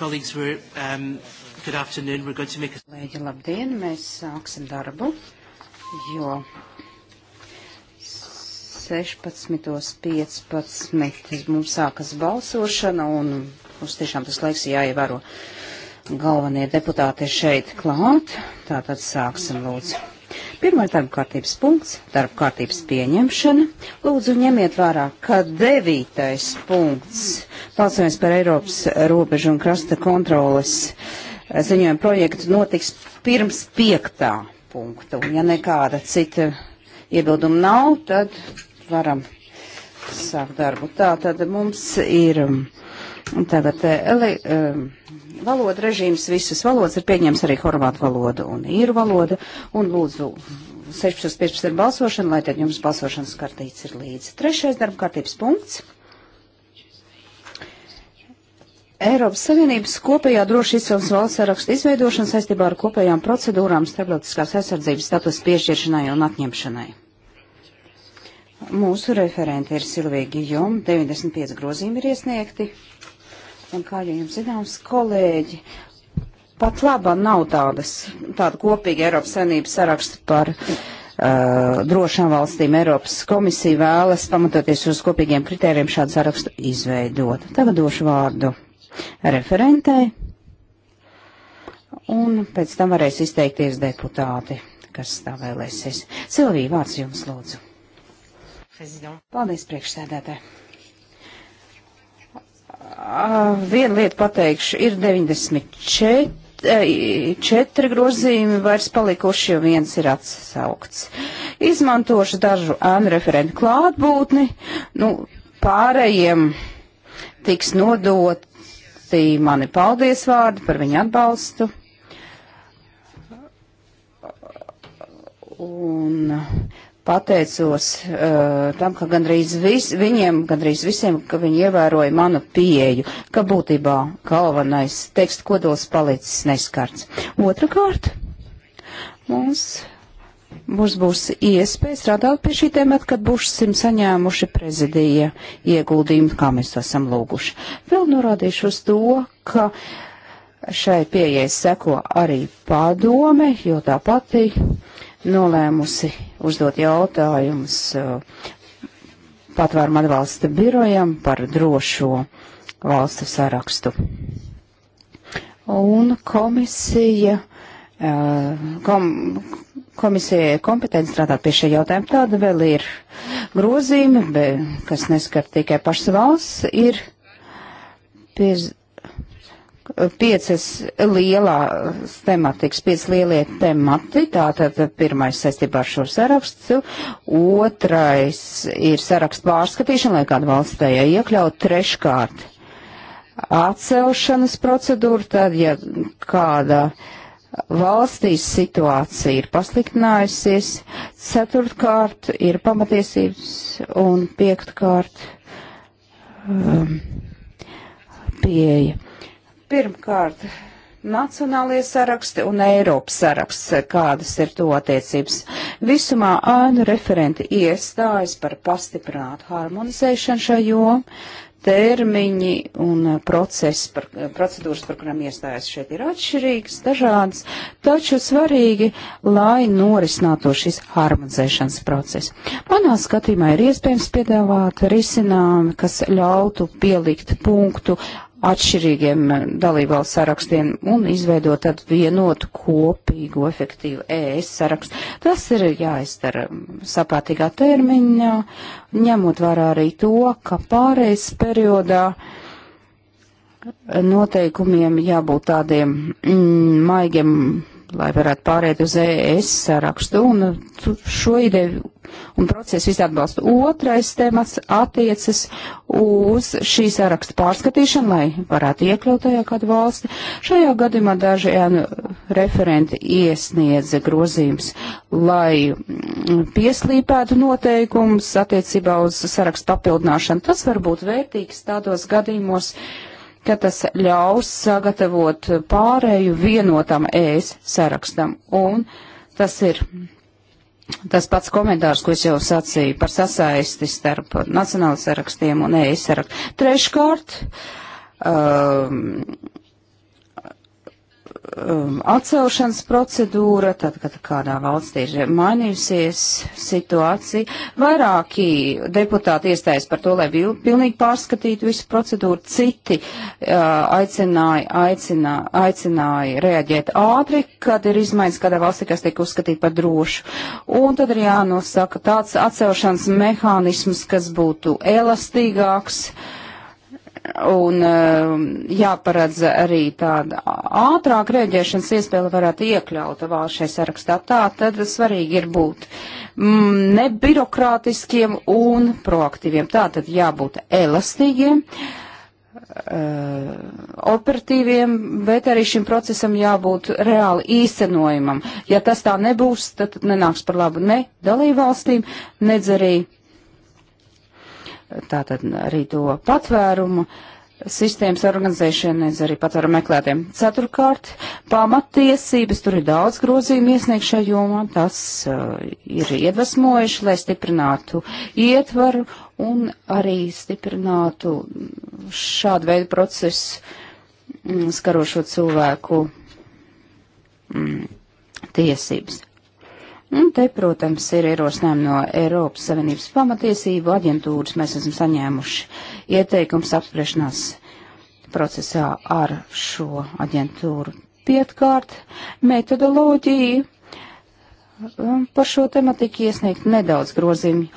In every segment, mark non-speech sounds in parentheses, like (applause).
Colleagues, we're, um, good afternoon. We're going to make a... Lēģi, labdien, mēs sāksim darbu, jo 16.15 mums sākas balsošana un mums tiešām tas laiks jāievēro galvenie deputāti šeit klāt. Tātad sāksim, lūdzu. Pirmais darba kārtības punkts - darba kārtības pieņemšana. Lūdzu, ņemiet vērā, ka devītais punkts Balsojums par Eiropas robežu un krasta kontroles eh, ziņojumu projektu notiks pirms piektā punkta. Un ja nekāda cita iebilduma nav, tad varam sākt darbu. Tā tad mums ir um, tagad eh, ele, um, valoda režīms, visas valodas ir pieņems arī horvātu valodu un īru valodu. Un lūdzu, 16.15 ir balsošana, lai tad jums balsošanas kartīts ir līdzi. Trešais darba kārtības punkts. Eiropas Savienības kopējā droši izcelsmes valsts saraksta izveidošana saistībā ar kopējām procedūrām starptautiskās aizsardzības status piešķiršanai un atņemšanai. Mūsu referenti ir Silvija Gijom, 95 grozījumi ir iesniegti, un kā jau jums zināms, kolēģi, pat laba nav tādas, tāda kopīga Eiropas Savienības saraksta par uh, drošām valstīm. Eiropas komisija vēlas, pamatoties uz kopīgiem kritērijiem, šādu sarakstu izveidot. Tagad došu vārdu referentei, un pēc tam varēs izteikties deputāti, kas tā vēlēsies. Silvija, vārds jums lūdzu. Prezident. Paldies, priekšsēdētāji. Vienu lietu pateikšu, ir 94 e, četri grozījumi vairs palikuši, jo viens ir atsaukts. Izmantošu dažu ēnu referentu klātbūtni, nu, pārējiem tiks nodot atbalstīja mani paldies vārdu par viņu atbalstu. Un pateicos uh, tam, ka gandrīz vis, viņiem, gandrīz visiem, ka viņi ievēroja manu pieeju, ka būtībā galvenais teksta kodols palicis neskarts. Otrakārt, mums mums būs iespēja strādāt pie šī temata, kad būsim saņēmuši prezidija ieguldījumu, kā mēs to esam lūguši. Vēl norādīšu uz to, ka šai pieejai seko arī padome, jo tā pati nolēmusi uzdot jautājumus uh, patvērma atbalsta birojam par drošo valstu sarakstu. Un komisija Eh, kom, komisijai kompetenti strādāt pie šī jautājuma. Tāda vēl ir grozījumi, be, kas neskar tikai pašas valsts, ir piez, piecas lielās tematikas, piecas lielie temati, tātad pirmais saistībā ar šo sarakstu, otrais ir sarakstu pārskatīšana, lai kādu valsts tajā iekļaut, treškārt atcelšanas procedūra, tad, ja kāda uh, valstīs situācija ir pasliktinājusies, ceturtkārt ir pamatiesības un piektkārt um, pieeja. Pirmkārt, nacionālie saraksti un Eiropas saraksts, kādas ir to attiecības. Visumā ānu referenti iestājas par pastiprinātu harmonizēšanu šajā jomā termiņi un eh, process, par, eh, procedūras, par kurām iestājas šeit, ir atšķirīgas, dažādas, taču svarīgi, lai norisinātu šis harmonizēšanas process. Manā skatījumā ir iespējams piedāvāt risinājumi, kas ļautu pielikt punktu atšķirīgiem eh, dalībvalsts sarakstiem un izveidot tādu vienotu kopīgu efektīvu ES sarakstu. Tas ir jāizdara mm, saprātīgā termiņā, ņemot vērā arī to, ka pārējais periodā noteikumiem jābūt tādiem mm, maigiem lai varētu pāriet uz ES sarakstu, un šo ideju un procesu visi atbalsta. Otrais temats attiecas uz šī saraksta pārskatīšanu, lai varētu iekļaut tajā kādu valsti. Šajā gadījumā daži ēnu referenti iesniedza grozījums, lai mm, pieslīpētu noteikumus attiecībā uz sarakstu papildināšanu. Tas var būt vērtīgs tādos gadījumos, uh, ka tas ļaus sagatavot pārēju vienotam ēs sarakstam. Un tas ir tas pats komentārs, ko es jau sacīju par sasaisti starp nacionāla sarakstiem un ēs sarakstu. Treškārt, um, um, atcelšanas procedūra, tad, kad kādā valstī ir mainījusies situācija. Vairāki deputāti iestājas par to, lai pilnīgi pārskatītu visu procedūru. Citi uh, aicināja, aicinā, aicināja reaģēt ātri, kad ir izmaiņas kādā valstī, kas tiek uzskatīta par drošu. Un tad ir jānosaka tāds atcelšanas mehānisms, kas būtu elastīgāks. Uh, Un um, jāparedz arī tāda ātrāk rēģēšanas iespēja, lai varētu iekļaut vēl šai sarakstā. Tā tad svarīgi ir būt mm, nebirokrātiskiem un proaktīviem. Tā tad jābūt elastīgiem, uh, operatīviem, bet arī šim procesam jābūt reāli īstenojumam. Ja tas tā nebūs, tad nenāks par labu ne dalībvalstīm, nedz arī tātad arī to patvērumu sistēmas organizēšanai, arī patvērumu meklētiem. Ceturkārt, pamattiesības, tur ir daudz grozījumu iesniegšā jomā, tas uh, ir iedvesmojuši, lai stiprinātu ietvaru un arī stiprinātu šādu veidu procesu mm, skarošo cilvēku mm, tiesības. Un te, protams, ir ierosinājumi no Eiropas Savienības pamatiesību aģentūras. Mēs esam saņēmuši ieteikums apspriešanās procesā ar šo aģentūru. Pietkārt, metodoloģija um, par šo tematiku iesniegt nedaudz grozījumu,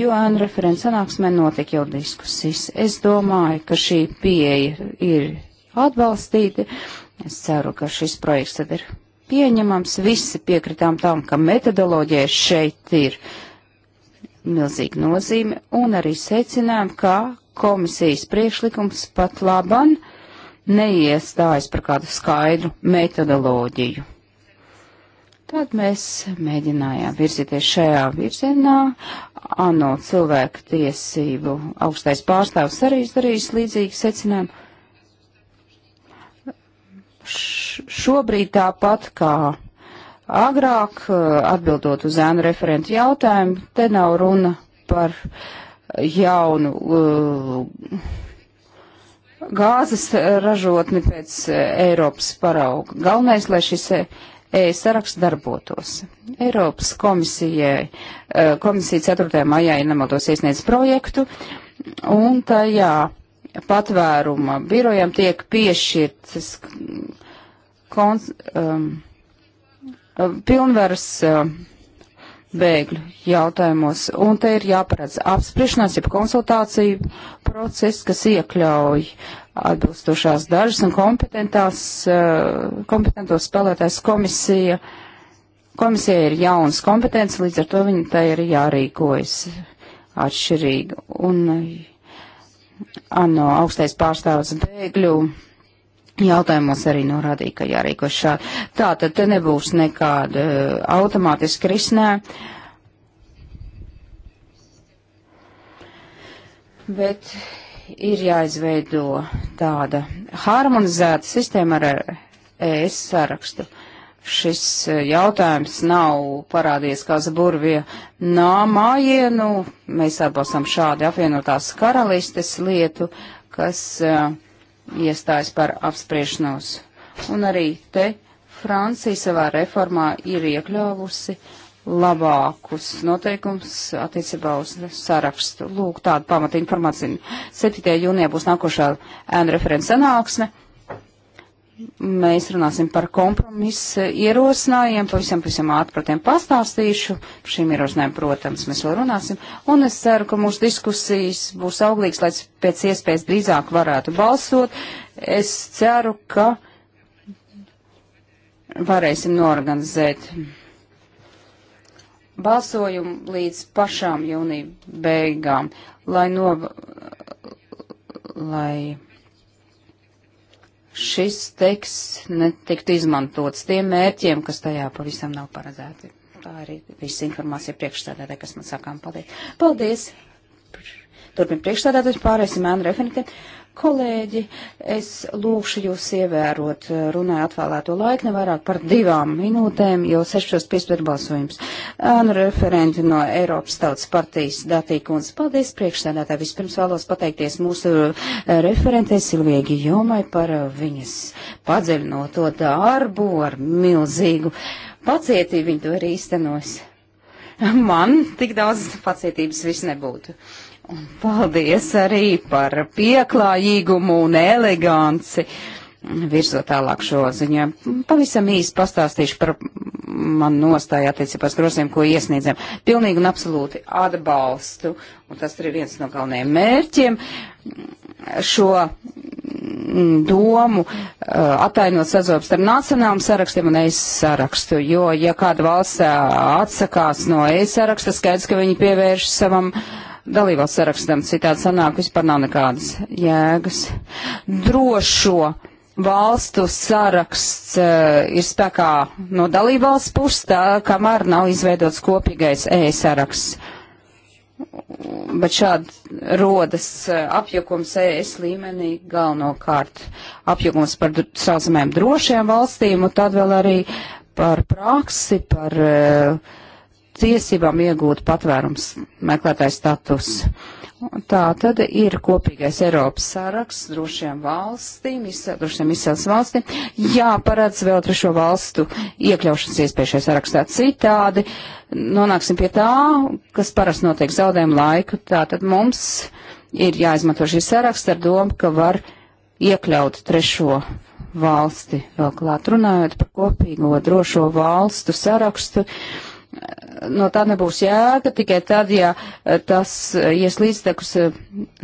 jo ēnu referents sanāksmē notika jau diskusijas. Es domāju, ka šī pieeja ir atbalstīta. Es ceru, ka šis projekts tad ir pieņemams. Visi piekritām tam, ka metodoloģijai šeit ir milzīga nozīme un arī secinām, ka komisijas priekšlikums pat laban neiestājas par kādu skaidru metodoloģiju. Tad mēs mēģinājām virzīties šajā virzienā. ANO cilvēku tiesību augstais pārstāvs arī izdarījis līdzīgi secinājumu šobrīd tāpat kā agrāk, eh, atbildot uz ēnu referentu jautājumu, te nav runa par jaunu uh, gāzes ražotni pēc eh, Eiropas parauga. Galvenais, lai šis e-saraksts darbotos. Eiropas komisijai, uh, komisija 4. maijā, ja nemaldos, iesniedz projektu, un tajā. Uh, patvēruma birojam tiek piešķirtas kons, um, pilnvaras um, bēgļu jautājumos, un te ir jāparedz apspriešanās, jeb konsultāciju process, kas iekļauj atbilstošās dažas un kompetentās, uh, kompetentos spēlētājs komisija. Komisija ir jaunas kompetences, līdz ar to viņa tai ir jārīkojas atšķirīgi. Un, uh, ANO augstais pārstāvs bēgļu jautājumos arī norādīja, ka jārīkos šādi. Tā tad te nebūs nekāda eh, automātiska risinājuma. Bet ir jāizveido tāda harmonizēta sistēma ar ES sarakstu. Uh, šis eh, jautājums nav parādījies kā zaburvie nāmājienu. Mēs atbalstam šādi apvienotās karalistes lietu, kas uh, iestājas par apspriešanos. Un arī te Francija savā reformā ir iekļāvusi labākus noteikums attiecībā uz sarakstu. Lūk, tāda pamata informācija. 7. jūnijā būs nākošā ēnu referents sanāksme. Mēs runāsim par kompromisu ierosinājumiem, pavisam, pavisam ātri par tiem pastāstīšu. Par šīm ierosinājumiem, protams, mēs vēl runāsim. Un es ceru, ka mūsu diskusijas būs auglīgas, lai pēc iespējas drīzāk varētu balsot. Es ceru, ka varēsim norganizēt balsojumu līdz pašām jūnija beigām, lai no, lai šis teksts netiktu izmantots tiem mērķiem, kas tajā pavisam nav paredzēti. Tā arī viss informācija priekšstādātē, kas man sakām. Paldies! Paldies! Turpin priekšstādātājs pārēsim ēnu referentiem. Kolēģi, es lūkšu jūs ievērot eh, runāju atvēlēto laiku nevairāk par divām minūtēm, jo 6.15 balsojums. Anu referenti no Eiropas Tautas partijas datīkums. Paldies, priekšsēdētāji. Vispirms vēlos pateikties mūsu eh, referentē Silvijai Gijomai par eh, viņas padziļinoto darbu ar milzīgu pacietību. Viņa to arī īstenos. Man tik daudz pacietības viss nebūtu. Uh, Un paldies arī par pieklājīgumu un eleganci. Virzot tālāk šo ziņu, pavisam īsi pastāstīšu par manu nostāju attiecībās groziem, ko iesniedzam. Pilnīgi un absolūti atbalstu, un tas ir viens no galvenajiem mērķiem, šo domu uh, attainot sazobst ar nacionālām sarakstiem un es sarakstu, jo ja kāda valsts uh, atsakās no es saraksta, skaidrs, ka viņi pievērš savam uh, dalībās sarakstam. Citādi sanāk, vispār nav nekādas jēgas. Drošo valstu saraksts uh, ir spēkā no dalībvalsts puses, tā kamēr nav izveidots kopīgais e-saraksts. Bet šādi rodas uh, apjukums ES līmenī galvenokārt apjukums par saucamajām drošajām valstīm un tad vēl arī par praksi, par uh, tiesībām iegūt patvērums meklētāju status. Tā tad ir kopīgais Eiropas saraksts drošiem valstīm, izcel, drošiem izcels valstīm. Jā, paredz vēl trešo valstu iekļaušanas iespēju šajā sarakstā citādi. Nonāksim pie tā, kas parasti notiek zaudējumu laiku. Tā tad mums ir jāizmanto šī saraksta ar domu, ka var iekļaut trešo valsti vēl klāt runājot par kopīgo drošo valstu sarakstu. Uh, no tā nebūs jēga tikai tad, ja eh, tas eh, ies līdztekus eh,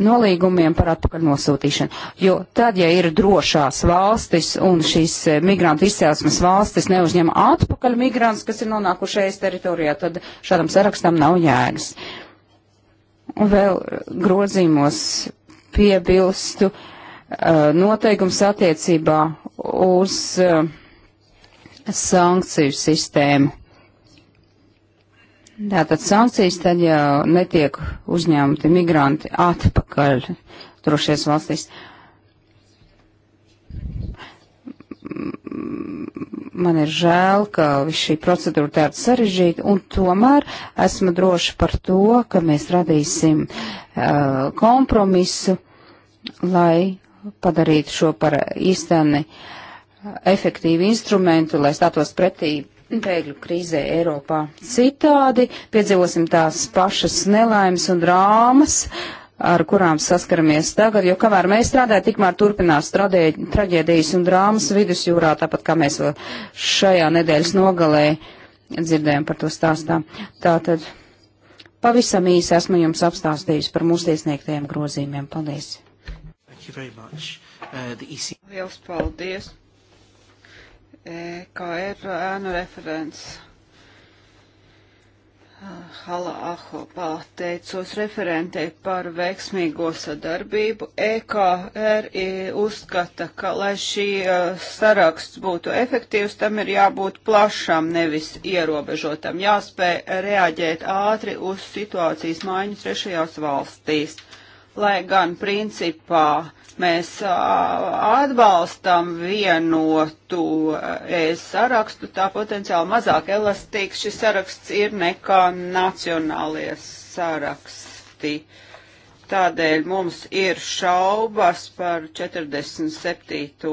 nolīgumiem par atpakaļ nosūtīšanu. Jo tad, ja ir drošās valstis un šīs migrantu izcelsmes valstis neuzņem atpakaļ migrants, kas ir nonākušais teritorijā, tad šādam sarakstam nav jēgas. Un vēl grozīmos piebilstu uh, noteikums attiecībā uz uh, sankciju sistēmu Tātad sankcijas tad jau netiek uzņemti migranti atpakaļ drošies valstīs. Man ir žēl, ka viss šī procedūra tāda sarežģīta, un tomēr esmu droši par to, ka mēs radīsim uh, kompromisu, lai padarītu šo par īsteni efektīvu instrumentu, lai stātos pretī bēgļu krīzē Eiropā. Citādi piedzīvosim tās pašas nelaimes un drāmas, ar kurām saskaramies tagad, jo kamēr mēs strādājam, tikmēr turpinās traģēdijas un drāmas vidusjūrā, tāpat kā mēs vēl šajā nedēļas nogalē dzirdējām par to stāstā. Tātad pavisam īsi esmu jums apstāstījis par mūsu tiesniegtajiem grozījumiem. Paldies! Uh, e Lielas paldies! EKR ēnu referents. Hala Aho pateicos referentei par veiksmīgo sadarbību. EKR uzskata, ka, lai šī e, saraksts būtu efektīvs, tam ir jābūt plašam, nevis ierobežotam. Jāspēj reaģēt ātri uz situācijas maiņu trešajās valstīs. Lai gan principā Mēs atbalstam vienotu ES sarakstu, tā potenciāli mazāk elastīgs šis saraksts ir nekā nacionālie saraksti. Tādēļ mums ir šaubas par 47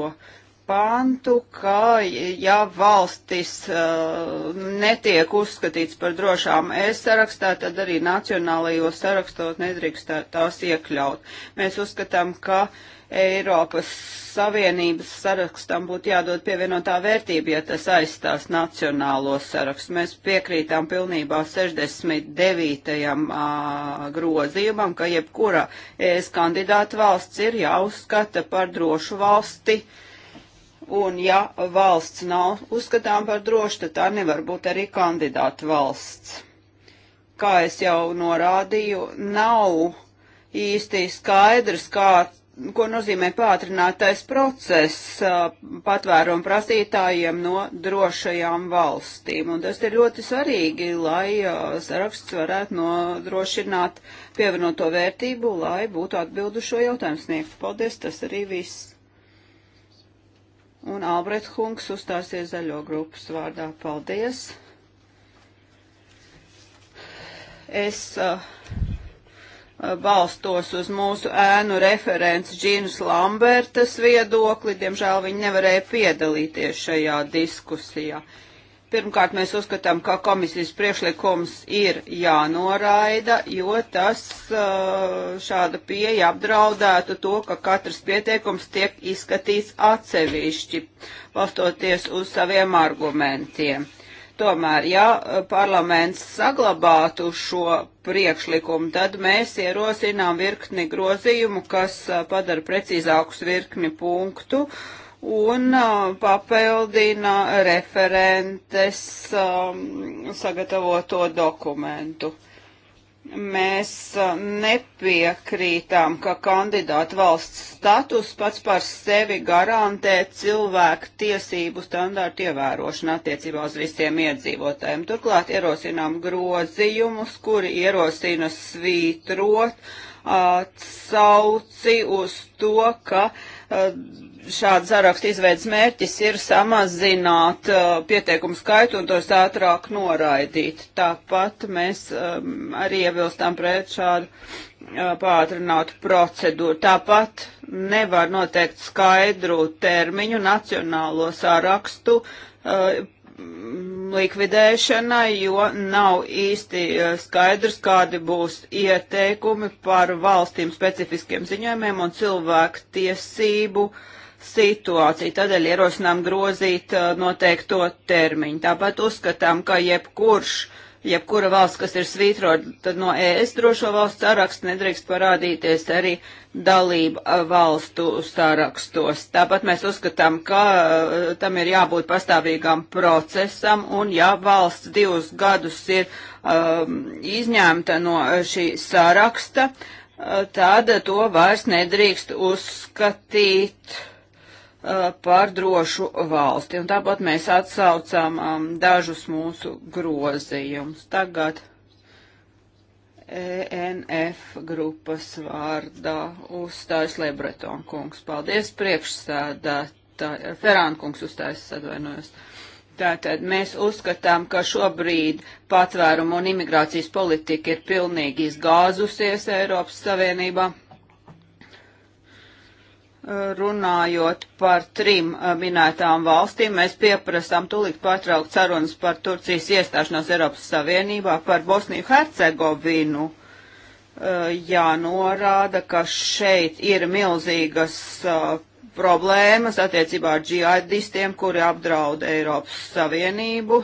pantu, ka ja valstis uh, netiek uzskatīts par drošām es sarakstā, tad arī nacionālajos sarakstos nedrīkst tās iekļaut. Mēs uzskatām, ka uh, Eiropas Savienības sarakstam būtu jādod pievienotā vērtība, ja tas aizstās nacionālo sarakstu. Mēs piekrītām pilnībā 69. grozījumam, ka jebkura ES kandidāta valsts ir jāuzskata par drošu valsti. Un ja valsts nav uzskatām par drošu, tad tā nevar būt arī kandidāta valsts. Kā es jau norādīju, nav īsti skaidrs, kā ko nozīmē pātrinātais process patvērumu prasītājiem no drošajām valstīm. Un tas ir ļoti svarīgi, lai saraksts varētu nodrošināt pievienoto vērtību, lai būtu atbildu šo jautājumu sniegt. Paldies, tas arī viss. Un Albrecht Hungs uzstāsies zaļo grupas vārdā. Paldies. Es uh, Uh, balstos uz mūsu ēnu referents Džīnas Lambertas viedokli. Diemžēl viņi nevarēja piedalīties šajā diskusijā. Pirmkārt, mēs uzskatām, ka komisijas priekšlikums ir jānoraida, jo tas uh, šāda pieeja apdraudētu to, ka katrs pieteikums tiek izskatīts atsevišķi, balstoties uz saviem argumentiem. Tomēr, ja eh, parlaments saglabātu šo priekšlikumu, tad mēs ierosinām virkni grozījumu, kas eh, padara precīzākus virkni punktu un eh, papildina referentes um, sagatavoto dokumentu mēs uh, nepiekrītām, ka kandidāta valsts status pats par sevi garantē cilvēku tiesību standārtu ievērošanu attiecībā uz visiem iedzīvotājiem. Turklāt ierosinām grozījumus, kuri ierosina svītrot uh, atsauci uz to, ka uh, Eh, šāda saraksta izveidas mērķis ir samazināt eh, pieteikumu skaitu un tos ātrāk noraidīt. Tāpat mēs eh, arī iebilstam pret šādu pātrinātu procedūru. Tāpat nevar noteikt skaidru termiņu nacionālo sarakstu Mm, likvidēšanai, jo nav īsti eh, skaidrs, kādi būs ieteikumi par valstīm specifiskiem ziņojumiem un cilvēku tiesību situāciju. Tādēļ ierosinām grozīt eh, noteikto termiņu. Tāpat uzskatām, ka jebkurš uh, jebkura valsts, kas ir svītrota no ES drošo valstu saraksts, nedrīkst parādīties arī dalība valstu sarakstos. Tāpat mēs uzskatām, ka uh, tam ir jābūt pastāvīgam procesam, un ja valsts divus gadus ir um, izņemta no šī saraksta, uh, tad to vairs nedrīkst uzskatīt Uh, par drošu valsti. Un tāpat mēs atsaucām um, dažus mūsu grozījumus. Tagad ENF grupas vārdā uzstājas Lebretona kungs. Paldies priekšsēdētāji. Ferāna kungs uzstājas, atvainojos. Tātad mēs uzskatām, ka šobrīd patvērumu un imigrācijas politika ir pilnīgi izgāzusies Eiropas Savienībā Runājot par trim eh, minētām valstīm, mēs pieprasām tūlīt pārtraukt sarunas par Turcijas iestāšanos Eiropas Savienībā, par Bosniju Hercegovinu. Eh, jānorāda, ka šeit ir milzīgas eh, problēmas attiecībā ar džihadistiem, kuri apdraud Eiropas Savienību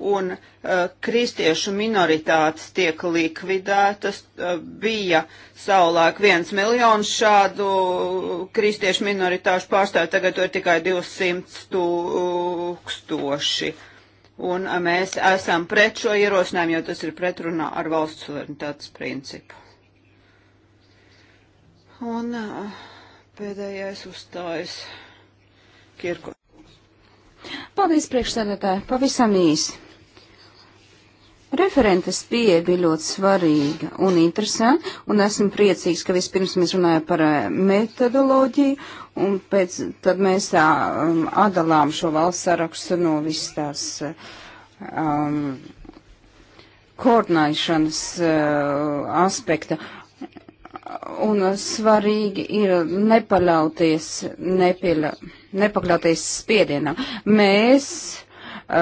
un uh, kristiešu minoritātes tiek likvidētas. Uh, bija saulēk viens miljons šādu kristiešu minoritāšu pārstāvju, tagad to ir tikai 200 tūkstoši. Un uh, mēs esam pret šo ierosinājumu, jo tas ir pretrunā ar valsts suverenitātes principu. Un uh, pēdējais uzstājas Kirko. Paldies, priekšsēdētāji, pavisam īsi. Referentes pieeja bija ļoti svarīga un interesanta, un esmu priecīgs, ka vispirms mēs runājam par eh, metodoloģiju, un pēc tad mēs tā um, atdalām šo valsts sarakstu no visas tās um, koordinēšanas uh, aspekta. Un svarīgi ir nepaļauties, nepieļa, nepakļauties spiedienam. Mēs Uh,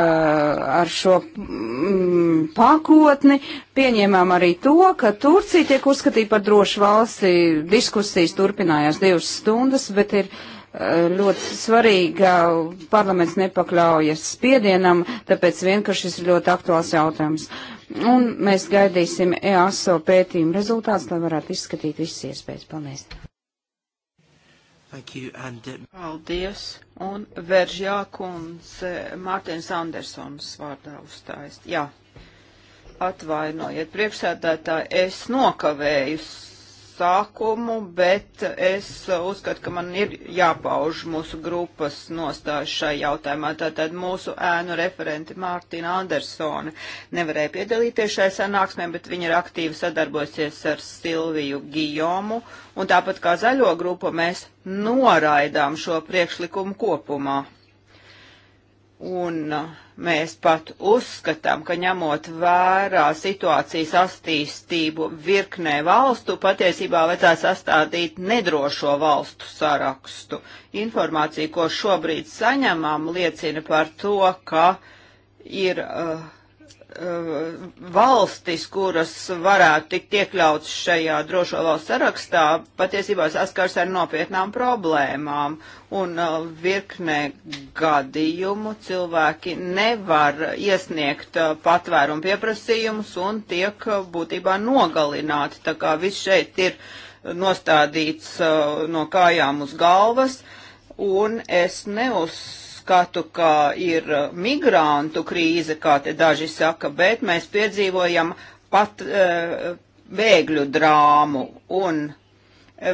ar šo mm, pakotni pieņēmām arī to, ka Turcija tiek uzskatīta par drošu valsti. Diskusijas turpinājās divas stundas, bet ir uh, ļoti svarīgi, ka parlaments nepakļaujas spiedienam, tāpēc vienkārši šis ir ļoti aktuāls jautājums. Un mēs gaidīsim EASO pētījumu rezultātus, lai varētu izskatīt visas iespējas. Paldies! Thank you, and, um... Paldies. Un Veržjā kundze Mārtiņš Andersons vārdā uzstājas. Jā. Atvainojiet, priekšsēdētāji, es nokavējus sākumu, bet es uzskatu, ka man ir jāpauž mūsu grupas nostāju šai jautājumā. Tātad mūsu ēnu referenti Mārtina Andersone nevarēja piedalīties šai sanāksmē, bet viņa ir aktīvi sadarbosies ar Silviju Gijomu. Un tāpat kā zaļo grupu mēs noraidām šo priekšlikumu kopumā. Un uh, Mēs pat uzskatām, ka ņemot vērā situācijas attīstību virknē valstu, patiesībā vajadzētu sastādīt nedrošo valstu sarakstu. Informācija, ko šobrīd saņemam, liecina par to, ka ir uh, Uh, valstis, kuras varētu tikt iekļauts šajā drošo valsts sarakstā, patiesībā saskars ar nopietnām problēmām. Un uh, virknē gadījumu cilvēki nevar iesniegt uh, patvērumu pieprasījumus un tiek būtībā nogalināti. Tā kā viss šeit ir nostādīts no kājām uz galvas. Un es neuzskatu skatu, ka ir migrantu krīze, kā te daži saka, bet mēs piedzīvojam pat uh, bēgļu drāmu un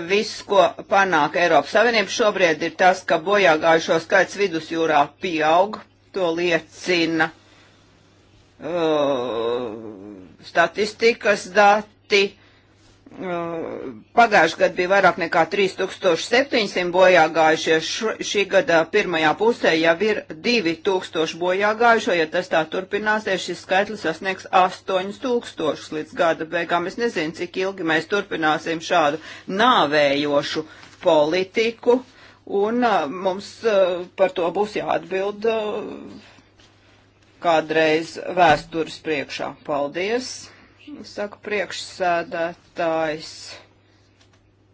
viss, ko panāk Eiropas Savienība šobrīd ir tas, ka bojāgājušo skaits vidusjūrā pieaug, to liecina uh, statistikas dati pagājuši gadu bija vairāk nekā 3700 bojā gājušie, Š, šī gada pirmajā pusē jau ir 2000 bojā gājušo, ja tas tā turpināsies, šis skaitlis sasniegs 8000 līdz gada beigām. Es nezinu, cik ilgi mēs turpināsim šādu nāvējošu politiku, un uh, mums uh, par to būs jāatbild uh, kādreiz vēstures priekšā. Paldies! saka priekšsēdētājs.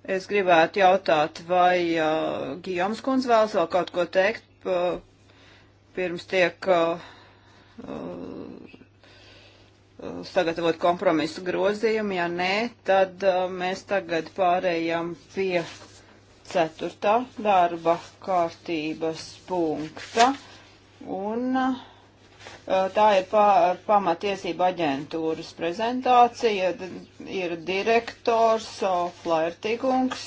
Es gribētu jautāt, vai uh, Gijoms kundz vēlas vēl kaut ko teikt, pa, pirms tiek uh, uh, sagatavot kompromisu grozījumu. Ja nē, tad uh, mēs tagad pārējām pie ceturtā darba kārtības punkta. Un uh, Eh, tā ir pa, pamatiesība aģentūras prezentācija, ir direktors Flairtigungs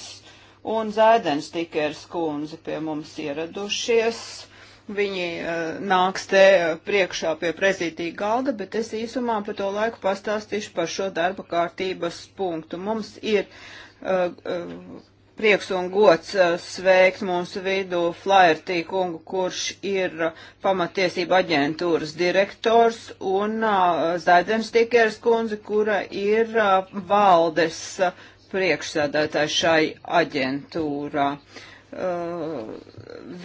un Zēdens Tikers kundze pie mums ieradušies. Viņi eh, nāks te priekšā pie prezītīga galda, bet es īsumā pa to laiku pastāstīšu par šo darba kārtības punktu. Mums ir uh, uh, prieks un gods sveikt mūsu vidū Flaherty kungu, kurš ir pamatiesība aģentūras direktors, un Zaidenštikers kundzi, kura ir valdes priekšsēdētāja šai aģentūrā. Uh,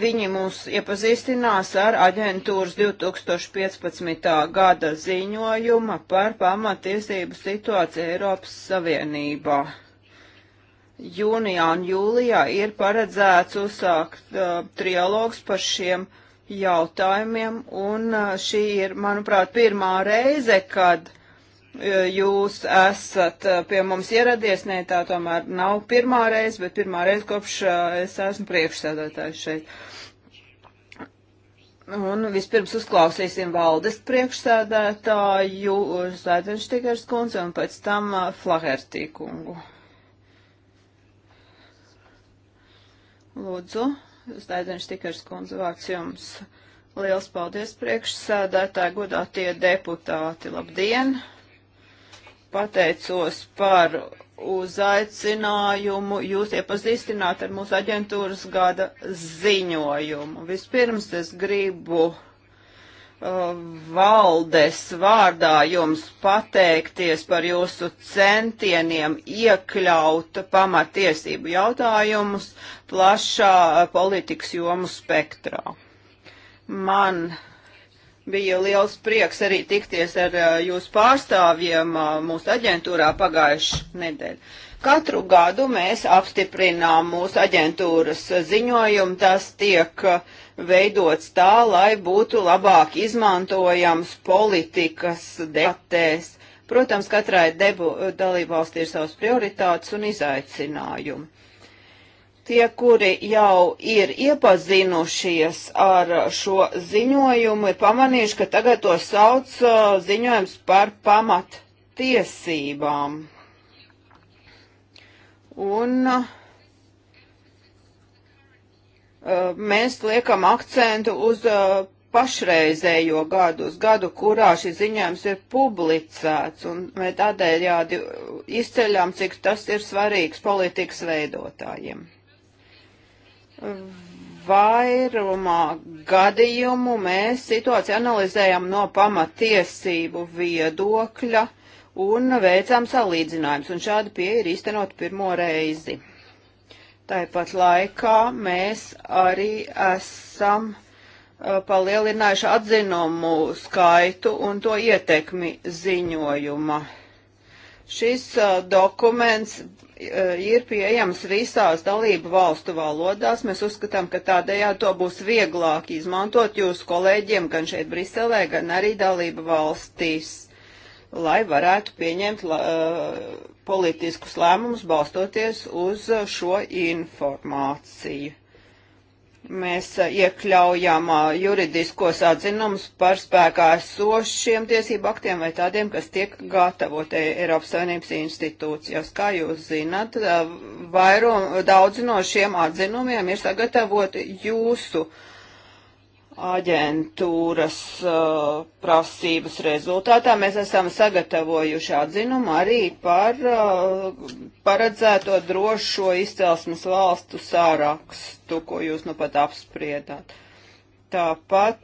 viņi mūs iepazīstinās ar aģentūras 2015. gada ziņojuma par pamatiesību situāciju Eiropas Savienībā jūnijā un jūlijā ir paredzēts uzsākt uh, trialogs par šiem jautājumiem, un uh, šī ir, manuprāt, pirmā reize, kad uh, jūs esat uh, pie mums ieradies, ne tā tomēr nav pirmā reize, bet pirmā reize kopš uh, es esmu priekšsēdētājs šeit. Un vispirms uzklausīsim valdes priekšsēdētāju Zēdenštigers kundzi un pēc tam uh, Flahertī kungu. Lūdzu, Zdaidens Tikars kundze, vārds jums. Liels paldies priekšsēdētāji, godātie deputāti, labdien! Pateicos par uzaicinājumu jūs iepazīstināt ar mūsu aģentūras gada ziņojumu. Vispirms es gribu uh, valdes vārdā jums pateikties par jūsu centieniem iekļaut pamatiesību jautājumus plašā eh, politikas jomu spektrā. Man bija liels prieks arī tikties ar eh, jūsu pārstāvjiem eh, mūsu aģentūrā pagājuši nedēļu. Katru gadu mēs apstiprinām mūsu aģentūras ziņojumu, tas tiek uh, veidots tā, lai būtu labāk izmantojams politikas debatēs. Protams, katrai dalībvalstī ir savas prioritātes un izaicinājumi. Tie, kuri jau ir iepazinušies ar šo ziņojumu, ir pamanījuši, ka tagad to sauc uh, ziņojums par pamattiesībām. Un uh, Eh, mēs liekam akcentu uz eh, pašreizējo gadu, uz gadu, kurā šis ziņojums ir publicēts, un mēs tādēļ jādi izceļām, cik tas ir svarīgs politikas veidotājiem. Vairumā gadījumu mēs situāciju analizējam no pamatiesību viedokļa un veicām salīdzinājumus, un šāda pieeja ir īstenot pirmo reizi. Tāpat laikā mēs arī esam palielinājuši atzinumu skaitu un to ietekmi ziņojuma. Šis dokuments ir pieejams visās dalību valstu valodās. Mēs uzskatām, ka tādējādi to būs vieglāk izmantot jūsu kolēģiem gan šeit Briselē, gan arī dalību valstīs, lai varētu pieņemt la, politiskus lēmumus balstoties uz uh, šo informāciju. Mēs uh, iekļaujam uh, juridiskos atzinumus par spēkā esošiem tiesību aktiem vai tādiem, kas tiek gatavoti e- Eiropas Savienības institūcijos. Kā jūs zinat, vairum, daudz no šiem atzinumiem ir sagatavoti jūsu uh, aģentūras uh, prasības rezultātā mēs esam sagatavojuši atzinumu arī par uh, paredzēto drošo izcelsmes valstu sārakstu, ko jūs nu pat apspriedāt. Tāpat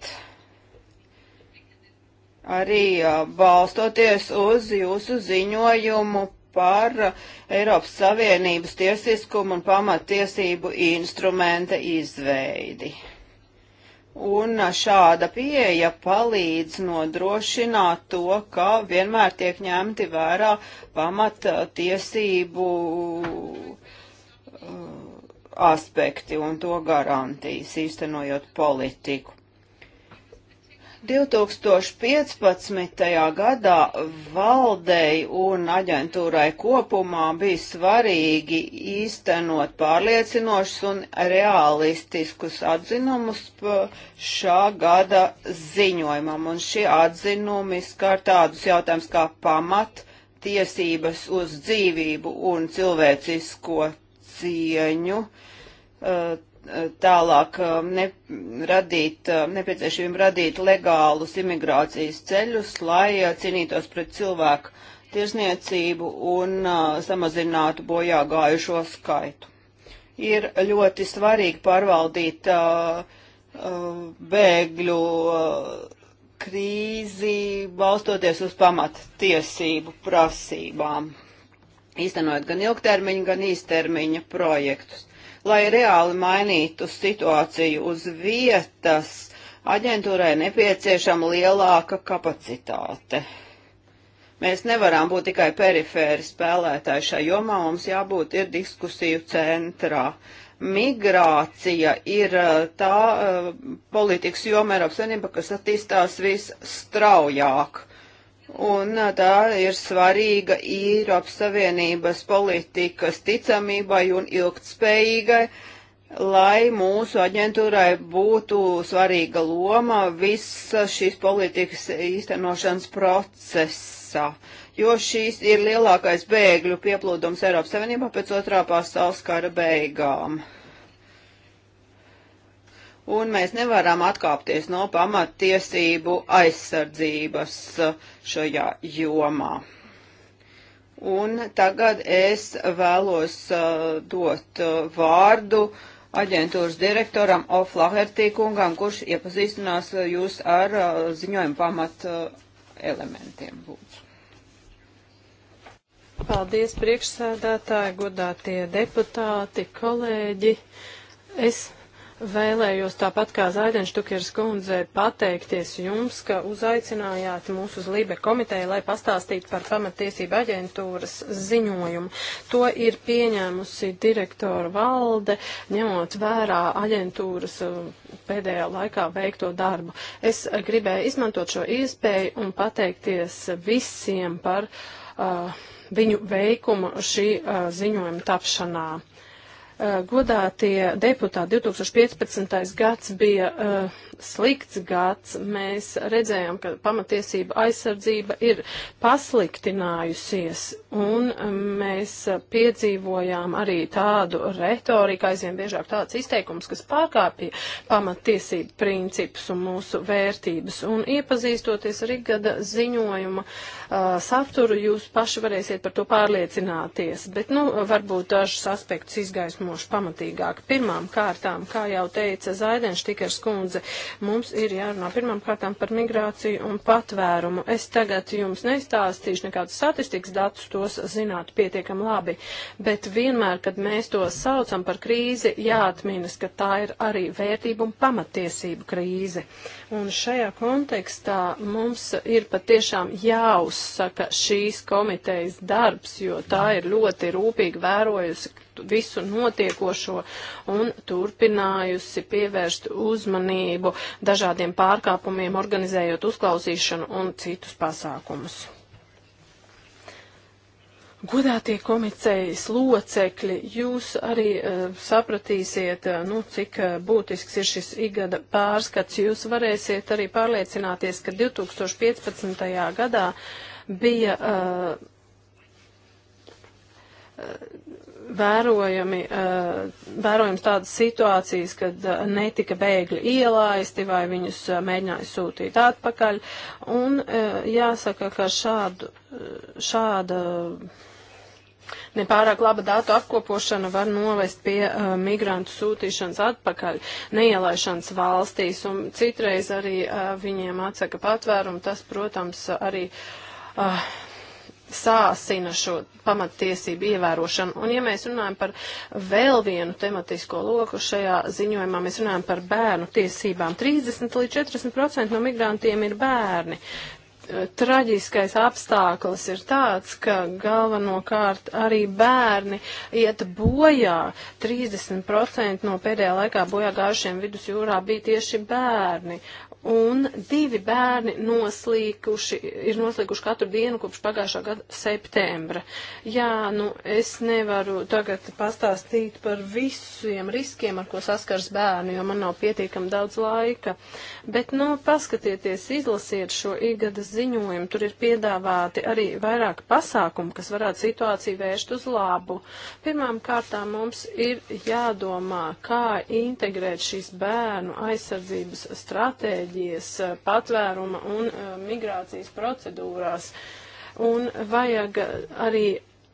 arī uh, balstoties uz jūsu ziņojumu par uh, Eiropas Savienības tiesiskumu un pamattiesību instrumenta izveidi. Un šāda pieeja palīdz nodrošināt to, ka vienmēr tiek ņemti vērā pamata uh, tiesību uh, aspekti un to garantijas, īstenojot politiku. 2015. gadā valdei un aģentūrai kopumā bija svarīgi īstenot pārliecinošus un realistiskus atzinumus šā gada ziņojumam, un šie atzinumi skar tādus jautājumus kā pamat tiesības uz dzīvību un cilvēcisko cieņu, uh, tālāk uh, ne, radīt, uh, nepieciešamību radīt legālus imigrācijas ceļus, lai uh, cīnītos pret cilvēku tirzniecību un samazinātu bojā gājušo skaitu. Ir ļoti svarīgi pārvaldīt bēgļu krīzi, balstoties uz pamata tiesību prasībām, īstenojot gan ilgtermiņu, gan īstermiņa projektus Lai reāli mainītu situāciju uz vietas, aģentūrai nepieciešama lielāka kapacitāte. Mēs nevaram būt tikai perifēri spēlētāji šajā jomā, mums jābūt ir diskusiju centrā. Migrācija ir uh, tā uh, politikas joma Eiropas Savienība, kas attīstās visstraujāk. Un tā ir svarīga Eiropas Savienības politikas ticamībai un ilgtspējīgai, lai mūsu aģentūrai būtu svarīga loma visa šīs politikas īstenošanas procesā, jo šīs ir lielākais bēgļu pieplūdums Eiropas Savienībā pēc otrā pasaules kara beigām un mēs nevaram atkāpties no pamattiesību aizsardzības uh, šajā jomā. Un tagad es vēlos uh, dot uh, vārdu aģentūras direktoram Oflahertī kungam, kurš iepazīstinās jūs ar ziņojumu pamat elementiem. Lūdzu. Paldies priekšsēdētāji, godātie deputāti, kolēģi. Es Vēlējos tāpat kā Zaidens Štukers kundze pateikties jums, ka uzaicinājāt mūs uz Lībe komiteju, lai pastāstītu par pamatiesību aģentūras ziņojumu. To ir pieņēmusi direktora valde, ņemot vērā aģentūras uh, pēdējā laikā veikto darbu. Es gribēju izmantot šo iespēju un pateikties visiem par uh, viņu veikumu šī uh, ziņojuma tapšanā. Uh, godātie deputāti, 2015. gads bija uh, slikts gads. Mēs redzējām, ka pamatiesība aizsardzība ir pasliktinājusies, un um, mēs piedzīvojām arī tādu retoriku, aizvien biežāk tāds izteikums, kas pārkāpja pamatiesību principus un mūsu vērtības. Un iepazīstoties ar ikgada ziņojuma uh, saturu, jūs paši varēsiet par to pārliecināties. Bet, nu, varbūt dažus aspektus izgaismošu pamatīgāk. Pirmām kārtām, kā jau teica Zaidenštikers kundze, Mums ir jārunā pirmām kārtām par migrāciju un patvērumu. Es tagad jums neizstāstīšu nekādus statistikas datus, tos zināt pietiekam labi, bet vienmēr, kad mēs to saucam par krīzi, jāatminas, ka tā ir arī vērtību un pamatiesību krīze. Uh, Un šajā kontekstā mums ir patiešām jāuzsaka šīs komitejas darbs, jo tā ir ļoti rūpīgi vērojusi visu notiekošo un turpinājusi pievērst uzmanību dažādiem pārkāpumiem, organizējot uzklausīšanu un citus pasākumus. Godātie komitejas locekļi, jūs arī uh, sapratīsiet, uh, nu, cik uh, būtisks ir šis igada pārskats. Jūs varēsiet arī pārliecināties, ka 2015. gadā bija uh, vērojami, uh, vērojams tādas situācijas, kad uh, netika bēgļi ielaisti vai viņus uh, mēģināja sūtīt atpakaļ. Un jāsaka, ka šādu, šāda. šāda Nepārāk laba datu apkopošana var novest pie uh, migrantu sūtīšanas atpakaļ, neielaišanas valstīs, un citreiz arī uh, viņiem atsaka patvērumu. Tas, protams, arī. Uh, sāsina šo pamattiesību ievērošanu. Un, ja mēs runājam par vēl vienu tematisko loku šajā ziņojumā, mēs runājam par bērnu tiesībām. 30 līdz 40 procenti no migrantiem ir bērni traģiskais apstākļus ir tāds, ka galvenokārt arī bērni iet bojā. 30% no pēdējā laikā bojā gājušiem vidusjūrā bija tieši bērni un divi bērni noslīkuši, ir noslīkuši katru dienu kopš pagājušā gada septembra. Jā, nu es nevaru tagad pastāstīt par visiem riskiem, ar ko saskars bērni, jo man nav pietiekami daudz laika, bet, nu, paskatieties, izlasiet šo igada ziņojumu, tur ir piedāvāti arī vairāk pasākumu, kas varētu situāciju vērst uz labu. Pirmām kārtām mums ir jādomā, kā integrēt šīs bērnu aizsardzības stratēģijas stratēģijas eh, patvēruma un eh, migrācijas procedūrās. Un vajag eh, arī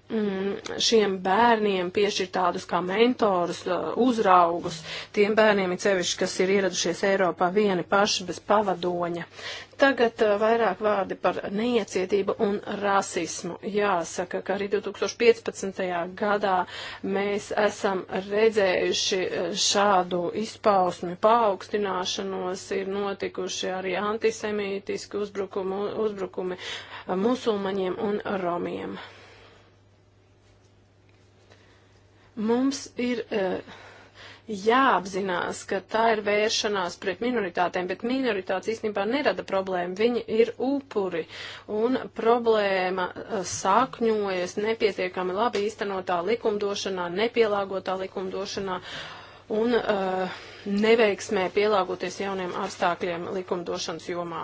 Mm, šiem bērniem piešķirt tādus kā mentorus, uh, uzraugus, tiem bērniem ir sevišķi, kas ir ieradušies Eiropā vieni paši bez pavadoņa. Tagad uh, vairāk vārdi par neiecietību un rasismu. Jāsaka, ka arī 2015. gadā mēs esam redzējuši uh, šādu izpausmi paaugstināšanos, ir notikuši arī antisemītiski uzbrukumi, uzbrukumi musulmaņiem un romiem. Mums ir uh, jāapzinās, ka tā ir vēršanās pret minoritātēm, bet minoritātes īstenībā nerada problēmu, viņi ir upuri, un problēma eh, sākņojas nepietiekami labi īstenotā likumdošanā, nepielāgotā likumdošanā. Un uh, neveiksmē pielāgoties jauniem apstākļiem likumdošanas jomā.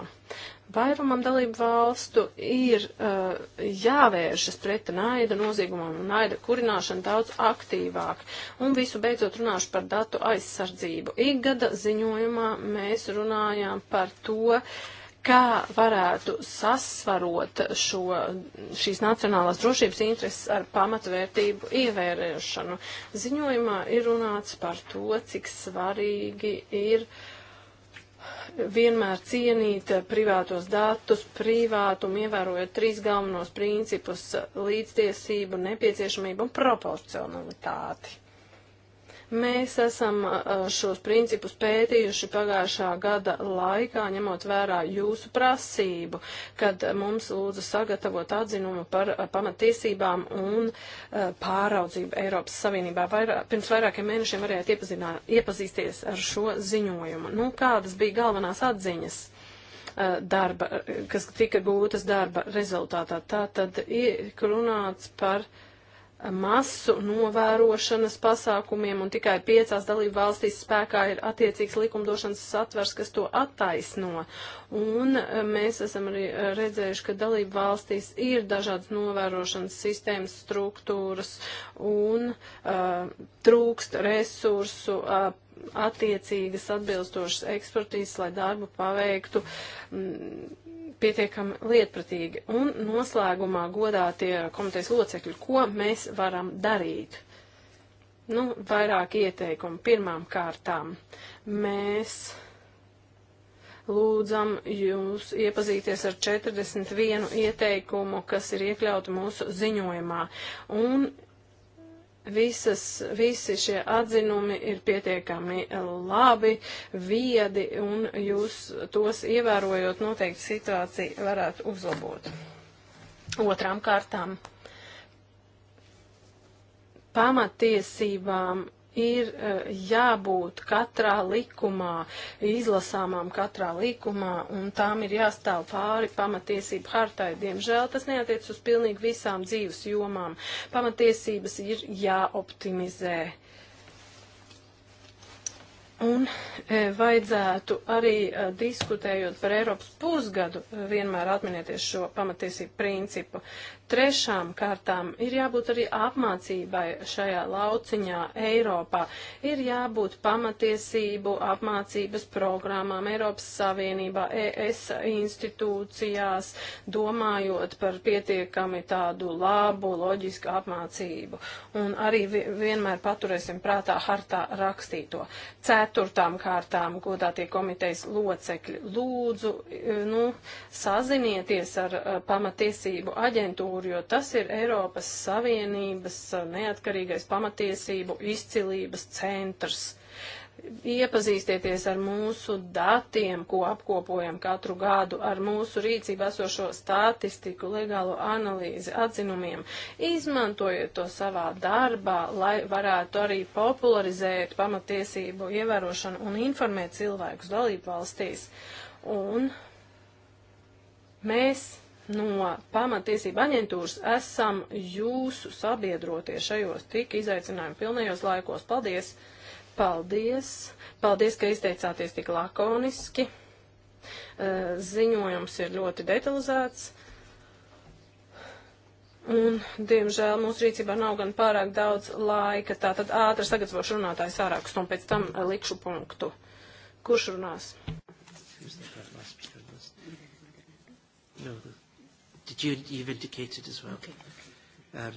Vairumam dalību valstu ir uh, jāvēršas pret naida noziegumam un naida kurināšanu daudz aktīvāk. Un visu beidzot runāšu par datu aizsardzību. Ikgada ziņojumā mēs runājām par to, kā varētu sasvarot šo, šīs nacionālās drošības intereses ar pamatvērtību ievērēšanu. Ziņojumā ir runāts par to, cik svarīgi ir uh, vienmēr cienīt privātos datus, privātumu, ievērojot trīs galvenos principus - līdztiesību, nepieciešamību un proporcionalitāti. Mēs esam šos principus pētījuši pagājušā gada laikā, ņemot vērā jūsu prasību, kad mums lūdza sagatavot atzinumu par pamatiesībām un pāraudzību Eiropas Savienībā. Vairā, pirms vairākiem mēnešiem varējāt iepazinā, iepazīsties ar šo ziņojumu. Nu, kādas bija galvenās atziņas? darba, kas tika gūtas darba rezultātā. Tā tad ir runāts par uh, masu novērošanas pasākumiem, un tikai piecās dalību valstīs spēkā ir attiecīgs likumdošanas satvers, kas to attaisno. Un e, mēs esam arī e, redzējuši, ka dalību valstīs ir dažādas novērošanas sistēmas struktūras un uh, trūkst resursu. Uh, attiecīgas atbilstošas ekspertīzes, lai darbu paveiktu. Mm, pietiekami lietpratīgi. Un noslēgumā godā tie komitejas locekļi, ko mēs varam darīt. Nu, vairāk ieteikumu pirmām kārtām. Mēs lūdzam jūs iepazīties ar 41 ieteikumu, kas ir iekļauti mūsu ziņojumā. Un visas, visi šie atzinumi ir pietiekami labi, viedi, un jūs tos ievērojot noteikti situāciju varētu uzlabot. Otrām kārtām pamatiesībām ir eh, jābūt katrā likumā, izlasāmām katrā likumā, un tām ir jāstāv pāri pamatiesību hartai. Diemžēl tas neatiec uz pilnīgi visām dzīves jomām. Pamatiesības ir jāoptimizē. Un e, vajadzētu arī e, diskutējot par Eiropas pusgadu vienmēr atminieties šo pamatiesību principu. Trešām kārtām ir jābūt arī apmācībai šajā lauciņā Eiropā. Ir jābūt pamatiesību apmācības programmām Eiropas Savienībā, ES institūcijās, domājot par pietiekami tādu labu loģisku apmācību. Un arī vienmēr paturēsim prātā hartā rakstīto. Ceturtām kārtām, godātie komitejas locekļi, lūdzu, e, nu, sazinieties ar e, pamatiesību aģentūru aģentūru, jo tas ir Eiropas Savienības eh, neatkarīgais pamatiesību izcilības centrs. Iepazīstieties ar mūsu datiem, ko apkopojam katru gadu, ar mūsu rīcību esošo statistiku, legālo analīzi, atzinumiem. Izmantojiet to savā darbā, lai varētu arī popularizēt pamatiesību ievērošanu un informēt cilvēkus dalību valstīs. Un mēs no pamatiesība aģentūras esam jūsu sabiedrotie šajos tik izaicinājumu pilnajos laikos. Paldies! Paldies! Paldies, ka izteicāties tik lakoniski. Eh, ziņojums ir ļoti detalizēts. Un, diemžēl, mūsu rīcībā nav gan pārāk daudz laika, tā tad ātri sagatavošu runātāju sārākstu un pēc tam eh, likšu punktu. Kurš runās? No, did you, you've indicated as well. Okay. Um,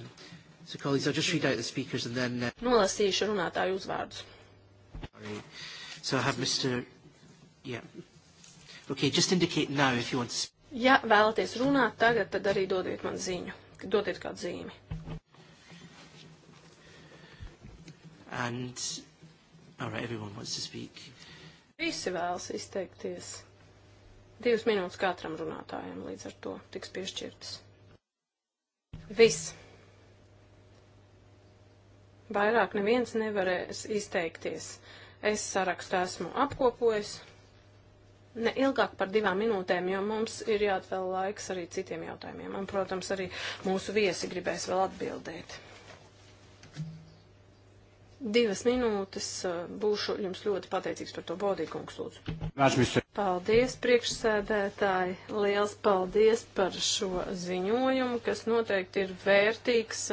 so colleagues, I'll just read out the speakers and then... Uh, Nolasīšu runātāju uzvārdus. Sorry. So I have Mr... Yeah. Okay, just indicate now if you want to speak. Ja vēlaties runāt tagad, tad arī dodiet man ziņu. Dodiet kādu zīmi. And, all right, everyone wants to speak. Visi vēlas izteikties. Divas minūtes katram runātājam līdz ar to tiks piešķirtas. Viss. Vairāk neviens nevarēs izteikties. Es sarakstu esmu apkopojis. Ne ilgāk par divām minūtēm, jo mums ir jāatvēl laiks arī citiem jautājumiem. Un, protams, arī mūsu viesi gribēs vēl atbildēt divas minūtes. Uh, būšu jums ļoti pateicīgs par to, Bodīkungs, lūdzu. Paldies, priekšsēdētāji. Liels paldies par šo ziņojumu, kas noteikti ir vērtīgs,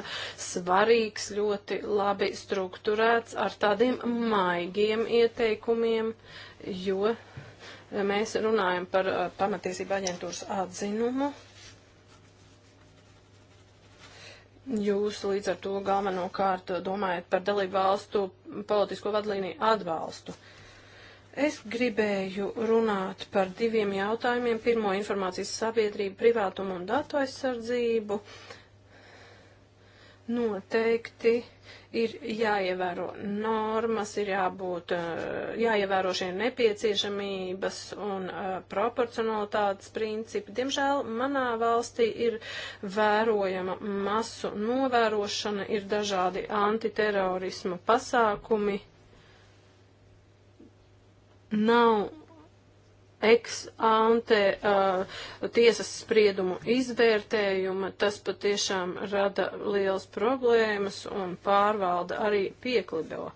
svarīgs, ļoti labi strukturēts ar tādiem maigiem ieteikumiem, jo mēs runājam par uh, pamatiesību aģentūras atzinumu Jūs līdz ar to galvenokārt domājat par dalību valstu politisko vadlīniju atbalstu. Es gribēju runāt par diviem jautājumiem. Pirmo informācijas sabiedrību, privātumu un datu aizsardzību. Uh, noteikti ir jāievēro normas, ir jābūt, eh, jāievēro šie nepieciešamības un eh, proporcionalitātes principi. Diemžēl manā valstī ir vērojama masu novērošana, ir dažādi antiterorisma pasākumi. Nav ex ante uh, tiesas spriedumu izvērtējuma, tas patiešām rada liels problēmas un pārvalda arī pieklido.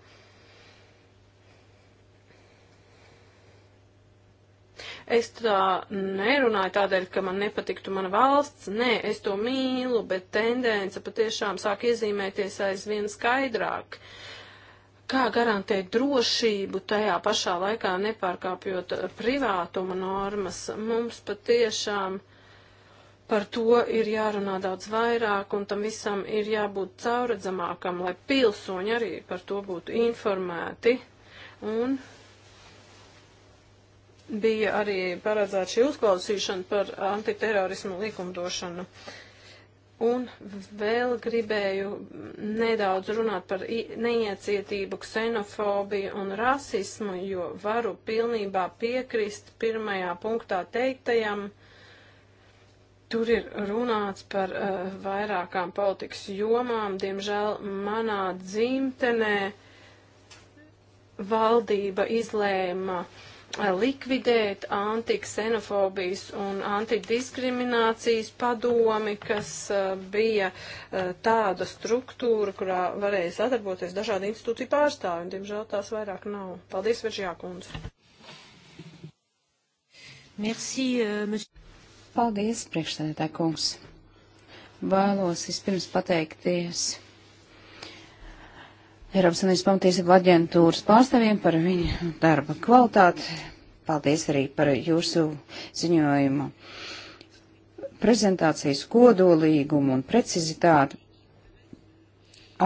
Es tā nerunāju tādēļ, ka man nepatiktu mana valsts, nē, es to mīlu, bet tendence patiešām sāk iezīmēties aizvien skaidrāk. Uh, kā garantēt drošību tajā pašā laikā nepārkāpjot eh, privātuma normas. Mums patiešām par to ir jārunā daudz vairāk un tam visam ir jābūt cauredzamākam, lai pilsoņi arī par to būtu informēti. Un bija arī paredzēta šī uzklausīšana par antiterorismu likumdošanu. Uh, Un vēl gribēju nedaudz runāt par neiecietību, ksenofobiju un rasismu, jo varu pilnībā piekrist pirmajā punktā teiktajam. Tur ir runāts par uh, vairākām politikas jomām. Diemžēl manā dzimtenē valdība izlēma uh, likvidēt antiksenofobijas un antidiskriminācijas padomi, kas uh, bija uh, tāda struktūra, kurā varēja sadarboties dažādi institūciju pārstāvi, un diemžēl tās vairāk nav. Paldies, Viržjā kundze. Merci, uh, monsieur. Paldies, priekšsēdētāj kungs. Vēlos vispirms pateikties Eiropas Savienības pamatiesību aģentūras pārstāvjiem par viņu darba kvalitāti. Paldies arī par jūsu ziņojumu prezentācijas kodolīgumu un precizitāti.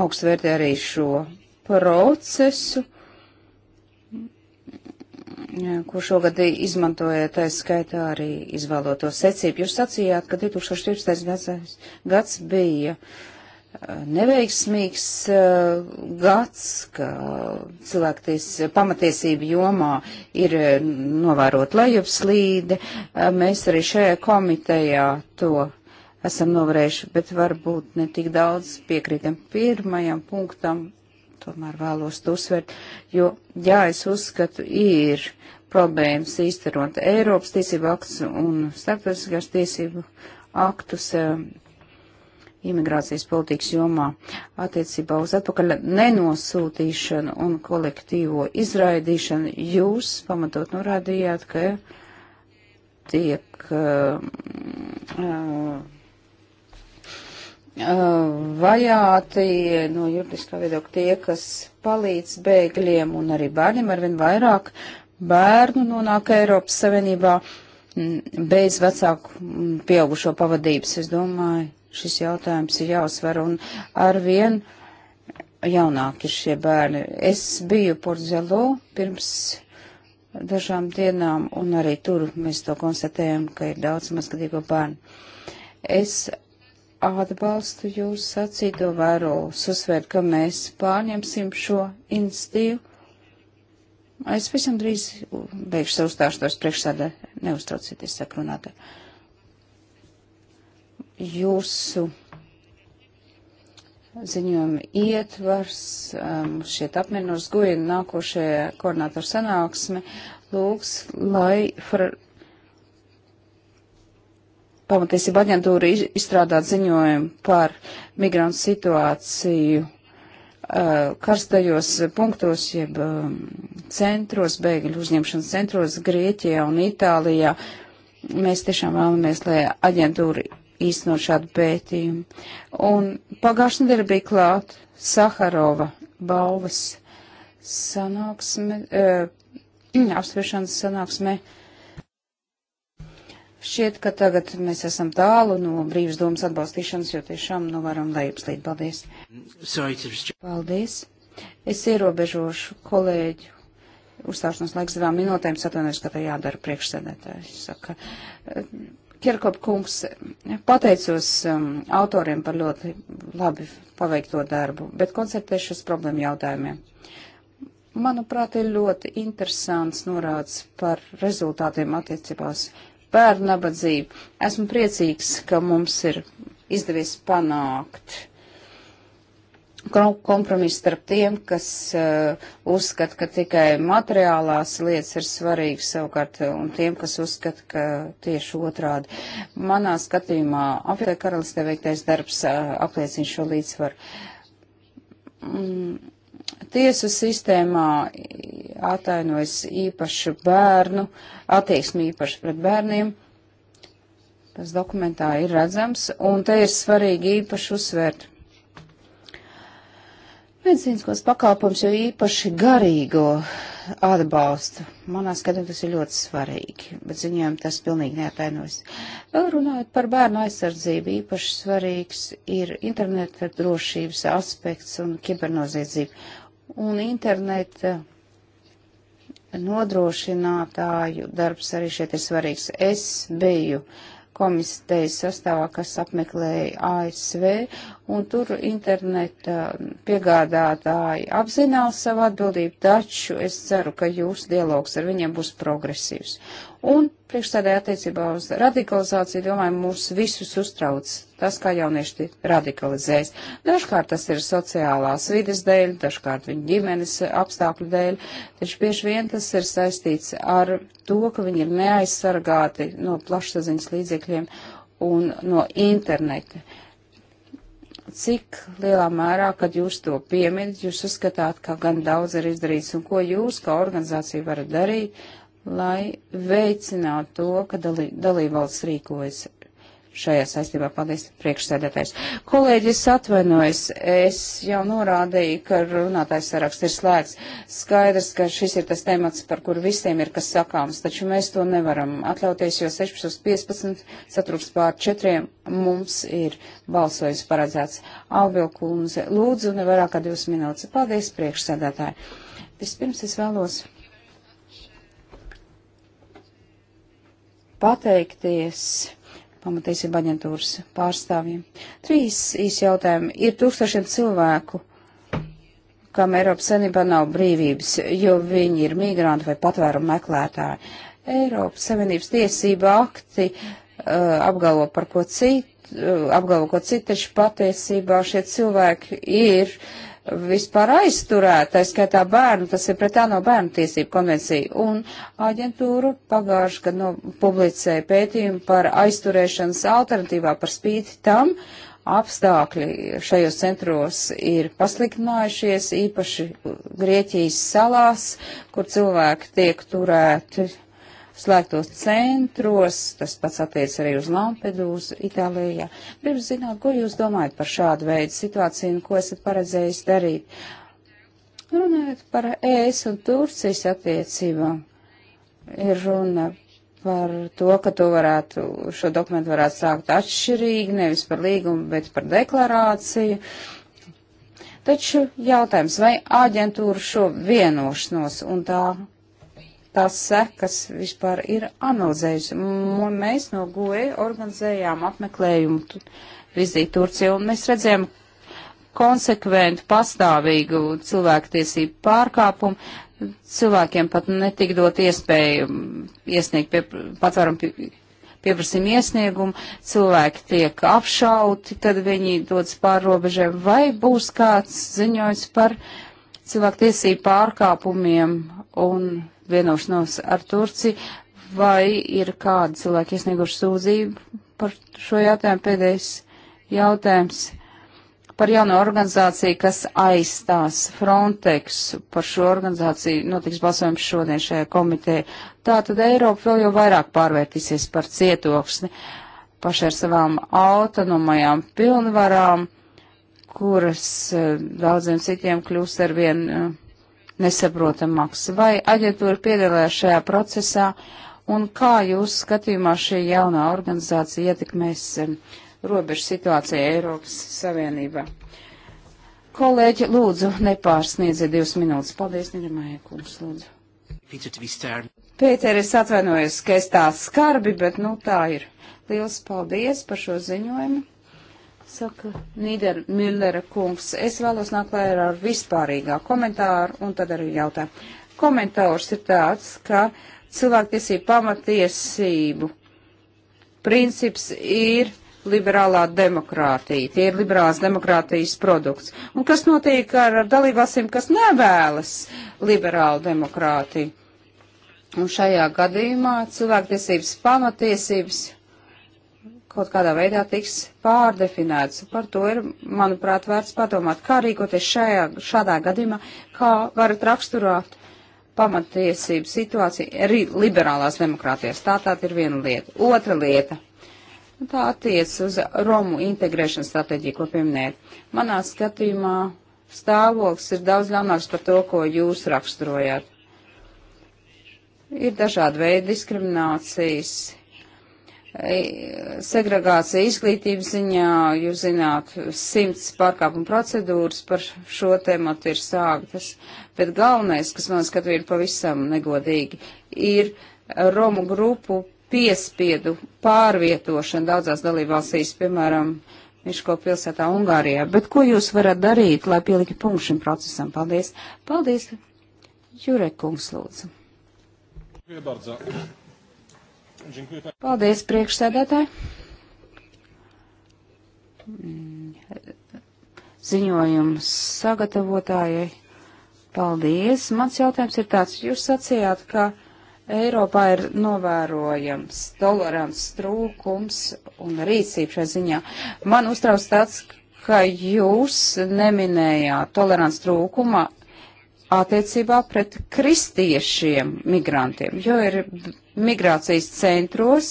Augstvērtē arī šo procesu, ko šogad izmantoja, tā skaitā arī izvēloto secību. Jūs sacījāt, ka 2014. gads bija. Uh, neveiksmīgs uh, gads, ka cilvēkties pamatiesību jomā ir eh, novērot lejupslīde. Uh, mēs arī šajā komitejā to esam novērējuši, bet varbūt ne tik daudz piekrītam pirmajam punktam, tomēr vēlos to uzsvert, jo, jā, es uzskatu, ir problēmas īstenot Eiropas tiesību aktus un starptautiskās tiesību aktus. Uh, imigrācijas politikas jomā attiecībā uz atpakaļ nenosūtīšanu un kolektīvo izraidīšanu. Jūs pamatot norādījāt, ka tiek uh, uh, vajāti no juridiskā viedokļa tie, kas palīdz bēgļiem un arī bērniem arvien vairāk bērnu nonāk Eiropas Savienībā mm, bez vecāku pieaugušo pavadības. Es domāju, šis jautājums ir jāuzsver un arvien jaunāki ir šie bērni. Es biju Portzelo pirms dažām dienām un arī tur mēs to konstatējam, ka ir daudz mazgadīgo bērnu. Es atbalstu jūs sacīto vēro, susvērt, ka mēs pārņemsim šo institīvu. Es visam drīz beigšu savu stāstos priekšsādā, neuztraucieties, saka runātāji jūsu ziņojuma ietvars, um, šiet apmierinājums guina nākošajā koordinātoru sanāksme, lūgs, lai fra... pamatiesība aģentūra izstrādāt ziņojumu par migrantu situāciju uh, karstajos punktos, jeb um, centros, bēgļu uzņemšanas centros Grieķijā un Itālijā. Mēs tiešām vēlamies, lai aģentūra īstenot šādu pētījumu. Un pagājušajā nedēļā bija klāt Saharova balvas sanāksme, uh, (clears throat) apspriešanas sanāksme. Šķiet, ka tagad mēs esam tālu no brīvas domas atbalstīšanas, jo tiešām nu varam lejupslīd. Paldies. Paldies. Es ierobežošu kolēģu uzstāšanos laiks divām minūtēm, atvainojos, ka tā jādara priekšsēdētājs. Saka, uh, Kirkop kungs, pateicos um, autoriem par ļoti labi paveikto darbu, bet koncentrēšos problēmu jautājumiem. Manuprāt, ir ļoti interesants norāds par rezultātiem attiecībās bērnu nabadzību. Esmu priecīgs, ka mums ir izdevies panākt kompromiss starp tiem, kas uh, uzskata, ka tikai materiālās lietas ir svarīgas savukārt, uh, un tiem, kas uzskata, ka tieši otrādi. Manā skatījumā apvienotā karalistē veiktais darbs uh, apliecina šo līdzsvaru. Mm, tiesu sistēmā atainojas īpaši bērnu, attieksmi īpaši pret bērniem. Tas dokumentā ir redzams, un te ir svarīgi īpaši uzsvērt medicīniskos pakalpojums, jo īpaši garīgo atbalstu. Manā skatījumā tas ir ļoti svarīgi, bet ziņojumā tas pilnīgi neatainojas. Vēl runājot par bērnu aizsardzību, īpaši svarīgs ir interneta drošības aspekts un kibernoziedzība. Un interneta nodrošinātāju darbs arī šeit ir svarīgs. Es biju uh, komistejas sastāvā, kas apmeklēja ASV, un tur interneta piegādātāji apzinās savu atbildību, taču es ceru, ka jūsu dialogs ar viņiem būs progresīvs. Un priekšstādē attiecībā uz radikalizāciju, domāju, mūs visus uztrauc tas, kā jaunieši radikalizējas. Dažkārt tas ir sociālās vides dēļ, dažkārt viņa ģimenes apstākļu dēļ, taču bieži vien tas ir saistīts ar to, ka viņi ir neaizsargāti no plašsaziņas līdzekļiem un no interneta. Cik lielā mērā, kad jūs to pieminat, jūs uzskatāt, ka gan daudz ir izdarīts un ko jūs kā organizācija varat darīt, lai veicinātu to, ka dalī, dalībvalsts rīkojas šajā saistībā. Paldies, priekšsēdētājs. Kolēģis atvainojas, es jau norādīju, ka runātājs saraksts ir slēgts. Skaidrs, ka šis ir tas temats, par kur visiem ir kas sakāms, taču mēs to nevaram atļauties, jo 16.15 satrūks pār četriem mums ir balsojums paredzēts. Alvilkūnze, lūdzu, nevairāk kā divas minūtes. Paldies, priekšsēdētāji. Vispirms es vēlos. pateikties pamatiesība aģentūras pārstāvjiem. Trīs īsi jautājumi. Ir tūkstošiem cilvēku, kam Eiropas Savienībā nav brīvības, jo viņi ir migranti vai patvērumu meklētāji. Eiropas Savienības tiesība akti uh, apgalvo par ko citu, uh, apgalvo ko citu, taču patiesībā šie cilvēki ir uh, vispār aizturēt, tā skaitā bērnu, tas ir pretā no bērnu tiesību konvenciju. Un aģentūra pagājuši, kad no, publicēja pētījumu par aizturēšanas alternatīvā par spīti tam, apstākļi šajos centros ir pasliktinājušies, īpaši Grieķijas salās, kur cilvēki tiek turēti slēgtos centros, tas pats attiec arī uz Lampedūzu, Itālijā. Gribu zināt, ko jūs domājat par šādu veidu situāciju un ko esat paredzējis darīt. Runājot par ES un Turcijas attiecībām, ir runa par to, ka to varētu, šo dokumentu varētu sākt atšķirīgi, nevis par līgumu, bet par deklarāciju. Taču jautājums, vai aģentūra šo vienošanos un tā tās sekas vispār ir analizējusi. M mēs no GOE organizējām apmeklējumu vizīti Turciju, un mēs redzējām konsekventu, pastāvīgu cilvēktiesību pārkāpumu. Cilvēkiem pat netika dot iespēju iesniegt pie, patvaram pie, pieprasījumu iesniegumu, cilvēki tiek apšauti, tad viņi dodas pār robežiem, vai būs kāds ziņojums par cilvēktiesību pārkāpumiem un vienošanos ar Turciju, vai ir kādi cilvēki iesnieguši sūdzību par šo jautājumu? Pēdējais jautājums par jauno organizāciju, kas aizstās Frontex. Par šo organizāciju notiks balsojums šodien šajā komitē. Tā tad Eiropa vēl jau vairāk pārvērtīsies par cietoksni pašai ar savām autonomajām pilnvarām, kuras eh, daudziem citiem kļūst ar vien eh, nesaprotamāks. Vai aģentūra piedalījās šajā procesā un kā jūs skatījumā šī jaunā organizācija ietekmēs um, robežu situāciju Eiropas Savienībā? Kolēģi, lūdzu, nepārsniedziet divas minūtes. Paldies, Nirmāja kungs, lūdzu. Pēter, es atvainojos, ka es tā skarbi, bet nu tā ir. Liels paldies par šo ziņojumu. Saka Nīder Millera kungs, es vēlos nākt klājā ar vispārīgā komentāru un tad arī jautājumu. Komentārs ir tāds, ka cilvēktiesību pamatiesību princips ir liberālā demokrātija. Tie ir liberālās demokrātijas produkts. Un kas notiek ar dalībvalstīm, kas nevēlas liberālu demokrātiju? Un šajā gadījumā cilvēktiesības pamatiesības kaut kādā veidā tiks pārdefinēts. Par to ir, manuprāt, vērts padomāt, kā rīkoties šajā, šādā gadījumā, kā varat raksturāt pamatiesību situāciju arī liberālās demokrātijās. Tā tā ir viena lieta. Otra lieta. Tā attiec uz Romu integrēšanas stratēģiju, ko pieminēt. Manā skatījumā stāvoklis ir daudz ļaunāks par to, ko jūs raksturojāt. Ir dažādi veidi diskriminācijas, segregācija izglītības ziņā, jūs zināt, simts pārkāpuma procedūras par šo tematu ir sāktas, bet galvenais, kas man skatu ir pavisam negodīgi, ir Romu grupu piespiedu pārvietošana daudzās dalībvalstīs, piemēram, Miško pilsētā Ungārijā. Bet ko jūs varat darīt, lai pielika punktu šim procesam? Paldies! Paldies! Jurek kungs lūdzu. Dziękuję bardzo. Paldies, priekšsēdētāji. Ziņojums sagatavotājai. Paldies. Mans jautājums ir tāds. Jūs sacījāt, ka Eiropā ir novērojams tolerants trūkums un rīcība šajā ziņā. Man uztrauc tāds, ka jūs neminējāt tolerants trūkuma attiecībā pret kristiešiem migrantiem, jo ir migrācijas centros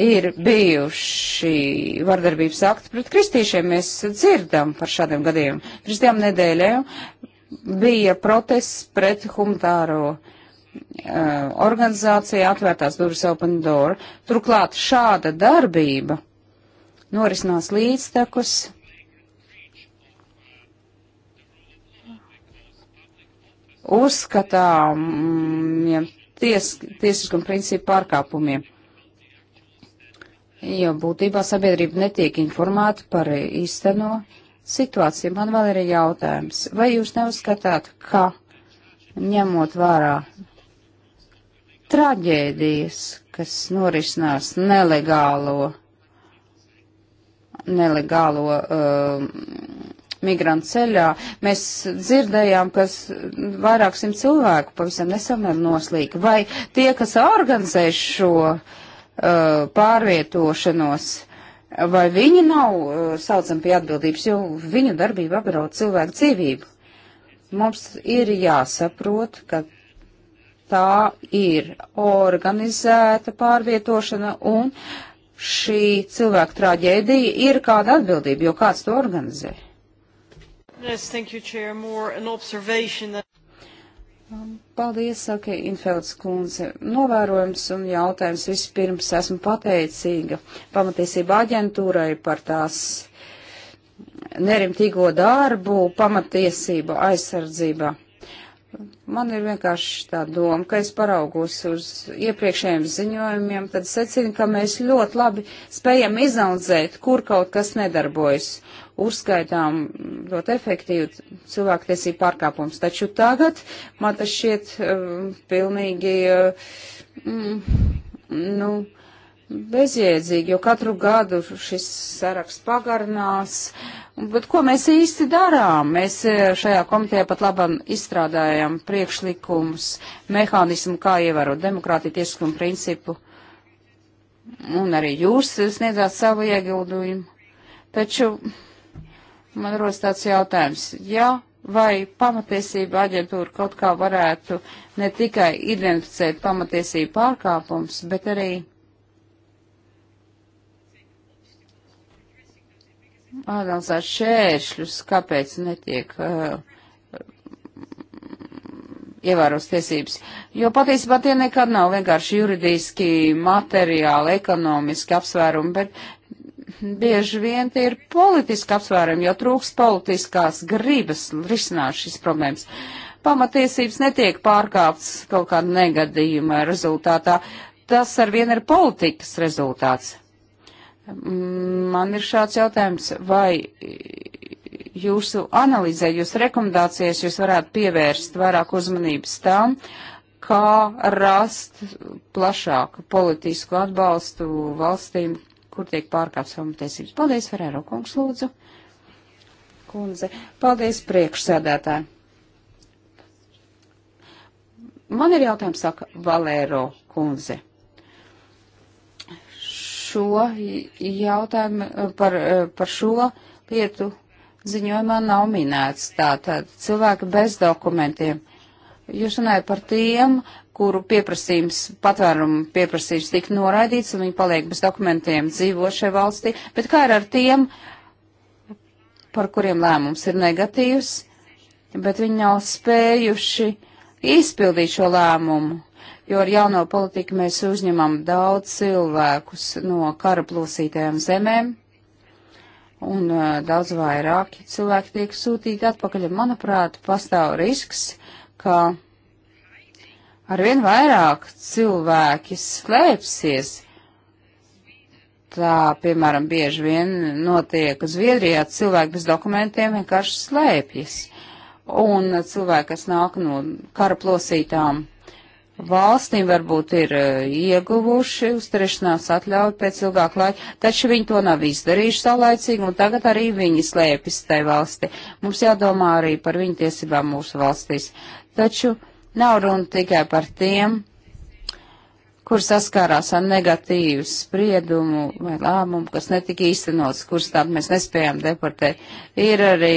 ir bijuši vardarbības akti pret kristiešiem. Mēs dzirdam par šādiem gadiem. Pirms tām nedēļām bija protests pret humanitāro uh, organizācija atvērtās durvis Open Door. Turklāt šāda darbība norisinās līdztekus uzskatām ja ties, tiesiskuma principu pārkāpumiem. Jo būtībā sabiedrība netiek informēta par īsteno situāciju. Man vēl ir jautājums. Vai jūs neuzskatāt, ka ņemot vērā traģēdijas, kas norisinās nelegālo, nelegālo uh, migrantu ceļā. Mēs dzirdējām, ka vairāk simt cilvēku pavisam nesamēr noslīka. Vai tie, kas organizē šo uh, pārvietošanos, vai viņi nav uh, saucami pie atbildības, jo viņu darbība apdraud cilvēku dzīvību? Mums ir jāsaprot, ka tā ir organizēta pārvietošana un šī cilvēka traģēdija ir kāda atbildība, jo kāds to organizē. Yes, thank you, Chair. More an observation that... Um, paldies, saka Infelds kundze. Novērojums un jautājums vispirms esmu pateicīga pamatiesība aģentūrai par tās nerimtīgo darbu pamatiesību aizsardzībā. Man ir vienkārši tā doma, ka es paraugos uz iepriekšējiem ziņojumiem, tad secinu, ka mēs ļoti labi spējam izaudzēt, kur kaut kas nedarbojas uzskaitām ļoti efektīvi cilvēktiesību pārkāpums. Taču tagad man tas šķiet um, pilnīgi, um, nu, bezjēdzīgi, jo katru gadu šis saraksts pagarinās. Bet ko mēs īsti darām? Mēs eh, šajā komitejā pat labam izstrādājam priekšlikumus, mehānismu, kā ievērot demokrātiju, tiesiskumu principu. Un arī jūs sniedzāt savu ieguldījumu. Taču Man rodas tāds jautājums, ja vai pamatiesība aģentūra kaut kā varētu ne tikai identificēt pamatiesību pārkāpums, bet arī analizēt šēršļus, kāpēc netiek uh, ievēros tiesības. Jo patiesībā tie nekad nav vienkārši juridiski, materiāli, ekonomiski apsvērumi, bet bieži vien tie ir politiski apsvērumi, jo trūks politiskās gribas risināt šīs problēmas. Pamatiesības netiek pārkāptas kaut kāda negadījuma rezultātā. Tas ar vienu ir politikas rezultāts. Man ir šāds jautājums, vai jūsu analīzē, jūsu rekomendācijas jūs varētu pievērst vairāk uzmanības tam, kā rast plašāku politisku atbalstu valstīm, kur tiek pārkāpts homotēsības. Paldies, Ferēro kungs, lūdzu. Kundze, paldies priekšsēdētāji. Man ir jautājums, saka Valēro kundze. Šo jautājumu eh, par, eh, par šo lietu ziņojumā nav minēts. Tātad cilvēki bez dokumentiem. Jūs runājat par tiem, kuru pieprasījums, patvērumu pieprasījums tika noraidīts un viņi paliek bez dokumentiem dzīvo šajā valstī, bet kā ir ar tiem, par kuriem lēmums ir negatīvs, bet viņi nav spējuši izpildīt šo lēmumu, jo ar jauno politiku mēs uzņemam daudz cilvēkus no kara plosītajām zemēm. Un uh, daudz vairāk cilvēki tiek sūtīti atpakaļ. Manuprāt, pastāv risks, ka arvien vairāk cilvēki slēpsies. Tā, piemēram, bieži vien notiek Zviedrijā cilvēki bez dokumentiem vienkārši slēpjas. Un cilvēki, kas nāk no kara plosītām valstīm, varbūt ir eh, ieguvuši uzturēšanās atļauju pēc ilgāka laika, taču viņi to nav izdarījuši saulaicīgi, un tagad arī viņi slēpjas tai valsti. Mums jādomā arī par viņu tiesībām mūsu valstīs. Taču Nav runa tikai par tiem, kur saskārās ar negatīvu spriedumu vai lēmumu, kas netika īstenots, kurus tādu mēs nespējām deportēt. Ir arī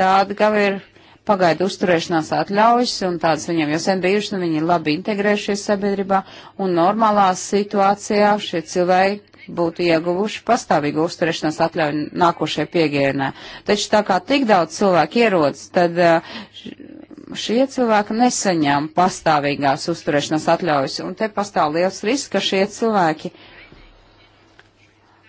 tādi, kam ir pagaidu uzturēšanās atļaujas, un tādas viņiem jau sen bijušas, un viņi ir labi integrējušies sabiedrībā, un normālā situācijā šie cilvēki būtu ieguvuši pastāvīgu uzturēšanās atļauju nākošajai piegērienē. Taču tā kā tik daudz cilvēku ierodas, tad šie cilvēki nesaņem pastāvīgās uzturēšanās atļaujas, un te pastāv liels risks, ka šie cilvēki,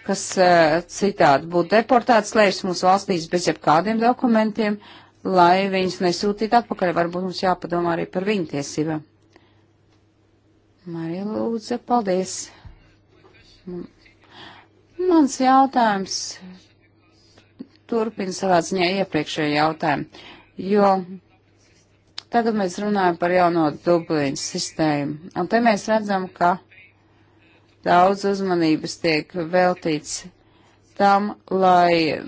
kas eh, citādi būtu deportāti, slēpjas mūsu valstīs bez jebkādiem dokumentiem, lai viņus nesūtītu atpakaļ. Varbūt mums jāpadomā arī par viņu tiesībām. Marija Lūdze, paldies. Mans jautājums turpina savā ziņā iepriekšējo jautājumu, jo Tagad mēs runājam par jauno Dublīnu sistēmu. Un te mēs redzam, ka daudz uzmanības tiek veltīts tam, lai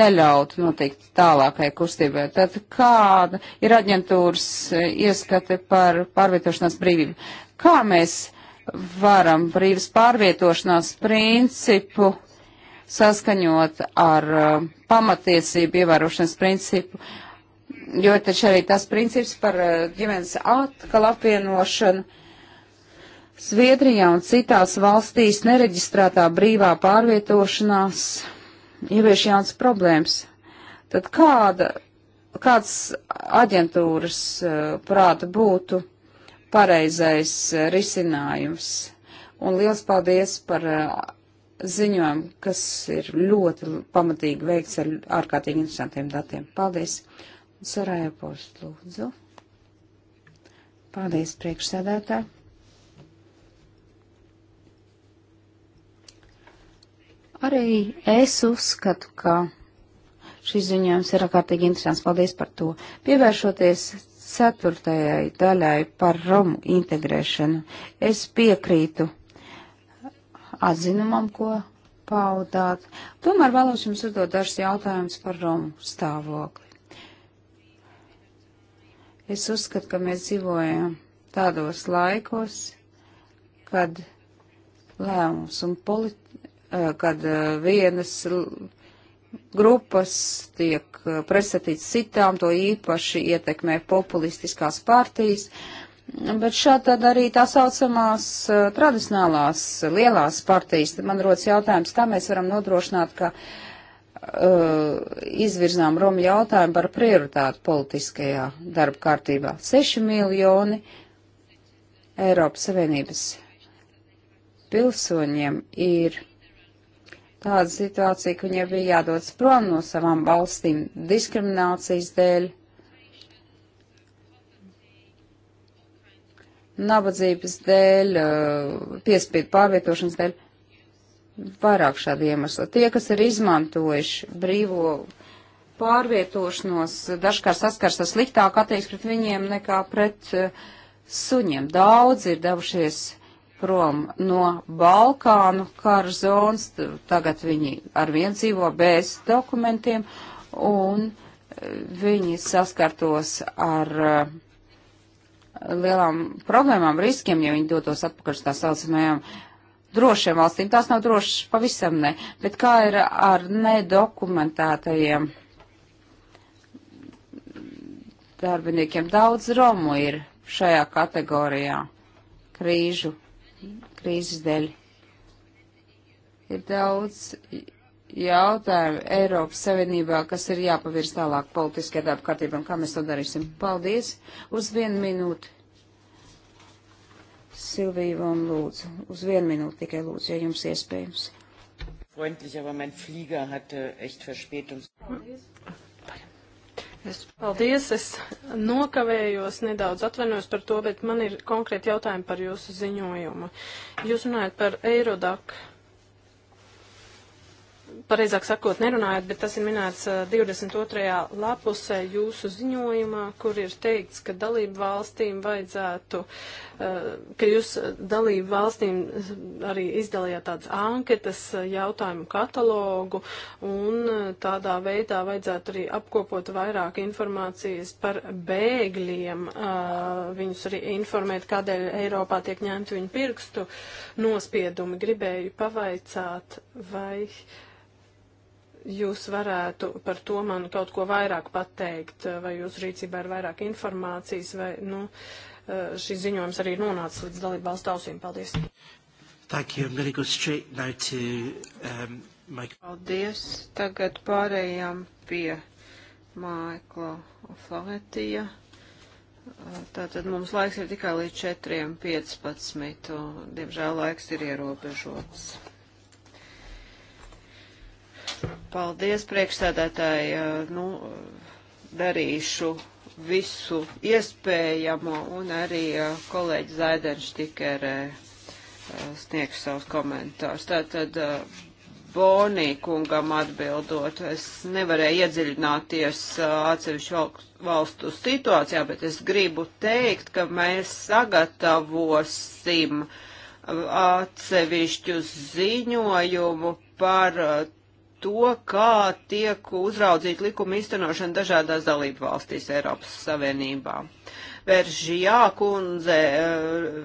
neļautu notikt tālākai kustībai. Tad kāda ir aģentūras ieskate par pārvietošanās brīvību? Kā mēs varam brīvas pārvietošanās principu saskaņot ar uh, pamatiesību ievērošanas principu jo taču arī tas princips par eh, ģimenes atkal apvienošanu Zviedrijā un citās valstīs nereģistrētā brīvā pārvietošanās ievieš jauns problēmas. Tad kāda, kāds aģentūras eh, prāta būtu pareizais eh, risinājums? Un liels paldies par ziņojumu, kas ir ļoti pamatīgi veikts ar ārkārtīgi interesantiem datiem. Paldies! Sorāja Post, lūdzu. Paldies, priekšsēdētā. Arī es uzskatu, ka šis ziņojums ir ārkārtīgi interesants. Paldies par to. Pievēršoties ceturtajai daļai par Romu integrēšanu, es piekrītu atzinumam, ko paudāt. Tomēr vēlos jums uzdot dažus jautājumus par Romu stāvokli. Es uzskatu, ka mēs dzīvojam tādos laikos, kad lēmums un politi eh, kad eh, vienas grupas tiek eh, pretstatīts citām, to īpaši ietekmē populistiskās partijas. Bet šādi tad arī tā saucamās tradicionālās lielās partijas. Man rodas jautājums, kā mēs varam nodrošināt, ka uh, uh, izvirzām Romu jautājumu par prioritātu politiskajā darba kārtībā. 6 miljoni Eiropas Savienības pilsoņiem ir tāda situācija, ka viņiem bija jādodas prom no savām valstīm diskriminācijas dēļ, nabadzības dēļ, uh, piespiedu pārvietošanas dēļ vairāk šādu iemeslu. Tie, kas ir izmantojuši brīvo pārvietošanos, dažkārt saskars ar sliktāku attieksmi pret viņiem nekā pret uh, suņiem. Daudz ir devušies prom no Balkānu kara zonas, tagad viņi ar vien dzīvo bez dokumentiem, un eh, viņi saskartos ar eh, lielām problēmām, riskiem, ja viņi dotos atpakaļ uz tā saucamajām drošiem valstīm. Tās nav drošas pavisam ne, bet kā ir ar nedokumentētajiem darbiniekiem? Daudz romu ir šajā kategorijā krīžu, krīzes dēļ. Ir daudz jautājumu Eiropas Savienībā, kas ir jāpavirst tālāk politiskajā darba kārtībā, un kā mēs to darīsim. Paldies! Uz vienu minūti. Silvija Von lūdzu, uz vienu minūti tikai lūdzu, ja jums iespējams. Freundlich, aber mein Flieger hatte echt Verspätungs. Paldies. Es, paldies, es nokavējos nedaudz atvainojos par to, bet man ir konkrēti jautājumi par jūsu ziņojumu. Jūs runājat par Eirodaku pareizāk sakot, nerunājat, bet tas ir minēts 22. lapusē jūsu ziņojumā, kur ir teikts, ka dalību valstīm vajadzētu, ka jūs dalību valstīm arī izdalījāt tādas anketas jautājumu katalogu un tādā veidā vajadzētu arī apkopot vairāk informācijas par bēgļiem, viņus arī informēt, kādēļ Eiropā tiek ņemti viņu pirkstu nospiedumi. Gribēju pavaicāt, vai. Uh, jūs varētu par to man kaut ko vairāk pateikt, vai jūs rīcībā ir vairāk informācijas, vai nu, eh, šis ziņojums arī nonāca līdz dalību valstu ausīm. Paldies. Thank you. I'm going to go straight now to um, Mike. Paldies. Tagad pārējām pie Maikla Flavetija. Tātad mums laiks ir tikai līdz 4.15. Diemžēl laiks ir ierobežots. Paldies, priekšsēdētāji. Eh, nu, darīšu visu iespējamo un arī eh, kolēģi Zaidenš tikerē eh, sniegšu savus komentārus. Tātad Bonī kungam atbildot, es nevarēju iedziļināties atsevišķu valstu situācijā, bet es gribu teikt, ka mēs sagatavosim atsevišķu ziņojumu par to, kā tiek uzraudzīt likuma īstenošana dažādās dalību valstīs Eiropas Savienībā. Veržijā kundze eh,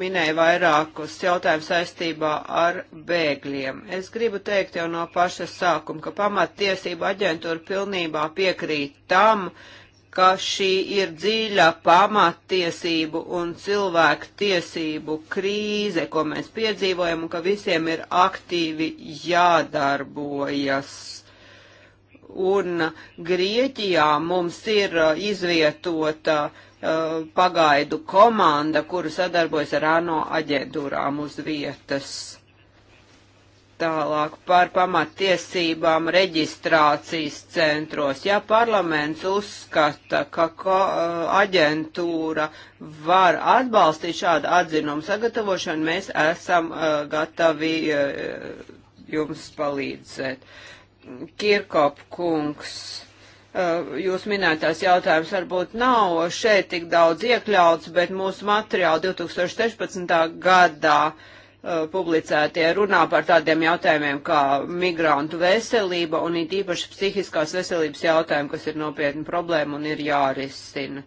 minēja vairākus jautājumus saistībā ar bēgļiem. Es gribu teikt jau no paša sākuma, ka pamattiesība aģentūra pilnībā piekrīt tam, uh, ka šī ir dziļa pamattiesību un cilvēku tiesību krīze, ko mēs piedzīvojam, un ka visiem ir aktīvi jādarbojas. Un Grieķijā mums ir uh, izvietota uh, pagaidu komanda, kuru sadarbojas ar ANO aģentūrām uz vietas Tālāk par pamatiesībām reģistrācijas centros. Ja parlaments uzskata, ka ko, eh, aģentūra var atbalstīt šādu atzinumu sagatavošanu, mēs esam uh, gatavi uh, jums palīdzēt. Kirkop kungs, uh, jūs minētās jautājums varbūt nav šeit tik daudz iekļauts, bet mūsu materiāli 2016. gadā Uh, publicētie runā par tādiem jautājumiem kā migrantu veselība un it īpaši psihiskās veselības jautājumi, kas ir nopietna problēma un ir jārisina.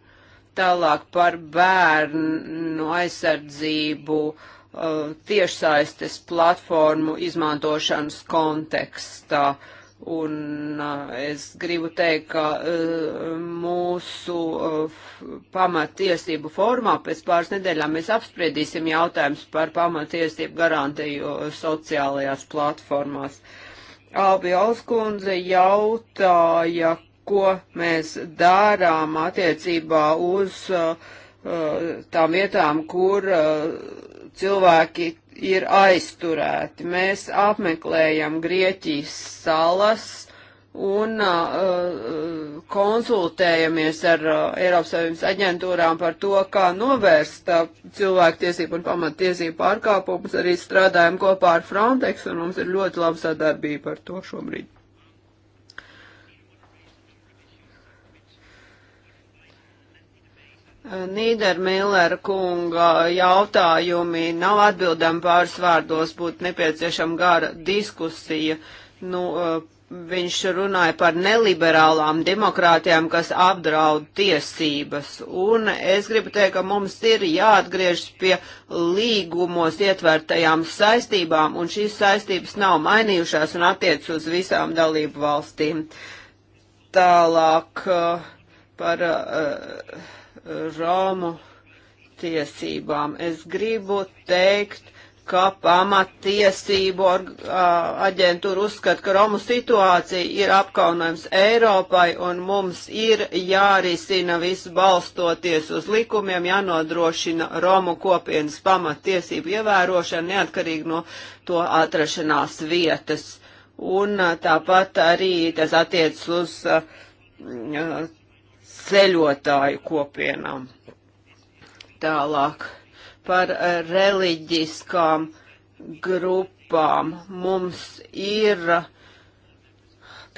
Tālāk par bērnu aizsardzību uh, tiešsaistes platformu izmantošanas kontekstā. Uh, Un eh, es gribu teikt, ka eh, mūsu eh, pamatiesību formā pēc pāris nedēļām mēs apspriedīsim jautājums par pamatiesību garantiju sociālajās platformās. Albi Olskundze jautāja, ko mēs darām attiecībā uz tām vietām, kur cilvēki ir aizturēti. Mēs apmeklējam Grieķijas salas un uh, uh, konsultējamies ar uh, Eiropas Savienības aģentūrām par to, kā novērst uh, cilvēktiesību un pamatiesību pārkāpumus. Arī strādājam kopā ar Frontex un mums ir ļoti laba sadarbība par to šobrīd. Nīdermillera kunga jautājumi nav atbildami pāris vārdos, būtu nepieciešama gara diskusija. Nu, eh, viņš runāja par neliberālām demokrātijām, kas apdraud tiesības. Un es gribu teikt, ka mums ir jāatgriežas pie līgumos ietvērtajām saistībām, un šīs saistības nav mainījušās un attiec uz visām dalību valstīm. Tālāk eh, par. Uh, Romu tiesībām. Es gribu teikt, ka pamatiesību aģentūra uzskata, ka Romu situācija ir apkaunojums Eiropai un mums ir jārisina viss balstoties uz likumiem, jānodrošina Romu kopienas pamatiesību ievērošana neatkarīgi no to atrašanās vietas. Un tāpat arī tas attiec uz uh, ceļotāju kopienām. Tālāk par reliģiskām grupām mums ir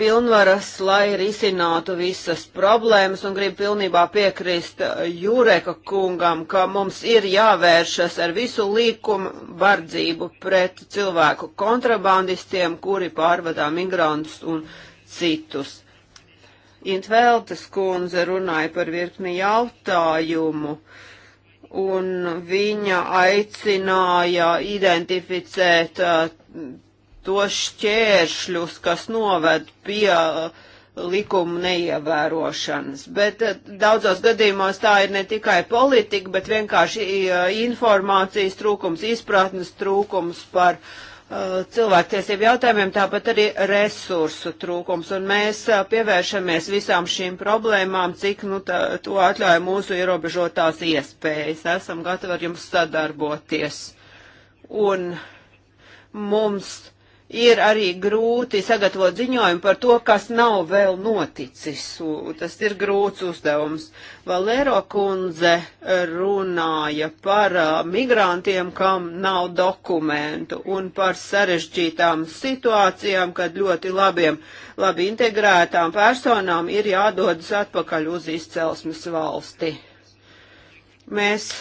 pilnvaras, lai risinātu visas problēmas, un gribu pilnībā piekrist Jureka kungam, ka mums ir jāvēršas ar visu līkumu vardzību pret cilvēku kontrabandistiem, kuri pārvadā migrantus un citus. Intveltes kundze runāja par virkni jautājumu, un viņa aicināja identificēt uh, tos šķēršļus, kas noved pie uh, likuma neievērošanas. Bet uh, daudzos gadījumos tā ir ne tikai politika, bet vienkārši informācijas trūkums, izpratnes trūkums par uh, Uh, cilvēktiesību jautājumiem, tāpat arī resursu trūkums. Un mēs uh, pievēršamies visām šīm problēmām, cik nu, tā, to atļauj mūsu ierobežotās iespējas. Esam gatavi ar jums sadarboties. Un mums ir arī grūti sagatavot ziņojumu par to, kas nav vēl noticis. Tas ir grūts uzdevums. Valero kundze runāja par uh, migrantiem, kam nav dokumentu un par sarežģītām situācijām, kad ļoti labiem, labi integrētām personām ir jādodas atpakaļ uz izcelsmes valsti. Mēs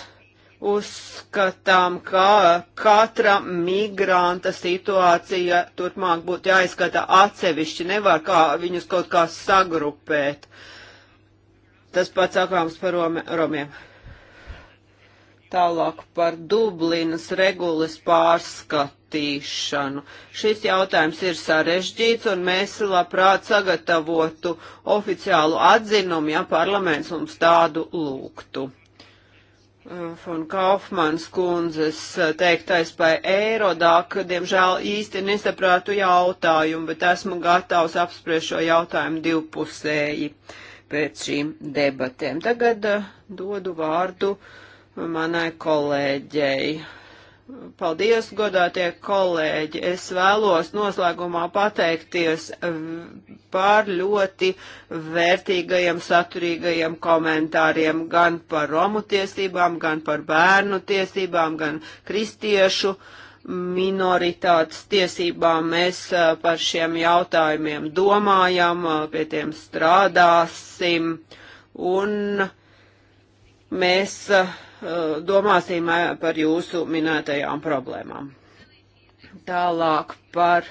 uzskatām, ka katra migranta situācija turpmāk būtu jāizskata atsevišķi, nevar kā viņus kaut kā sagrupēt. Tas pats sakāms par romiem. Tālāk par Dublinas regulas pārskatīšanu. Šis jautājums ir sarežģīts, un mēs labprāt sagatavotu oficiālu atzinumu, ja parlaments mums tādu lūgtu. Fon Kaufmans kundzes teiktais par Eirodāk, diemžēl īsti nesaprātu jautājumu, bet esmu gatavs apspriest šo jautājumu divpusēji pēc šīm debatēm. Tagad dodu vārdu manai kolēģei Paldies, godātie kolēģi! Es vēlos noslēgumā pateikties par ļoti vērtīgajiem, saturīgajiem komentāriem gan par romu tiesībām, gan par bērnu tiesībām, gan kristiešu minoritātes tiesībām. Mēs par šiem jautājumiem domājam, pie tiem strādāsim un mēs Eh, domāsim eh, par jūsu minētajām problēmām. Tālāk par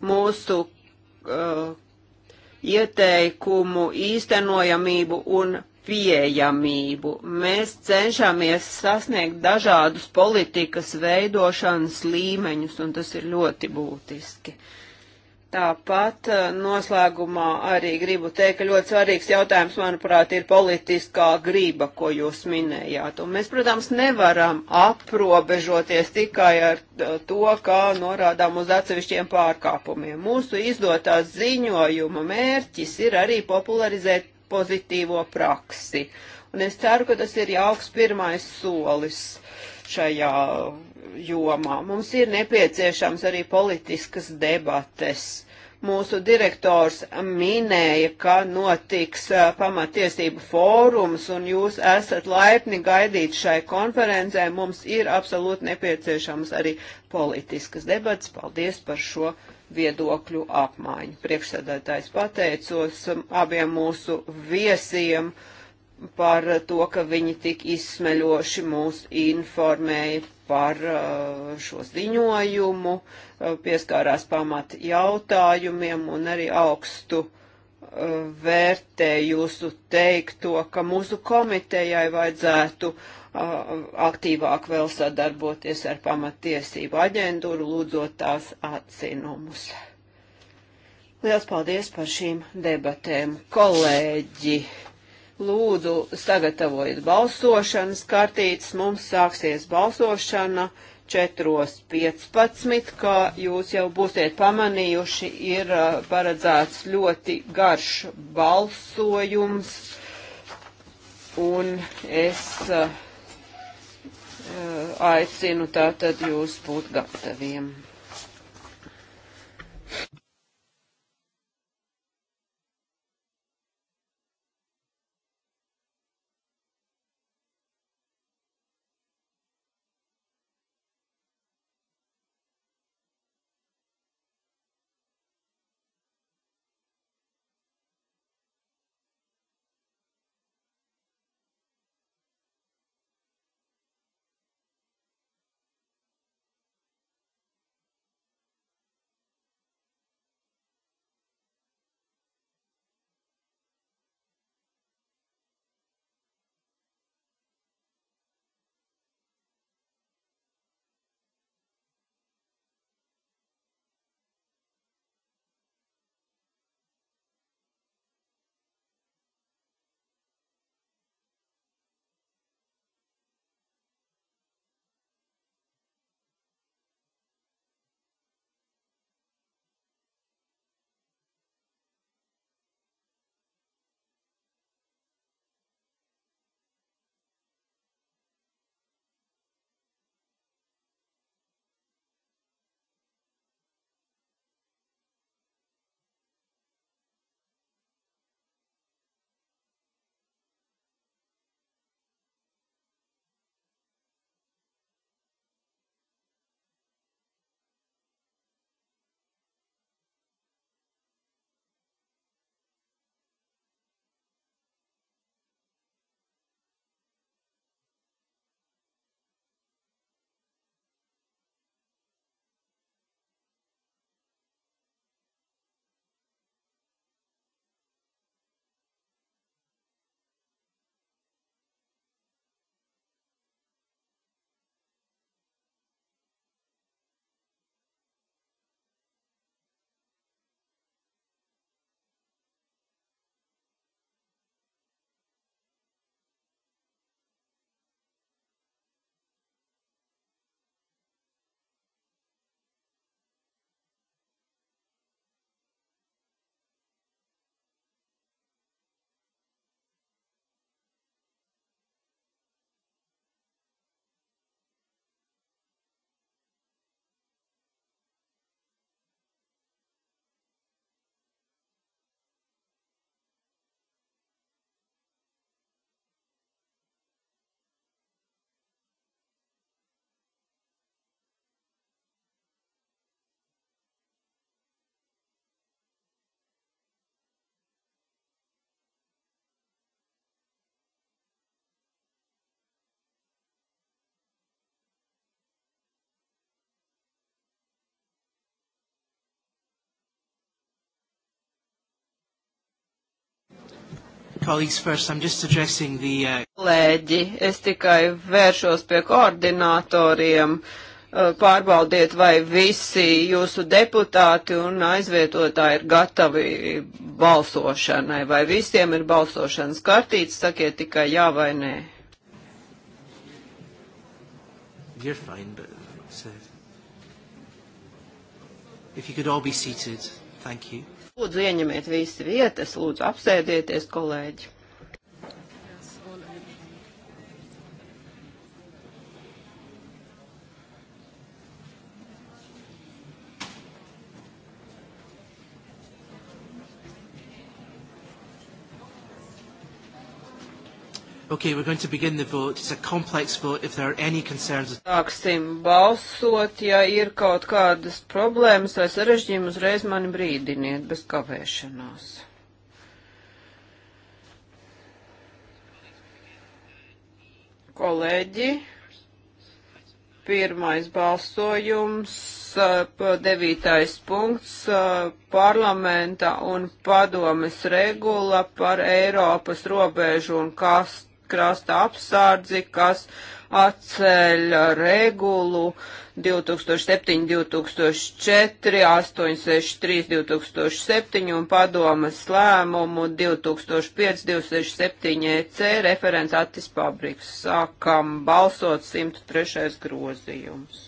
mūsu uh, ieteikumu īstenojamību un pieejamību. Mēs cenšamies sasniegt dažādus politikas veidošanas līmeņus, un tas ir ļoti būtiski. Uh, Tāpat eh, noslēgumā arī gribu teikt, ka ļoti svarīgs jautājums, manuprāt, ir politiskā grība, ko jūs minējāt. Un mēs, protams, nevaram aprobežoties tikai ar eh, to, kā norādām uz atsevišķiem pārkāpumiem. Mūsu izdotās ziņojuma mērķis ir arī popularizēt pozitīvo praksi. Un es ceru, ka tas ir jauks pirmais solis šajā jomā. Mums ir nepieciešams arī politiskas debates. Mūsu direktors minēja, ka notiks uh, pamatiesību fórums, un jūs esat laipni gaidīt šai konferencē. Mums ir absolūti nepieciešams arī politiskas debatas. Paldies par šo viedokļu apmaiņu. Priekšsēdētājs pateicos abiem mūsu viesiem par to, ka viņi tik izsmeļoši mūs informēja par uh, šo ziņojumu, uh, pieskārās pamat jautājumiem un arī augstu uh, vērtē jūsu teikto, ka mūsu komitejai vajadzētu aktīvāk vēl sadarboties ar pamatiesību aģentūru, lūdzot tās atzinumus. Liels paldies par šīm debatēm, kolēģi! Lūdzu, sagatavojiet balsošanas kartītes. Mums sāksies balsošana 4.15, kā jūs jau būsiet pamanījuši, ir uh, paredzēts ļoti garš balsojums. Un es uh, uh, aicinu tātad jūs būt gataviem. colleagues first. I'm just addressing the... Uh... Lēģi, es tikai vēršos pie koordinatoriem. Uh, pārbaudiet, vai visi jūsu deputāti un aizvietotāji ir gatavi balsošanai, vai visiem ir balsošanas kartītes, sakiet tikai jā vai nē. You're fine, but so if you could all be seated, thank you. Lūdzu, ieņemiet visi vietas, lūdzu, apsēdieties, kolēģi. Okay, we're going to begin the vote. It's a complex vote. If there are any concerns... Sāksim balsot, ja ir kaut kādas problēmas vai sarežģījumi, uzreiz mani brīdiniet bez kavēšanās. Kolēģi, pirmais balsojums, devītais punkts, parlamenta un padomes regula par Eiropas robežu un kastu krasta apsārdzi, kas atceļ regulu 2007-2004, 863-2007 un padomas lēmumu 2005-267-EC e referents Atis Pabriks. Sākam balsot 103. grozījums.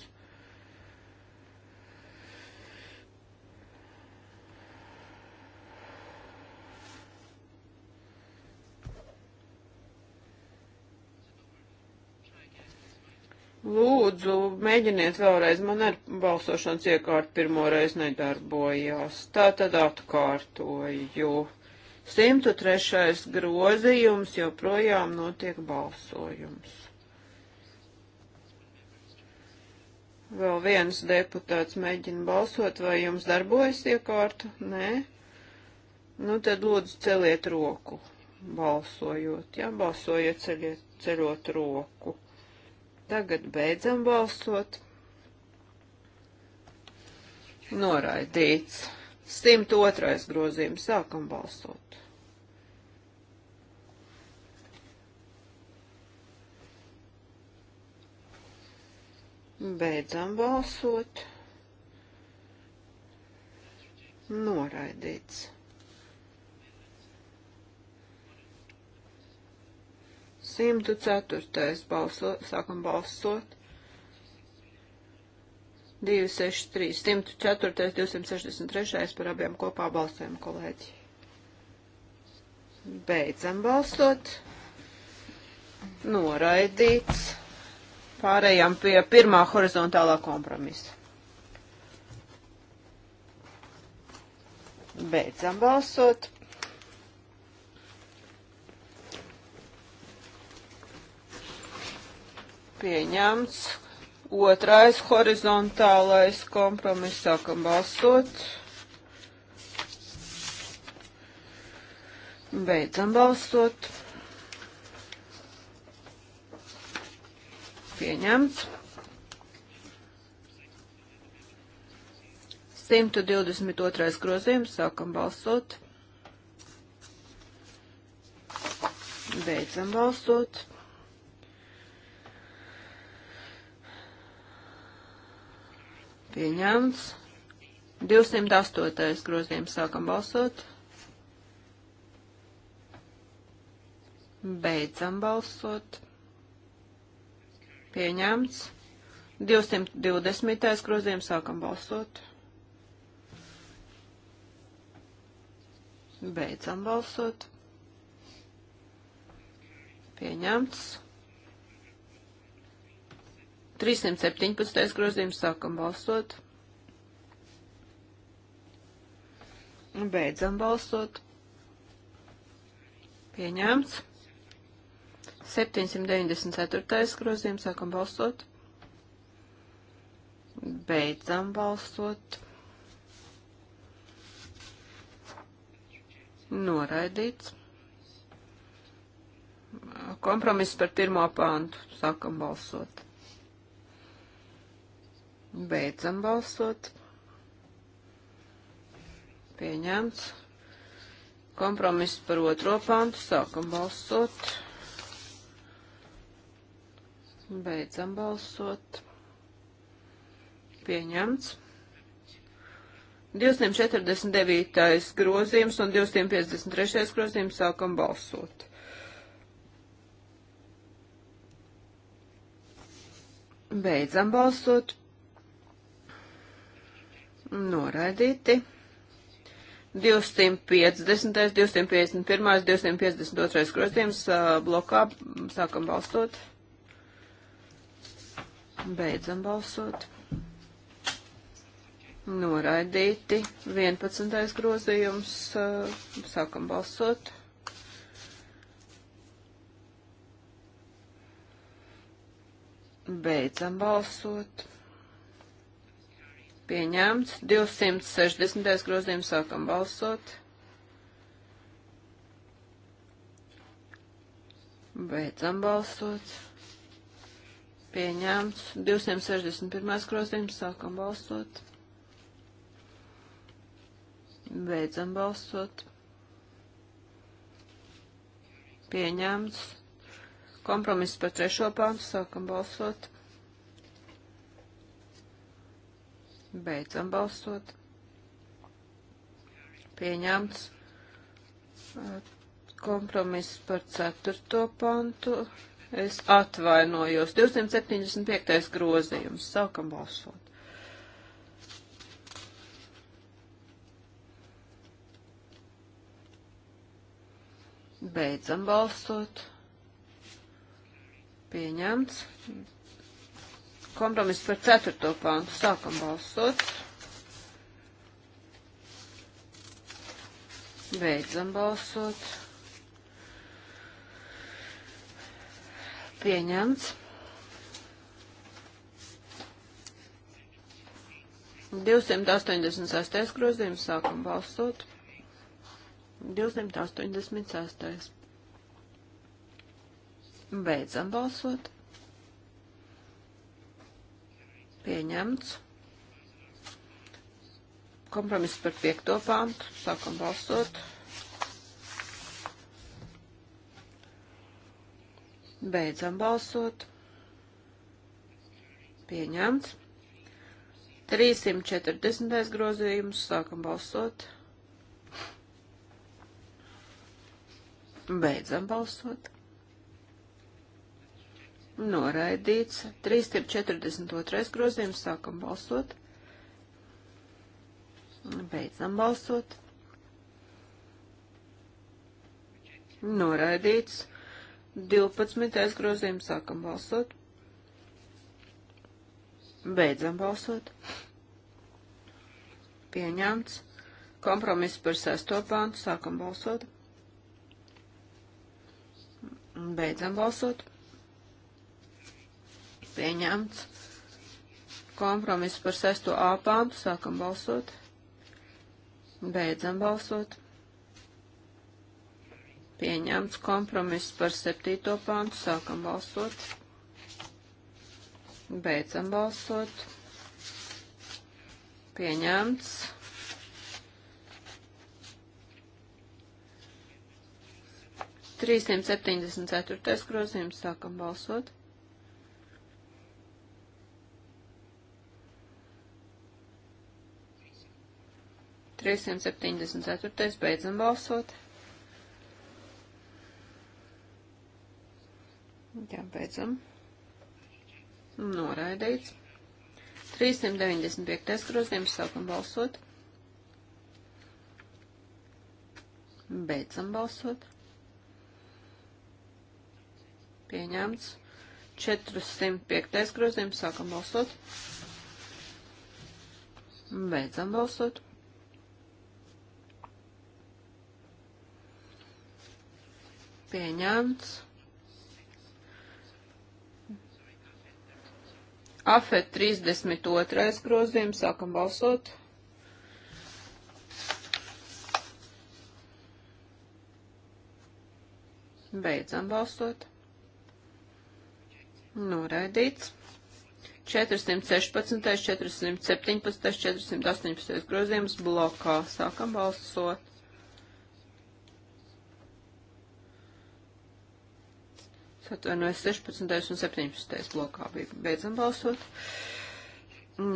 Lūdzu, mēģiniet vēlreiz, man ar balsošanas iekārtu pirmoreiz nedarbojās. Tā tad atkārtoju. 103. grozījums joprojām notiek balsojums. Vēl viens deputāts mēģina balsot, vai jums darbojas iekārta? Nē. Nu tad lūdzu celiet roku balsojot, jā, balsojiet ceļiet, ceļot roku. Tagad beidzam balsot. Noraidīts. 102. grozījums. Sākam balsot. Beidzam balsot. Noraidīts. 104. Balso, sākam balsot. 263, 104, 263 par abiem kopā balsojam, kolēģi. Beidzam balsot. Noraidīts. Pārējām pie pirmā horizontālā kompromisa. Beidzam balsot. pieņemts. Otrais horizontālais kompromiss sākam balsot. Beidzam balsot. Pieņemts. 122. grozījums. Sākam balsot. Beidzam balsot. Pieņemts. 208. grozījums sākam balsot. Beidzam balsot. Pieņemts. 220. grozījums sākam balsot. Beidzam balsot. Pieņemts. 317. grozījums sākam balsot. Beidzam balsot. Pieņemts. 794. grozījums sākam balsot. Beidzam balsot. Noraidīts. Kompromiss par pirmo pāntu. Sākam balsot. Beidzam balsot. Pieņemts. Kompromiss par otro pantu. Sākam balsot. Beidzam balsot. Pieņemts. 249. grozījums un 253. grozījums sākam balsot. Beidzam balsot noraidīti. 250, 251, 252 grozījums blokā sākam balsot. Beidzam balsot. Noraidīti. 11. grozījums sākam balsot. Beidzam balsot. Pieņemts. 260. grozījums sākam balsot. Beidzam balsot. Pieņemts. 261. grozījums sākam balsot. Beidzam balsot. Pieņemts. Kompromiss par trešo pāntu sākam balsot. Beidzam balsot. Pieņemts kompromiss par ceturto pantu. Es atvainojos. 275. grozījums. Sākam balsot. Beidzam balsot. Pieņemts kompromiss par ceturto pāntu. Sākam balsot. Beidzam balsot. Pieņemts. 286. grozījums sākam balsot. 286. Beidzam balsot. Pieņemts. Kompromiss par piekto pāntu. Sākam balsot. Beidzam balsot. Pieņemts. 340. grozījums. Sākam balsot. Beidzam balsot. Noraidīts. 342. grozījums. Sākam balsot. Beidzam balsot. Noraidīts. 12. grozījums. Sākam balsot. Beidzam balsot. Pieņemts. Kompromiss par sesto pāntu. Sākam balsot. Beidzam balsot pieņemts. Kompromiss par sesto A pāntu sākam balsot. Beidzam balsot. Pieņemts kompromiss par septīto pāntu sākam balsot. Beidzam balsot. Pieņemts. Trīsimt septiņdesmit ceturtais grozījums sākam balsot. 374. beidzam balsot. Jā, beidzam. Noraidīts. 395. grozījums sākam balsot. Beidzam balsot. Pieņemts. 405. grozījums sākam balsot. Beidzam balsot. pieņemts. Afet 32. grozījums, sākam balsot. Beidzam balsot. Noraidīts. 416, 417, 418 grozījums blokā. Sākam balsot. atvainojas 16. un 17. blokā bija beidzam balsot.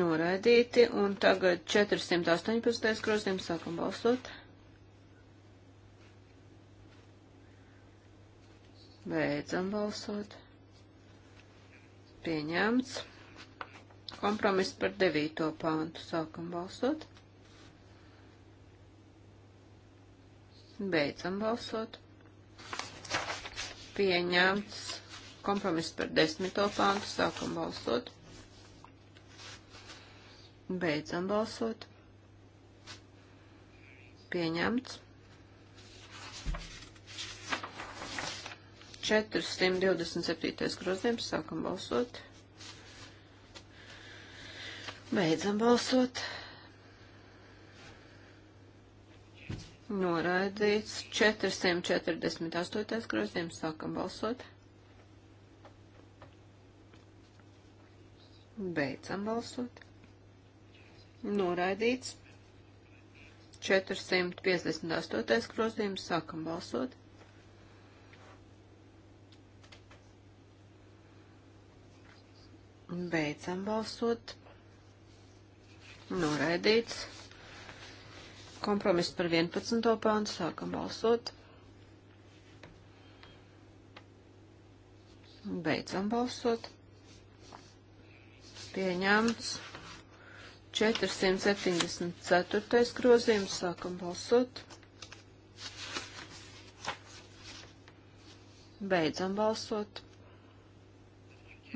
Noraidīti, un tagad 418. grozījums sākam balsot. Beidzam balsot. Pieņemts. Kompromiss par devīto pāntu. Sākam balsot. Beidzam balsot pieņemts kompromiss par desmito pāntu. Sākam balsot. Beidzam balsot. Pieņemts. 427. grozījums. Sākam balsot. Beidzam balsot. Noraidīts 448. grozījums. Sākam balsot. Beidzam balsot. Noraidīts 458. grozījums. Sākam balsot. Beidzam balsot. Noraidīts kompromisu par 11. pāntu. Sākam balsot. Beidzam balsot. Pieņemts 474. grozījums. Sākam balsot. Beidzam balsot.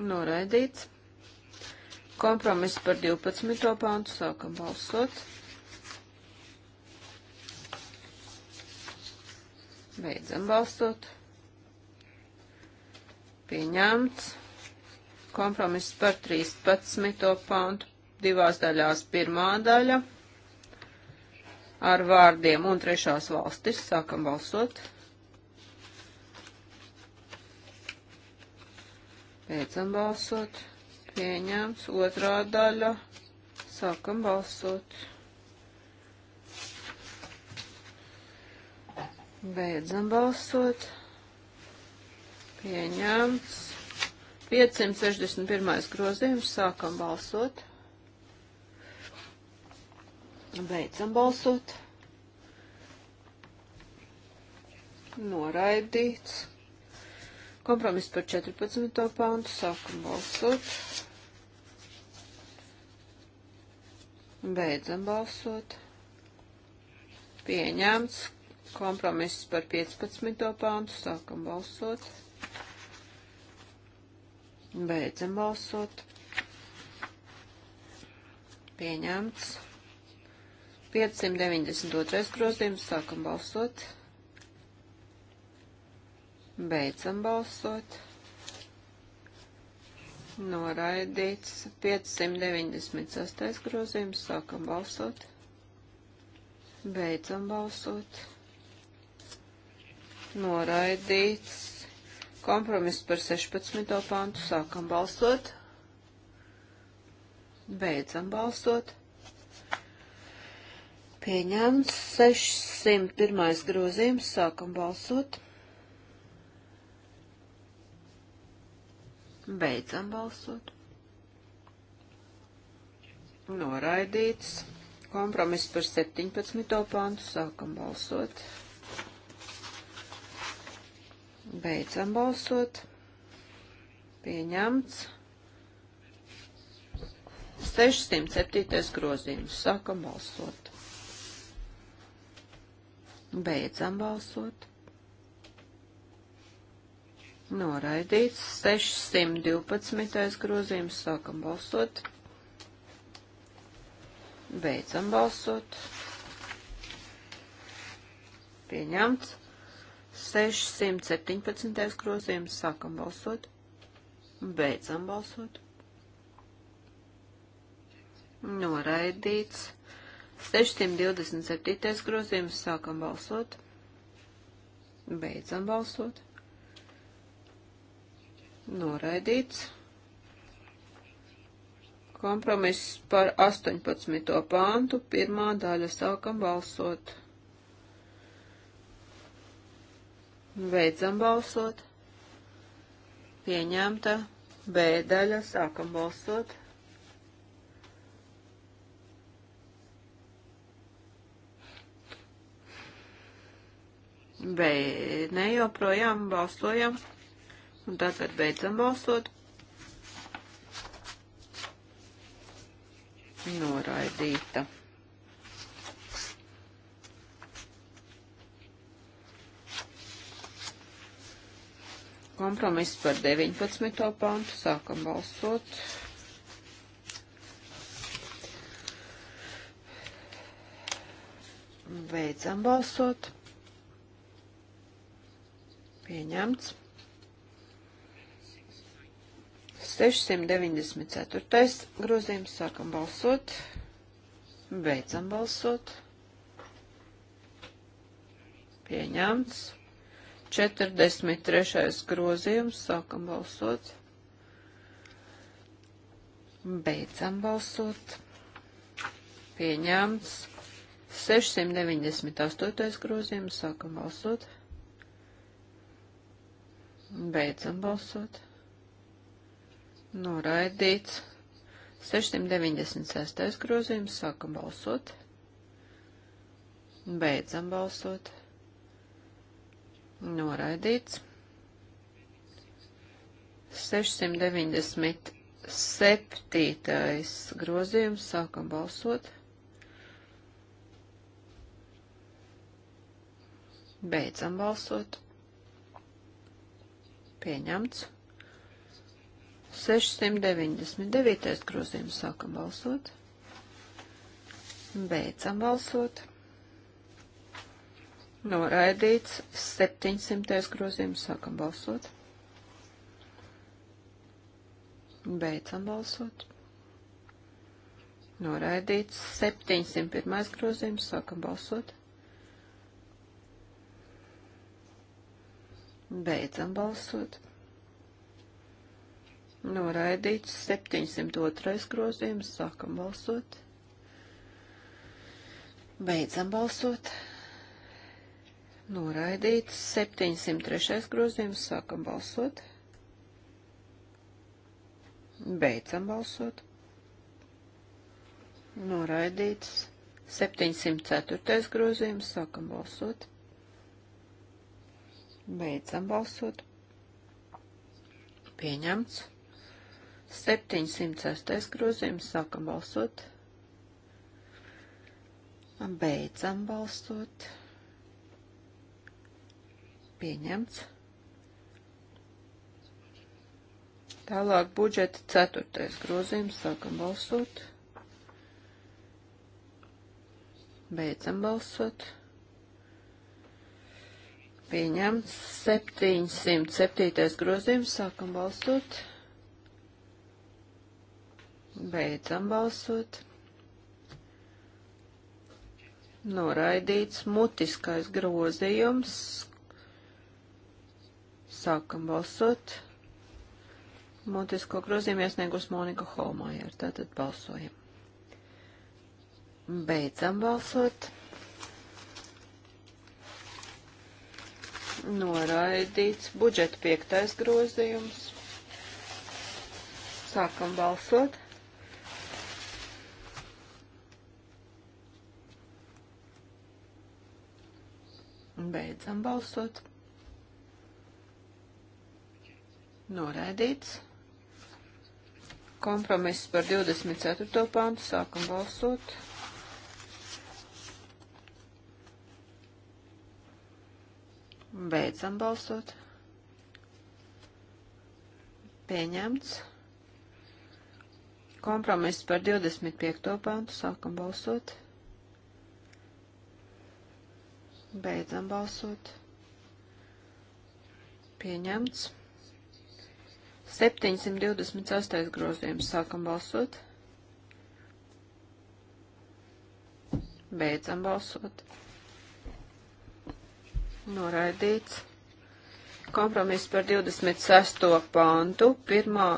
Noraidīts. Kompromiss par 12. pāntu. Sākam balsot. Beidzam balsot. Pieņemts. Kompromiss par 13. pantu divās daļās. Pirmā daļa ar vārdiem un trešās valstis. Sākam balsot. Beidzam balsot. Pieņemts. Otrā daļa. Sākam balsot. Beidzam balsot. Pieņemts. 561. grozījums. Sākam balsot. Beidzam balsot. Noraidīts. Kompromiss par 14. pāntu. Sākam balsot. Beidzam balsot. Pieņemts Kompromiss par 15. pāntu. Sākam balsot. Beidzam balsot. Pieņemts. 592. grozījums. Sākam balsot. Beidzam balsot. Noraidīts. 596. grozījums. Sākam balsot. Beidzam balsot noraidīts. Kompromiss par 16. pantu sākam balsot. Beidzam balsot. Pieņemts 601. grozījums. Sākam balsot. Beidzam balsot. Noraidīts. Kompromiss par 17. pāntu. Sākam balsot. Beidzam balsot. Pieņemts. 607. grozījums. Sākam balsot. Beidzam balsot. Noraidīts. 612. grozījums. Sākam balsot. Beidzam balsot. Pieņemts. 617. grozījums sākam balsot, beidzam balsot. Noraidīts. 627. grozījums sākam balsot, beidzam balsot. Noraidīts. Kompromiss par 18. pāntu, pirmā daļa sākam balsot. Beidzam balsot. Pieņemta. B daļa. Sākam balsot. B. Ne joprojām balsojam. Un tagad beidzam balsot. Noraidīta. Kompromiss par 19. pantu. Sākam balsot. Beidzam balsot. Pieņemts. 694. grozījums. Sākam balsot. Beidzam balsot. Pieņemts. 43. grozījums. Sākam balsot. Beidzam balsot. Pieņemts. 698. grozījums. Sākam balsot. Beidzam balsot. Noraidīts. 696. grozījums. Sākam balsot. Beidzam balsot. Noraidīts. 697. grozījums. Sākam balsot. Beidzam balsot. Pieņemts. 699. grozījums. Sākam balsot. Beidzam balsot. Noraidīts 700. grozījums. Sākam balsot. Beidzam balsot. Noraidīts 701. grozījums. Sākam balsot. Beidzam balsot. Noraidīts 702. grozījums. Sākam balsot. Beidzam balsot. Noraidīts 703. grozījums. Sākam balsot. Beidzam balsot. Noraidīts 704. grozījums. Sākam balsot. Beidzam balsot. Pieņemts. 706. grozījums. Sākam balsot. Beidzam balsot. Beidzam balsot pieņemts. Tālāk budžeta ceturtais grozījums. Sākam balsot. Beidzam balsot. Pieņemts 707. grozījums. Sākam balsot. Beidzam balsot. Noraidīts mutiskais grozījums, Sākam balsot. Mutisko grozījumu iesniegus Monika Holmajer. Tātad balsojam. Beidzam balsot. Noraidīts budžeta piektais grozījums. Sākam balsot. Beidzam balsot. Noraidīts. Kompromiss par 24. pāntu. Sākam balsot. Beidzam balsot. Pieņemts. Kompromiss par 25. pāntu. Sākam balsot. Beidzam balsot. Pieņemts. 728. grozījums. Sākam balsot. Beidzam balsot. Noraidīts. Kompromiss par 26. pāntu. Pirmā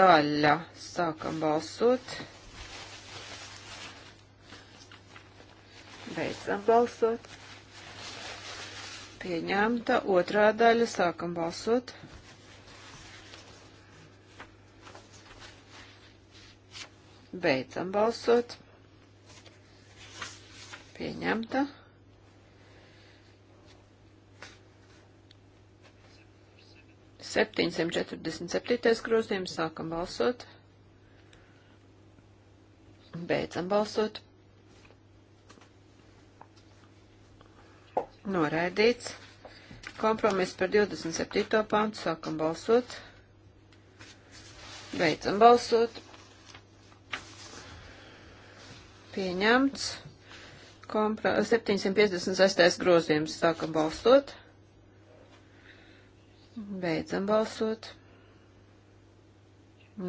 daļa. Sākam balsot. Beidzam balsot. Pieņemta. Otrā daļa. Sākam balsot. Balsot. Beidzam balsot. Pieņemta. Septiņsimt četrdesmit septītais grozījums. Sākam balsot. Beidzam balsot. Noraidīts. Kompromiss par 27. pāntu. Sākam balsot. Beidzam balsot. Pieņemts. Kompra 756. grozījums. Sākam balsot. Beidzam balsot.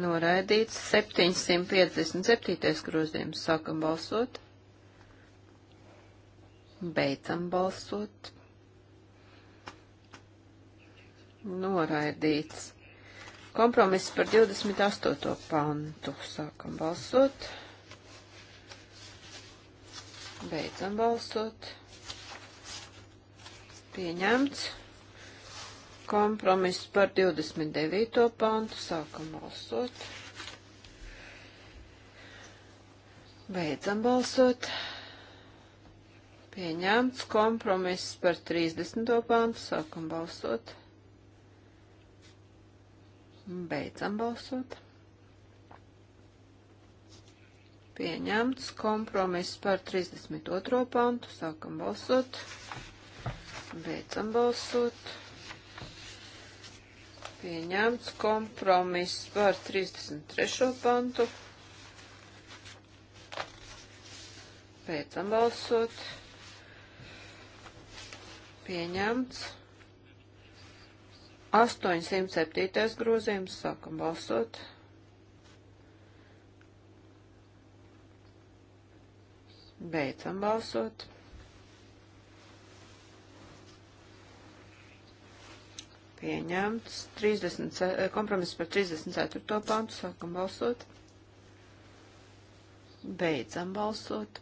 Noraidīts 757. grozījums. Sākam balsot. Beidzam balsot. Noraidīts. Kompromiss par 28. pantu. Sākam balsot. Beidzam balsot. Pieņemts. Kompromiss par 29. pantu. Sākam balsot. Beidzam balsot. Pieņemts. Kompromiss par 30. pantu. Sākam balsot. Beidzam balsot. Pieņemts kompromiss par 32. pantu. Sākam balsot. Beidzam balsot. Pieņemts kompromiss par 33. pantu. Beidzam balsot. Pieņemts. 807. grozījums. Sākam balsot. Pieņemts. Beidzam balsot. Pieņemts 30, eh, kompromiss par 34. pantu. Sākam balsot. Beidzam balsot.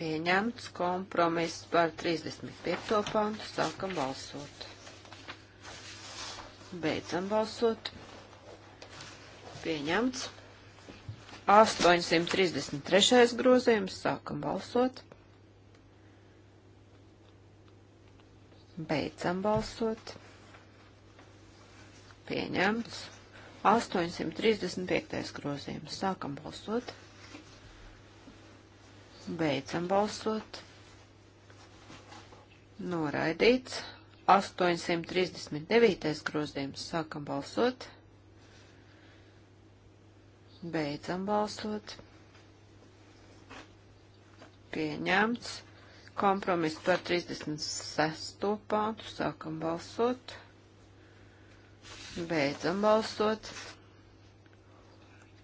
Pieņemts kompromiss par 35. pantu. Sākam balsot. Beidzam balsot. Pieņemts. 833. grozījums. Sākam balsot. Beidzam balsot. Pieņemts. 835. grozījums. Sākam balsot. Beidzam balsot. Noraidīts. 839. grozījums. Sākam balsot. Noraidīts. Beidzam balsot. Pieņemts. Kompromiss par 36. pāntu. Sākam balsot. Beidzam balsot.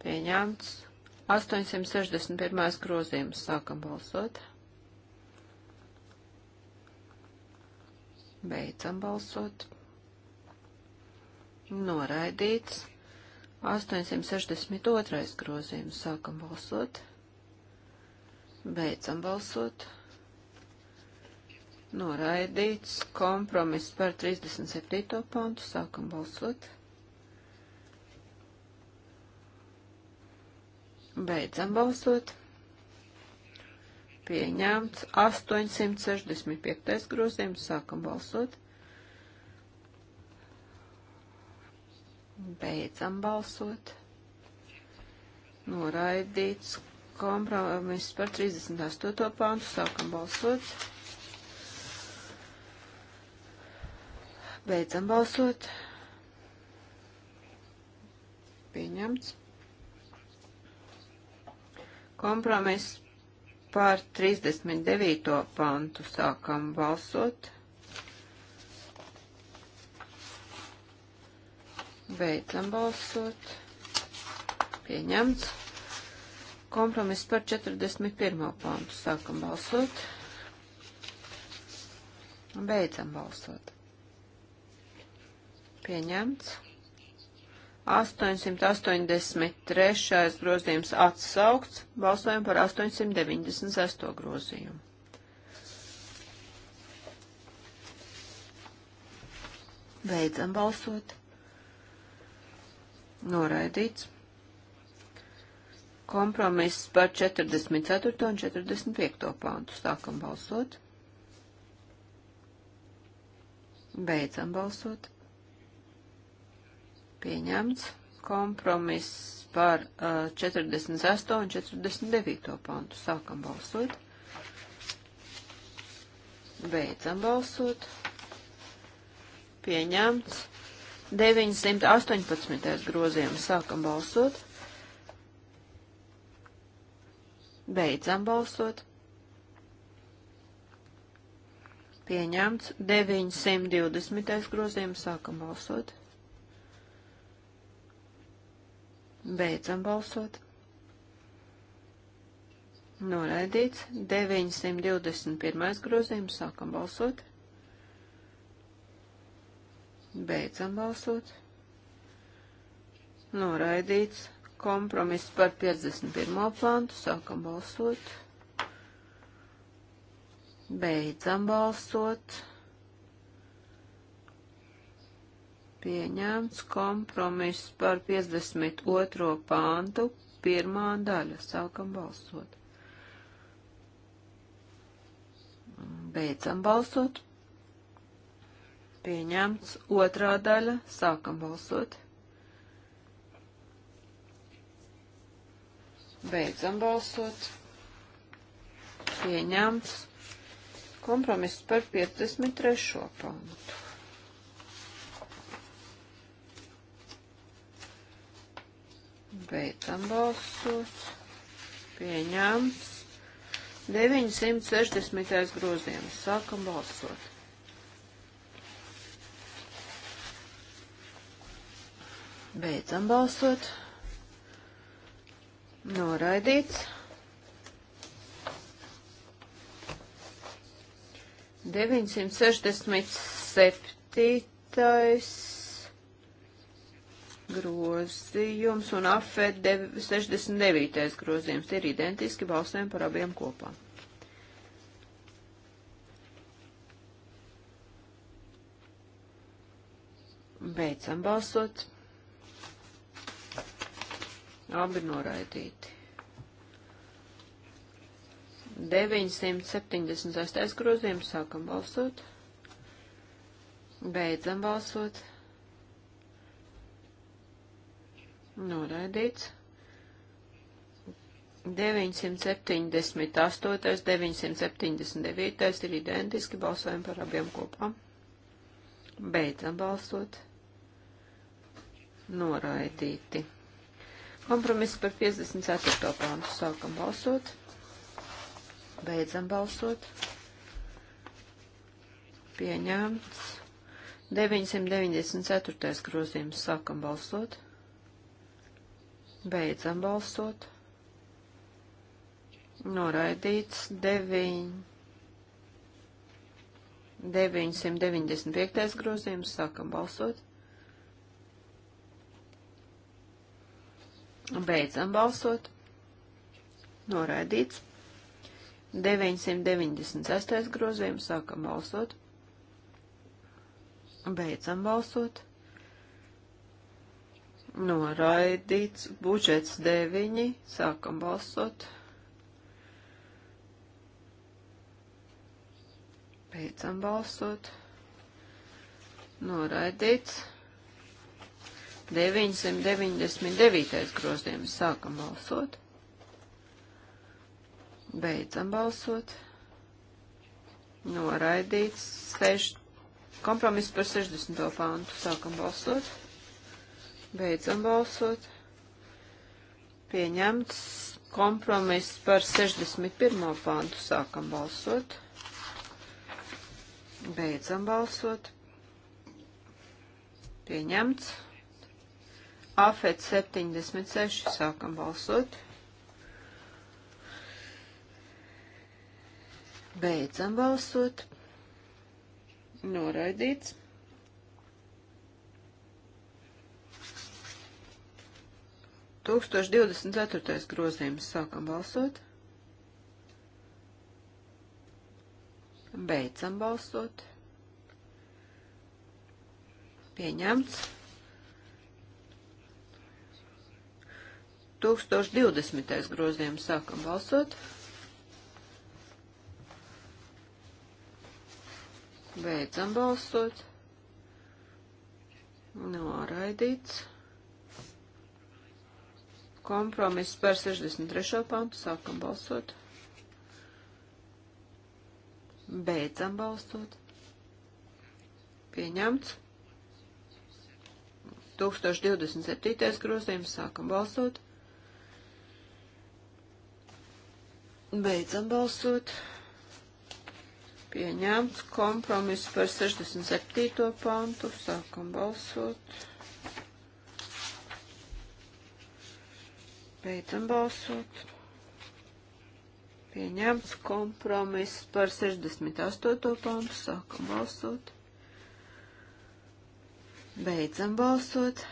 Pieņemts. 861. grozījums. Sākam balsot. Beidzam balsot. Noraidīts. 862. grozījums. Sākam balsot. Beidzam balsot. Noraidīts kompromiss par 37. pantu. Sākam balsot. Beidzam balsot. Pieņemts 865. grozījums. Sākam balsot. Beidzam balsot. Noraidīts kompromiss par 38. pāntu. Sākam balsot. Beidzam balsot. Pieņemts. Kompromiss par 39. pantu sākam balsot. Beidzam balsot. Pieņemts. Kompromiss par 41. pāntu. Sākam balsot. Beidzam balsot. Pieņemts. 883. grozījums atsaukts. Balsojam par 896. grozījumu. Beidzam balsot. Noraidīts. Kompromiss par 44. un 45. pāntu. Sākam balsot. Beidzam balsot. Pieņemts. Kompromiss par uh, 48. un 49. pantu. Sākam balsot. Beidzam balsot. Pieņemts. 918. grozījums sākam balsot. Beidzam balsot. Pieņemts 920. grozījums sākam balsot. Beidzam balsot. Noraidīts 921. grozījums sākam balsot. Beidzam balsot. Noraidīts kompromiss par 51. pantu. Sākam balsot. Beidzam balsot. Pieņemts kompromiss par 52. pantu. Pirmā daļa. Sākam balsot. Beidzam balsot. Pieņemts. Otrā daļa. Sākam balsot. Beidzam balsot. Pieņemts. Kompromiss par 53. pantu. Beidzam balsot. Pieņemts. 960. grozījums. Sākam balsot. Beidzam balsot. Noraidīts. 967. grozījums un afet 69. grozījums ir identiski balsēm par abiem kopā. Beidzam balsot. Abi noraidīti. 976. grozījums sākam balsot. Beidzam balsot. Noraidīts. 978, 979 ir identiski, balsojam par abiem kopā. Beidzam balsot. Noraidīti. Kompromiss par 54. pāntu. Sākam balsot. Beidzam balsot. Pieņēmts. 994. grozījums. Sākam balsot. Beidzam balsot. Noraidīts. 9. 995. grozījums. Sākam balsot. Beidzam balsot. Noraidīts. 996. grozījums. Sākam balsot. Beidzam balsot. Noraidīts. Budžets 9. Sākam balsot. Beidzam balsot. Noraidīts. 999. grozījums. Sākam balsot. Beidzam balsot. Noraidīts. Seš... Kompromiss par 60. pāntu. Sākam balsot. Beidzam balsot. Pieņemts. Kompromiss par 61. pāntu. Sākam balsot. Beidzam balsot. Pieņemts. Afet 76. Sākam balsot. Beidzam balsot. Noraidīts. Tūkstoš divdesmit ceturtais grozījums. Sākam balsot. Beidzam balsot. Pieņemts. 1020. grozījums sākam balsot. Beidzam balsot. Noraidīts. Kompromiss par 63. pantu sākam balsot. Beidzam balsot. Pieņemts. 1027. grozījums sākam balsot. Beidzam balsot. Pieņemts kompromiss par 67. pantu. Sākam balsot. Beidzam balsot. Pieņemts kompromiss par 68. pantu. Sākam balsot. Beidzam balsot.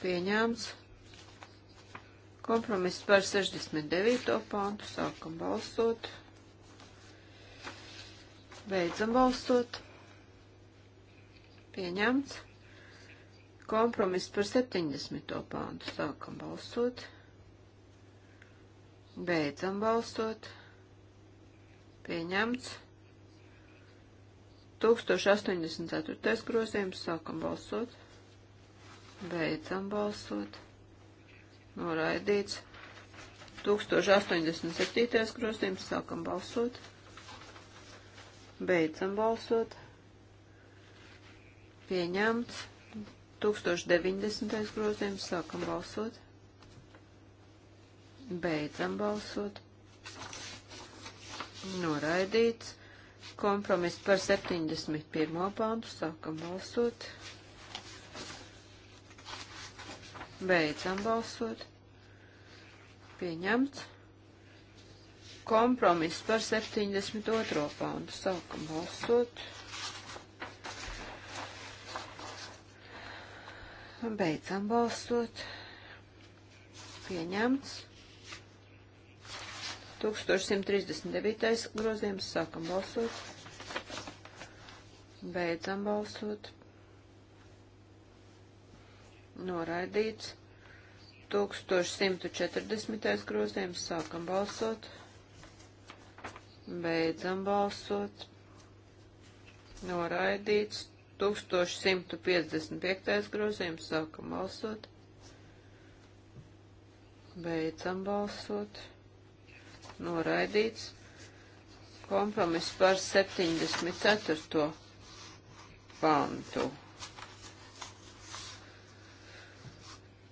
Pieņemts Kompromiss par 69. pāntu. Sākam balsot. Beidzam balsot. Pieņemts. Kompromiss par 70. pāntu. Sākam balsot. Beidzam balsot. Pieņemts. 1084. grozījums. Sākam balsot. Beidzam balsot noraidīts. 1087. grozījums sākam balsot. Beidzam balsot. Pieņemts. 1090. grozījums sākam balsot. Beidzam balsot. Noraidīts. Kompromiss par 71. pāntu sākam balsot. Balsot. Beidzam balsot. Pieņemts. Kompromiss par 72. pāntu. Sākam balsot. Beidzam balsot. Pieņemts. 1139. grozījums. Sākam balsot. Beidzam balsot noraidīts. 1140. grozījums sākam balsot, beidzam balsot, noraidīts. 1155. grozījums sākam balsot, beidzam balsot, noraidīts. Kompromiss par 74. pantu.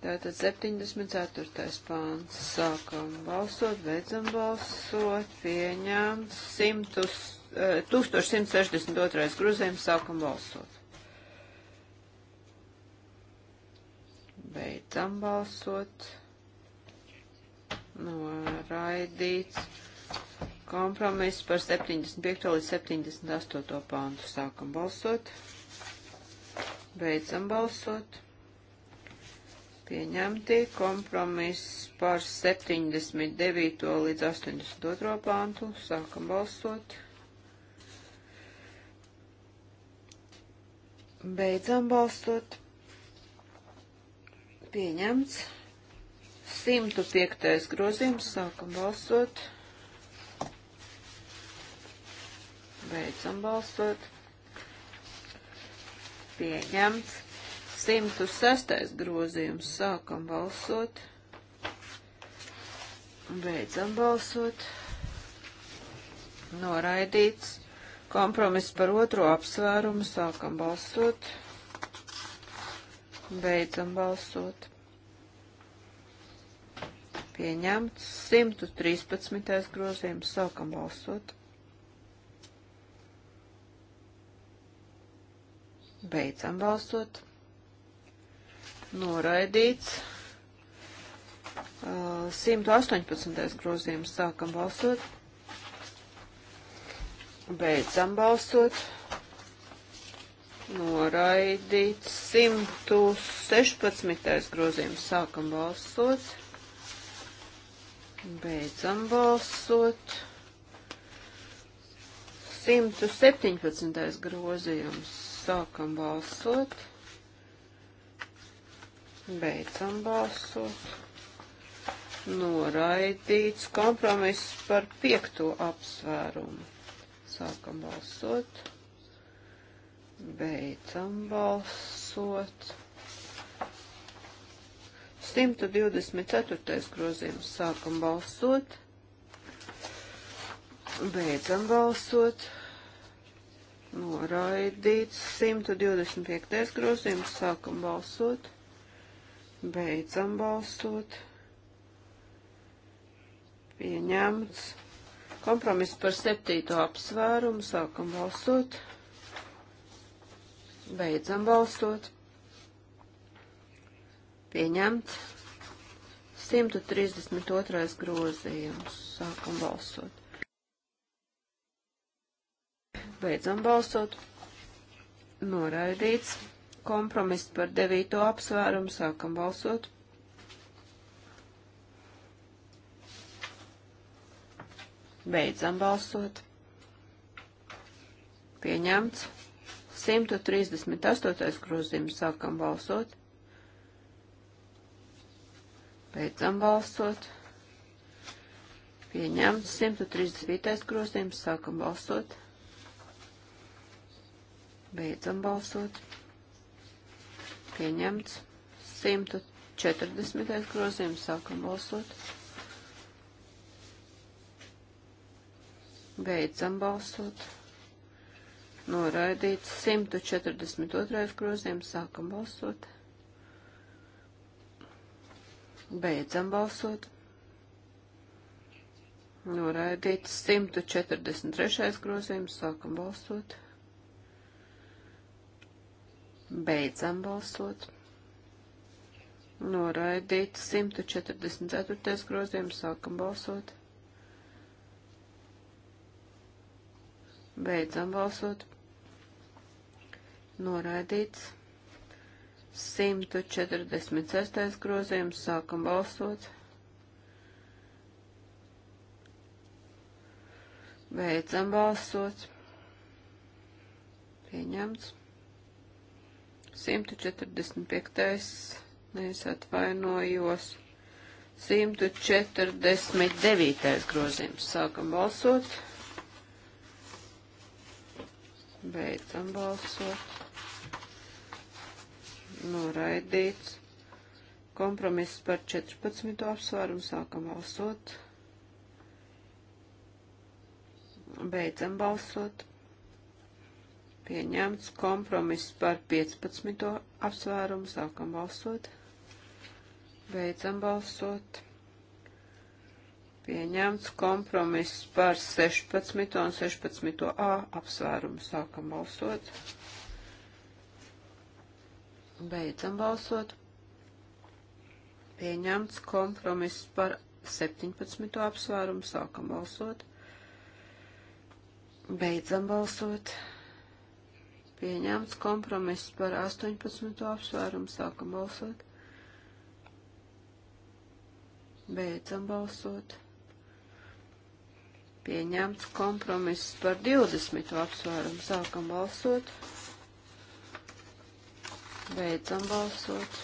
Tātad 74. pāns. Sākam balsot, beidzam balsot, pieņem 100, 1162. grozījums, sākam balsot. Beidzam balsot. Noraidīts. Kompromiss par 75. līdz 78. pāntu. Sākam balsot. Beidzam balsot pieņemti. Kompromiss par 79. līdz 82. pāntu. Sākam balsot. Beidzam balsot. Pieņemts. 105. grozījums. Sākam balsot. Beidzam balsot. Pieņemts. 106. grozījums. Sākam balsot. Beidzam balsot. Noraidīts. Kompromiss par otro apsvērumu. Sākam balsot. Beidzam balsot. Pieņemts. 113. grozījums. Sākam balsot. Beidzam balsot noraidīts. 118. Uh, grozījums sākam balsot. Beidzam balsot. Noraidīts 116. grozījums sākam balsot. Beidzam balsot. 117. grozījums sākam balsot. Beidzam balsot. Noraidīts kompromiss par piekto apsvērumu. Sākam balsot. Beidzam balsot. 124. grozījums. Sākam balsot. Beidzam balsot. Noraidīts 125. grozījums. Sākam balsot. Beidzam balsot. Pieņemts. Kompromiss par septīto apsvērumu. Sākam balsot. Beidzam balsot. Pieņemts. 132. grozījums. Sākam balsot. Beidzam balsot. Noraidīts. Kompromiss par devīto apsvērumu sākam balsot. Beidzam balsot. Pieņemts. 138. grozījums sākam balsot. Beidzam balsot. Pieņemts 135. grozījums. Sākam balsot. Beidzam balsot pieņemts. 140. grozījums sākam balsot. Beidzam balsot. Noraidīts 142. grozījums sākam balsot. Beidzam balsot. Noraidīts 143. grozījums sākam balsot. Beidzam balsot. Noraidīt 144. grozījums. Sākam balsot. Beidzam balsot. Noraidīts. 146. grozījums. Sākam balsot. Beidzam balsot. Pieņemts. 145. Nevis atvainojos. 149. grozījums. Sākam balsot. Beidzam balsot. Noraidīts. Kompromiss par 14. apsvērumu. Sākam balsot. Beidzam balsot. Pieņemts kompromiss par 15. apsvērumu. Sākam balsot. Beidzam balsot. Pieņemts kompromiss par 16. un 16a apsvērumu. Sākam balsot. Beidzam balsot. Pieņemts kompromiss par 17. apsvērumu. Sākam balsot. Beidzam balsot. Pieņemts kompromiss par 18. apsvērumu. Sākam balsot. Beidzam balsot. Pieņemts kompromiss par 20. apsvērumu. Sākam balsot. Beidzam balsot.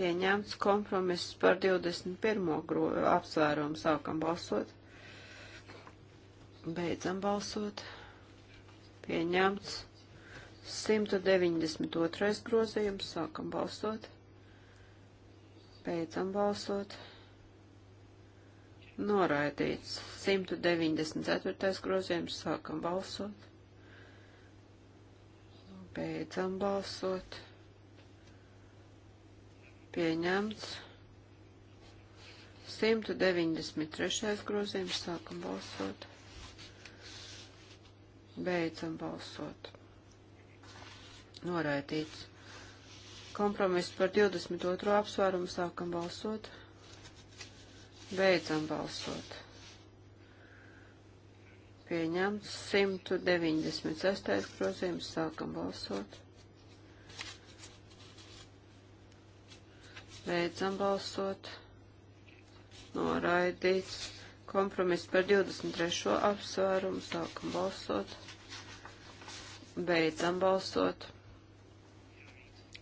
Pieņemts kompromiss par 21. apsvērumu. Sākam balsot. Beidzam balsot. Pieņemts. 192. grozījums. Sākam balsot. Beidzam balsot. Noraidīts. 194. grozījums. Sākam balsot. Beidzam balsot. Pieņemts. 193. grozījums. Sākam balsot. Beidzam balsot. Noraidīts. Kompromiss par 22. apsvērumu sākam balsot. Beidzam balsot. Pieņemts 196. grozījums sākam balsot. Beidzam balsot. Noraidīts Kompromiss par 23. apsvērumu. Sākam balsot. Beidzam balsot.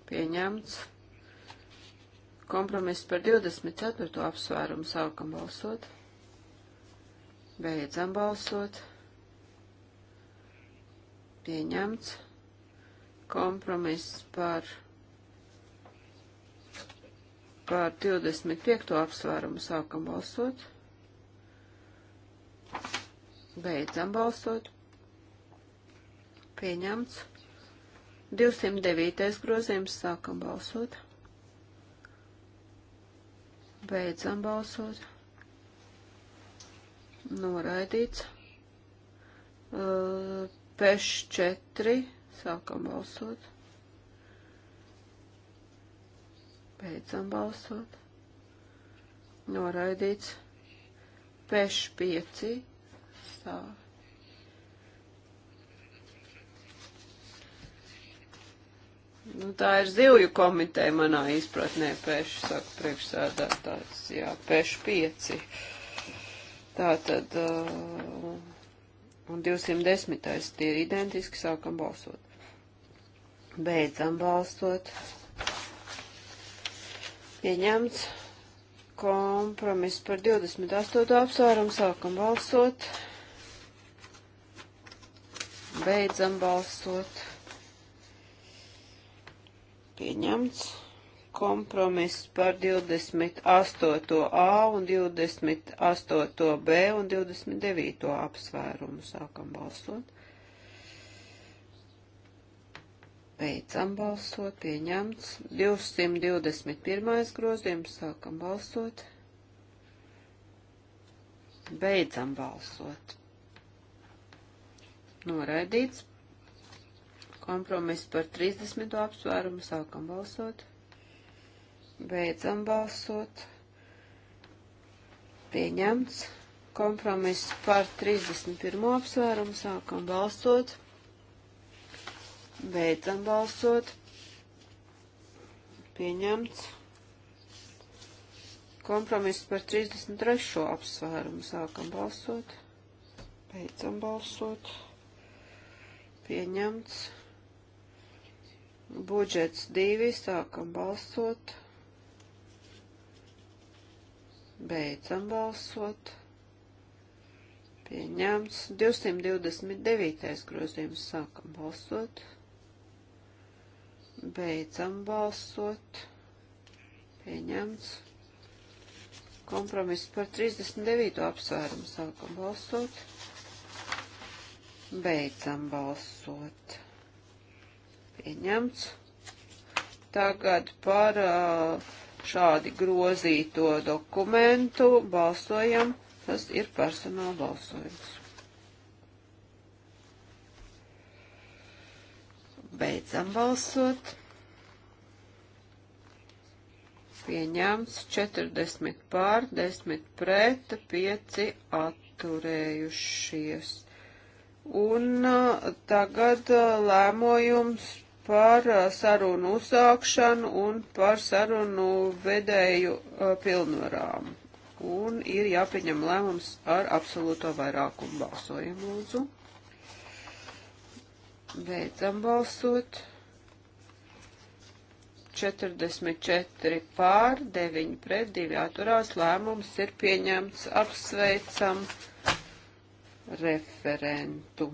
Pieņemts. Kompromiss par 24. apsvērumu. Sākam balsot. Beidzam balsot. Pieņemts. Kompromiss par par 25. apsvērumu sākam balsot. Beidzam balsot. Pieņemts. 209. grozījums. Sākam balsot. Beidzam balsot. Noraidīts. Uh, peš 4. Sākam balsot. Beidzam balsot. Noraidīts. Peš 5 laikā. Nu, tā ir zivju komiteja manā izpratnē, peši, saka priekšsēdētājs, jā, peši pieci. Tā tad, uh, un 210. tie ir identiski, sākam balsot. Beidzam balsot. Pieņemts kompromiss par 28. apsvērumu, sākam balsot. Beidzam balsot. Pieņemts kompromiss par 28. A un 28. B un 29. apsvērumu. Sākam balsot. Beidzam balsot, pieņemts. 221. grozījums, sākam balsot. Beidzam balsot, noraidīts. Kompromiss par 30. apsvērumu sākam balsot. Beidzam balsot. Pieņemts. Kompromiss par 31. apsvērumu sākam balsot. Beidzam balsot. Pieņemts. Kompromiss par 33. apsvērumu sākam balsot. Beidzam balsot. Pieņemts. Budžets divi. Sākam balsot. Beidzam balsot. Pieņemts. 229. grozījums. Sākam balsot. Beidzam balsot. Pieņemts. Kompromiss par 39. apsvērumu. Sākam balsot. Pieņemts Beidzam balsot. Pieņemts. Tagad par uh, šādi grozīto dokumentu balsojam. Tas ir personāla balsojums. Beidzam balsot. Pieņemts 40 pār, 10 pret, 5 atturējušies. Un uh, tagad uh, lēmojums par uh, sarunu uzsākšanu un par sarunu vedēju pilnvarām. Un ir jāpieņem lēmums ar absolūto vairākumu balsojumu lūdzu. Beidzam balsot. 44 pār, 9 pret, 2 atturās, lēmums ir pieņemts, apsveicam referentu.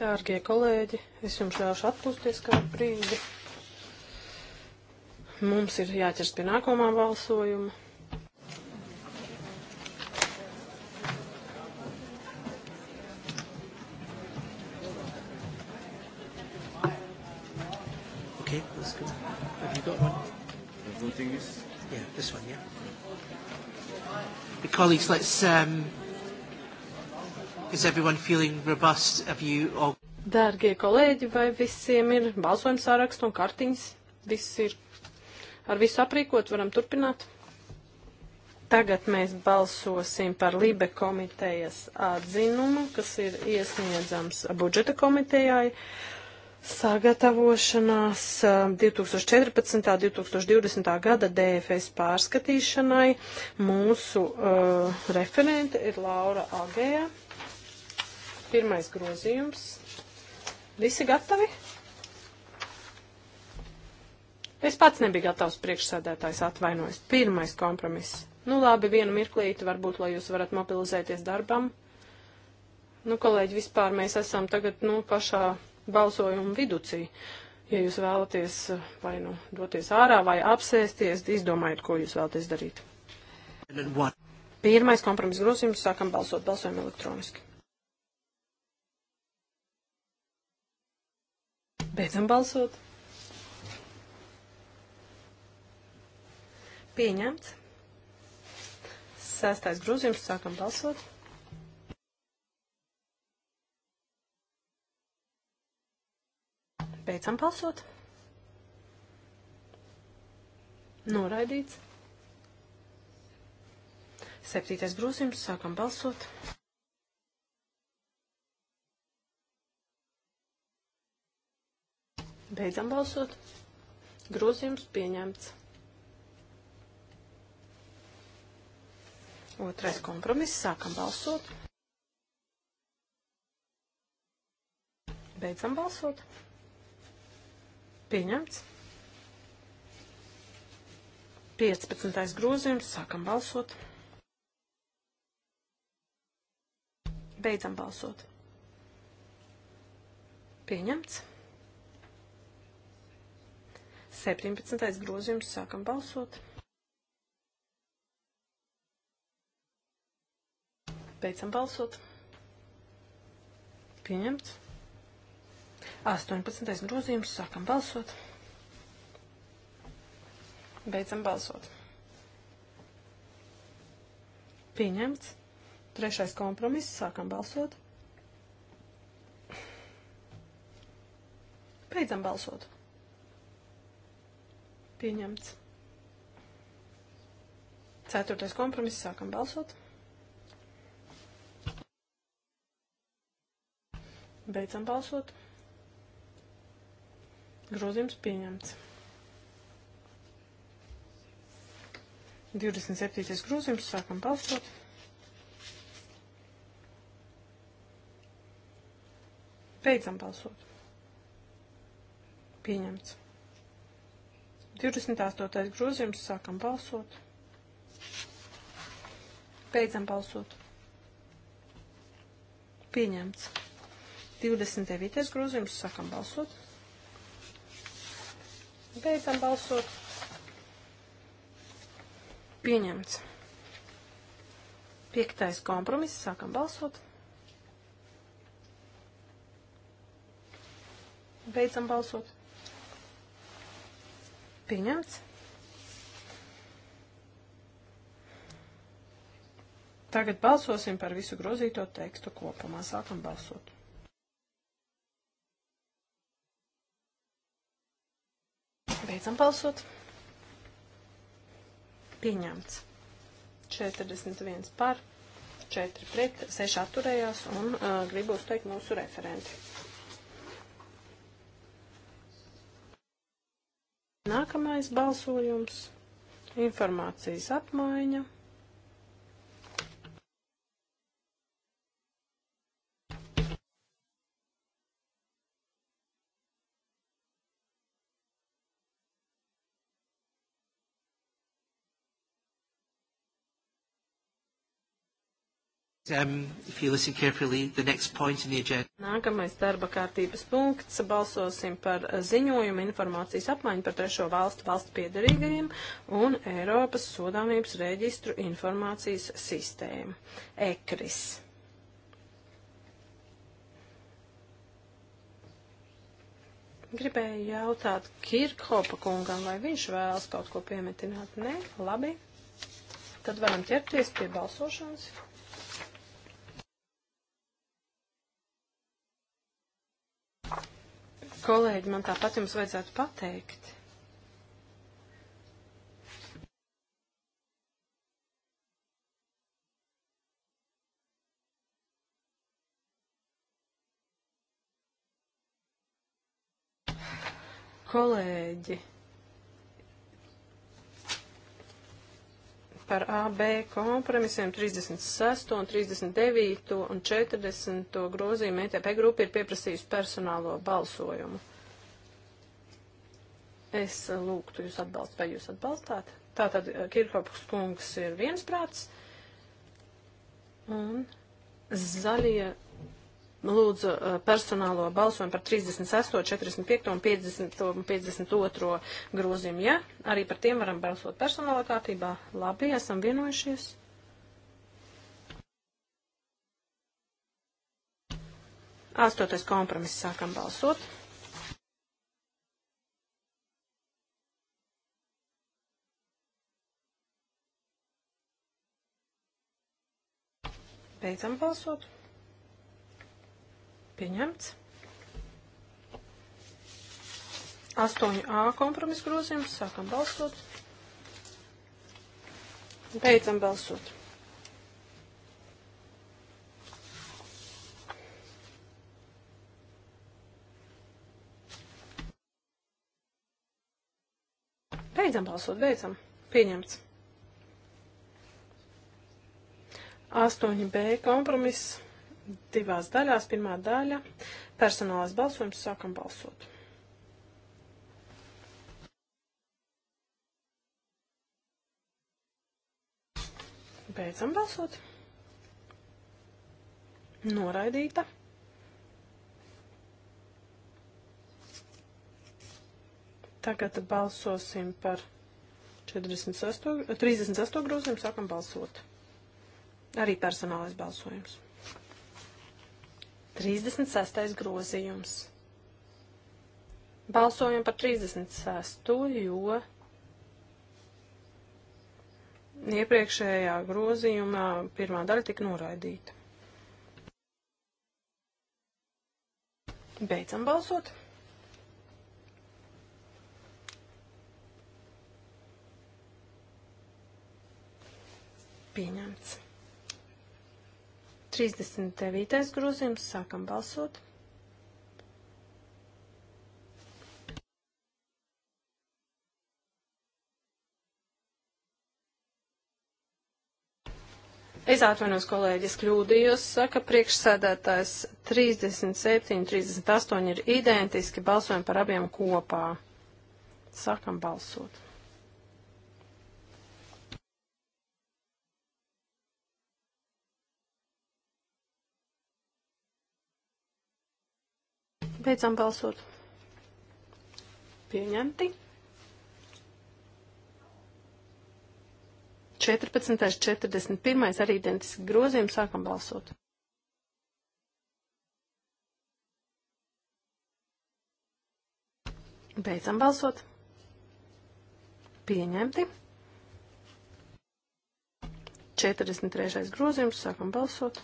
Dārgie kolēģi, es jums ļaušu atpūsties kādu brīdi. Mums ir jāķers pie nākamā balsojuma. Okay, let's go. Have you got one? The voting is? Yeah, this one, yeah. The colleagues, let's um, Is everyone feeling robust? Have you all... Dārgie kolēģi, vai visiem ir balsojums sāraksts un kartiņas? Viss ir ar visu aprīkot, varam turpināt. Tagad mēs balsosim par Libe komitejas atzinumu, kas ir iesniedzams budžeta komitejai sagatavošanās 2014. Um, 2020. gada DFS pārskatīšanai. Mūsu uh, referente ir Laura Agēja. Pirmais grozījums. Visi gatavi? Es pats nebiju gatavs priekšsēdētājs atvainojas. Pirmais kompromiss. Nu labi, vienu mirklīti varbūt, lai jūs varat mobilizēties darbam. Nu, kolēģi, vispār mēs esam tagad, nu, pašā balsojuma viducī. Ja jūs vēlaties vai, nu, doties ārā vai apsēsties, izdomājiet, ko jūs vēlaties darīt. Pirmais kompromiss grozījums, sākam balsot, balsojam elektroniski. Beidzam balsot. Pieņemts. Sestais grūzījums. Sākam balsot. Beidzam balsot. Noraidīts. Septītais grūzījums. Sākam balsot. Beidzam balsot. Grozījums pieņemts. Otrais kompromiss. Sākam balsot. Beidzam balsot. Pieņemts. 15. grozījums. Sākam balsot. Beidzam balsot. Pieņemts. 17. grozījums. Sākam balsot. Beidzam balsot. Pieņemts. 18. grozījums. Sākam balsot. Beidzam balsot. Pieņemts. Trešais kompromiss. Sākam balsot. Beidzam balsot. Pieņemts. Ceturtais kompromiss. Sākam balsot. Beidzam balsot. Grozījums pieņemts. 27. grozījums. Sākam balsot. Beidzam balsot. Pieņemts. 28. grozījums. Sākam balsot. Beidzam balsot. Pieņemts. 29. grozījums. Sākam balsot. Beidzam balsot. Pieņemts. Piektais kompromiss. Sākam balsot. Beidzam balsot. Pieņemts. Tagad balsosim par visu grozīto tekstu kopumā. Sākam balsot. Beidzam balsot. Pieņemts. 41 par, 4 pret, 6 atturējās un uh, gribu uzteikt mūsu referenti. Nākamais balsojums - informācijas apmaiņa. Um, if you listen carefully, the next point in the agenda. Nākamais darba kārtības punkts. Balsosim par uh, ziņojumu informācijas apmaiņu par trešo valstu valstu piedarīgajiem un Eiropas sodāmības reģistru informācijas sistēmu. ECRIS. Gribēju jautāt Kirkhopa kungam, vai viņš vēlas kaut ko piemetināt. Nē, labi. Tad varam ķerties pie balsošanas. kolēģi, man tāpat jums vajadzētu pateikt. Kolēģi. par AB kompromisiem 36 un 39 un 40 grozījumu ETP grupa ir pieprasījusi personālo balsojumu. Es eh, lūgtu jūs atbalstu, vai jūs atbalstāt? Tātad eh, Kirkopas kungs ir viensprāts un zaļie lūdzu uh, personālo balsojumu par 38, 45 un 50 un 52 grozījumu, ja? Arī par tiem varam balsot personāla kārtībā. Labi, esam vienojušies. Astotais kompromiss sākam balsot. Beidzam balsot. Pieņemts. 8a kompromis grozījums. Sākam balsot. Beidzam balsot. Beidzam balsot, beidzam. Pieņemts. 8b kompromiss divās daļās. Pirmā daļa - personālais balsojums. Sākam balsot. Beidzam balsot. Noraidīta. Tagad balsosim par 48, 38 grozījumu, sākam balsot. Arī personālais balsojums. 36. grozījums. Balsojam par 36. jo iepriekšējā grozījumā pirmā daļa tika noraidīta. Beidzam balsot. Pieņemts. 39. grozījums. Sākam balsot. Es atvainojos, kolēģis, kļūdījos, saka priekšsēdētājs 37, 38 ir identiski, balsojam par abiem kopā. Sākam balsot. Beidzam balsot. Pieņemti. 14. 41. arī identiski grozījumi. Sākam balsot. Beidzam balsot. Pieņemti. 43. grozījums. Sākam balsot.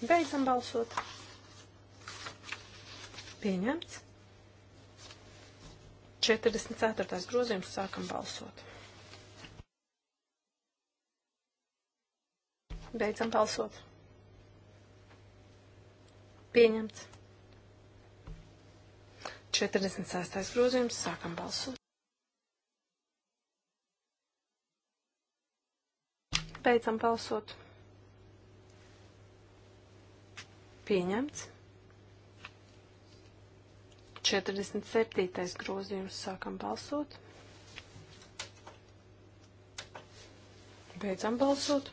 Beidzam balsot. Pieņemts. 44. grozījums sākam balsot. Beidzam balsot. Pieņemts. 46. grozījums sākam balsot. Beidzam balsot. Pieņemts. 47. grozījums sākam balsot. Beidzam balsot.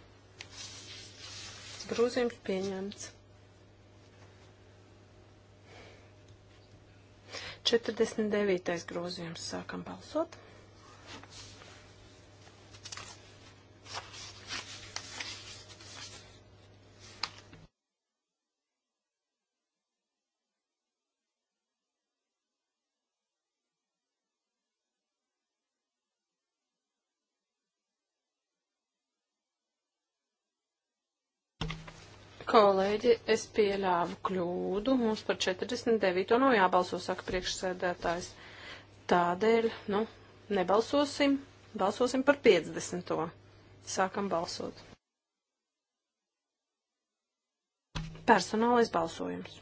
Grozījums pieņemts. 49. grozījums sākam balsot. kolēģi, es pieļāvu kļūdu. Mums par 49. nav jābalso, saka priekšsēdētājs. Tādēļ, nu, nebalsosim, balsosim par 50. Sākam balsot. Personālais balsojums.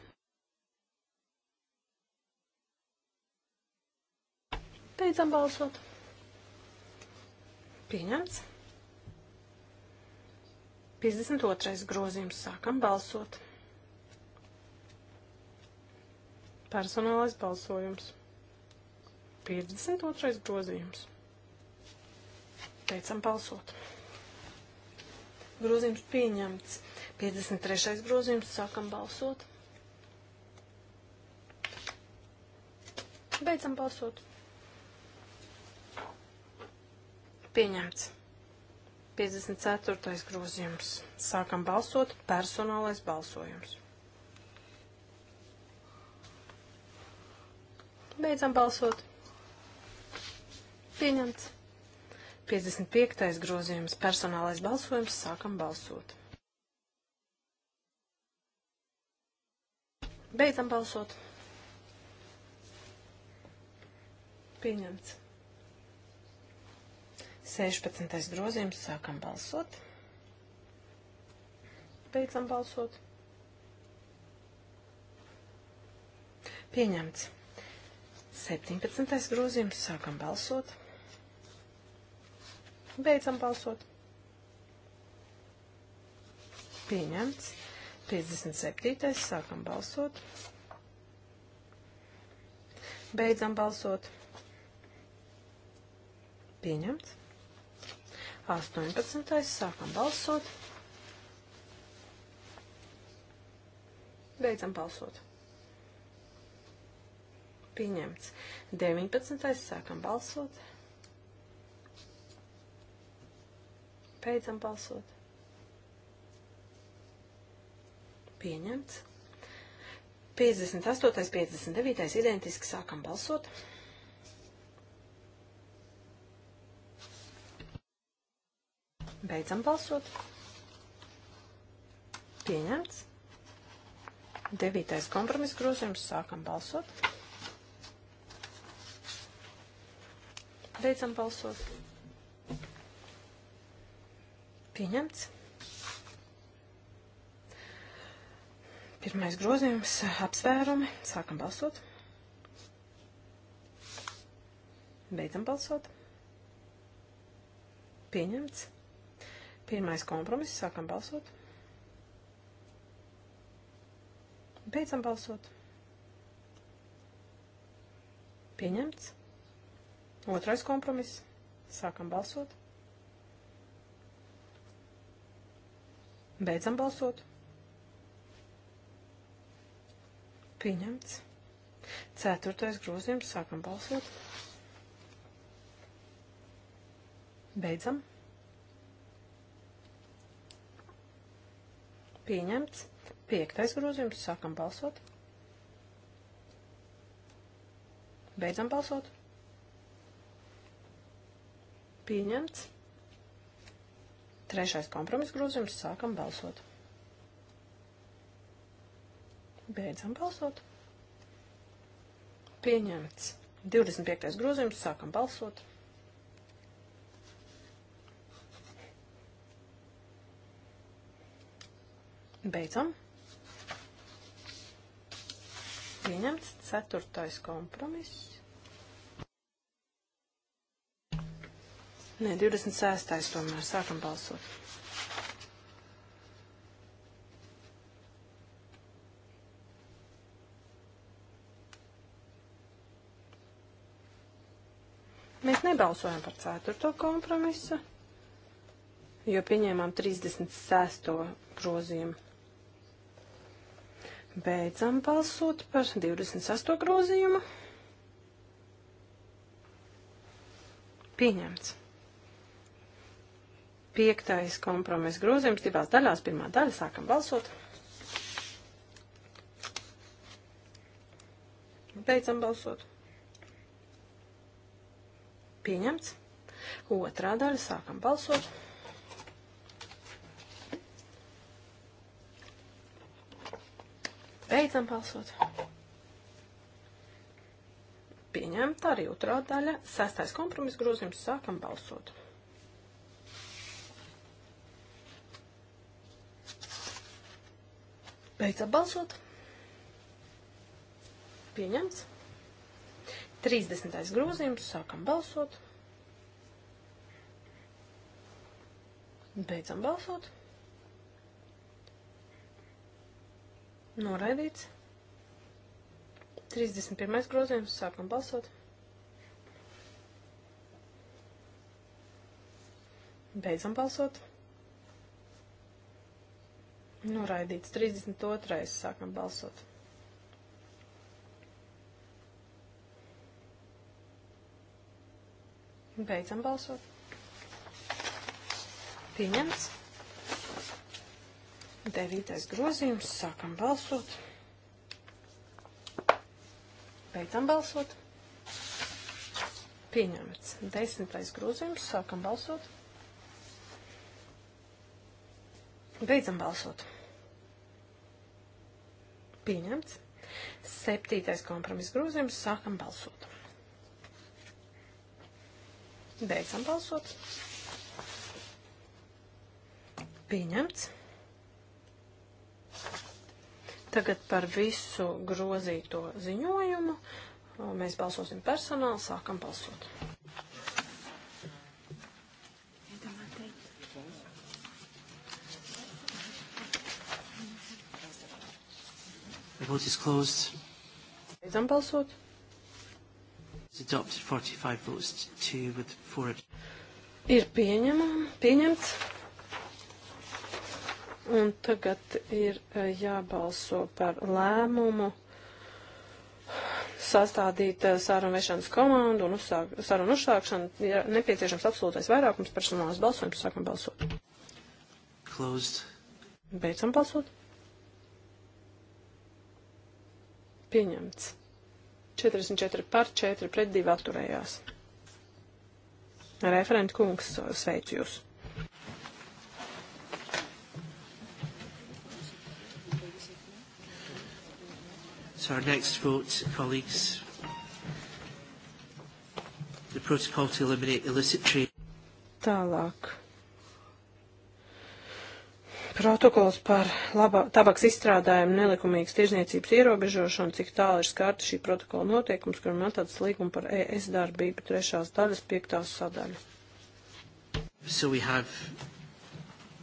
Beidzam balsot. Pieņemts. 52. grozījums. Sākam balsot. Personālais balsojums. 52. grozījums. Teicam balsot. Grozījums pieņemts. 53. grozījums. Sākam balsot. Beidzam balsot. Pieņemts. 54. grozījums. Sākam balsot, personālais balsojums. Beidzam balsot. Pieņemts. 55. grozījums. Personālais balsojums. Sākam balsot. Beidzam balsot. Pieņemts. 16. grozījums. Sākam balsot. Beidzam balsot. Pieņemts. 17. grozījums. Sākam balsot. Beidzam balsot. Pieņemts. 57. Sākam balsot. Beidzam balsot. Pieņemts. 18. Sākam balsot. Beidzam balsot. Pieņemts. 19. Sākam balsot. Beidzam balsot. Pieņemts. 58. 59. identiski sākam balsot. Pieņemts. Beidzam balsot. Pieņemts. Devītais kompromiss grozījums. Sākam balsot. Beidzam balsot. Pieņemts. Pirmais grozījums. Apsvērumi. Sākam balsot. Beidzam balsot. Pieņemts. Pirmais kompromiss. Sākam balsot. Beidzam balsot. Pieņemts. Otrais kompromiss. Sākam balsot. Beidzam balsot. Pieņemts. Ceturtais grozījums. Sākam balsot. Beidzam balsot. Pieņemts. Piektais grozījums. Sākam balsot. Beidzam balsot. Pieņemts. Trešais kompromis grozījums. Sākam balsot. Beidzam balsot. Pieņemts. 25. grozījums. Sākam balsot. Pieņemts. Beidzam. Pieņemts ceturtais kompromiss. Nē, 26. tomēr sākam balsot. Mēs nebalsojam par 4. kompromisu, jo pieņēmām 36. grozījumu. Beidzam balsot par 28. grozījumu. Pieņemts. Piektais kompromiss grozījums divās daļās. Pirmā daļa sākam balsot. Beidzam balsot. Pieņemts. Otrā daļa sākam balsot. Beidzam balsot. Pieņemta arī otrā daļa. Sestais kompromiss grozījums. Sākam balsot. Beidzam balsot. Pieņemts. 30. grozījums. Sākam balsot. Beidzam balsot. Noraidīts. 31. grozījums. Sākam balsot. Beidzam balsot. Noraidīts. 32. Sākam balsot. Beidzam balsot. Pieņemts. Devītais grozījums. Sākam balsot. Beidzam balsot. Pieņemts. Desmitais grozījums. Sākam balsot. Beidzam balsot. Pieņemts. Septītais kompromiss grozījums. Sākam balsot. Beidzam balsot. Pieņemts. Tagad par visu grozīto ziņojumu. Mēs balsosim personāli, sākam balsot. Beidzam balsot. Ir pieņemts Un tagad ir e, jābalso par lēmumu sastādīt e, sarunvešanas komandu un uzsāk, sarunu uzsākšanu. Ir nepieciešams absolūtais vairākums personālas balsojums. Sākam balsot. Closed. Beidzam balsot. Pieņemts. 44 par 4 pret 2 atturējās. Referent kungs, sveicu jūs. to our next vote, colleagues. The protocol to eliminate illicit trade. Tālāk. Protokols par labā, tabaks izstrādājumu nelikumīgas tirzniecības ierobežošanu, cik tālu ir skārta šī protokola noteikums, kuram atrodas līguma par ES darbību trešās daļas piektās sadaļa. So we have,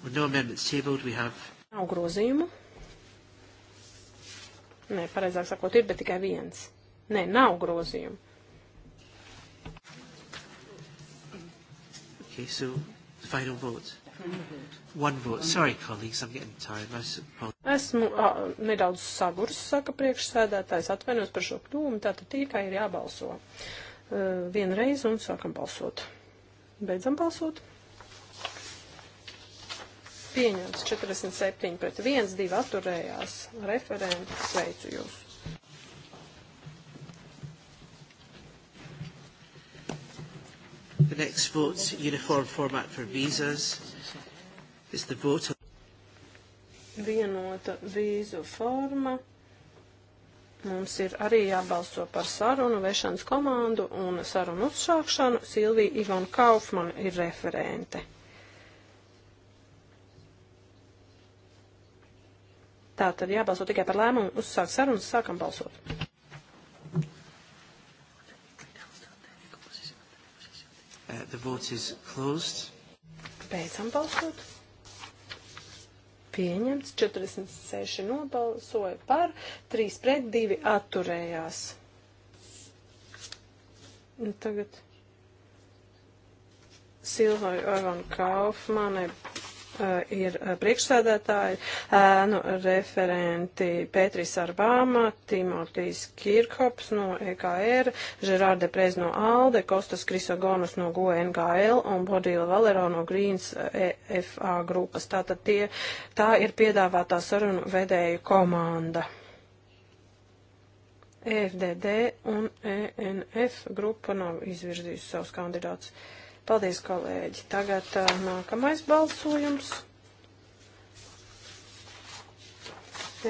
with no amendments tabled, we have. Nav grozījumu. Nē, pareizāk sakot, ir, bet tikai viens. Nē, nav grozījumu. Okay, so the final vote. One vote. Sorry, colleagues, I'm getting tired. Esmu a, nedaudz sagurs, saka priekšsēdētājs, atvainojos par šo kļūmu, tātad tikai ir jābalso. Uh, vienreiz un sākam balsot. Beidzam balsot pieņemts 47 pret 1, 2 atturējās referenti. Sveicu jūs! The next vote's uniform format for visas is the vote on vienota vīzu forma. Mums ir arī jābalso par sarunu vešanas komandu un sarunu uzsākšanu. Silvija Ivona Kaufman ir referente. Tā tad jābalso tikai par lēmumu, uzsākt sarunas, sākam balsot. Uh, the vote is closed. Beidzam balsot. Pieņemts 46 nobalsoja par, 3 pret 2 atturējās. Un tagad Silvai Orvan Kaufmanai ir priekšsēdētāji, ēnu referenti Pētris Arbāma, Timotīs Kirkhops no EKR, Žerārde Prez no ALDE, Kostas Krisogonus no GONGL e un Bodila Valero no Greens EFA grupas. Tātad tie, tā ir piedāvātā sarunu vedēju komanda. EFDD un ENF grupa nav izvirzījusi savus kandidātus. Uh, Paldies, kolēģi. Tagad uh, nākamais balsojums.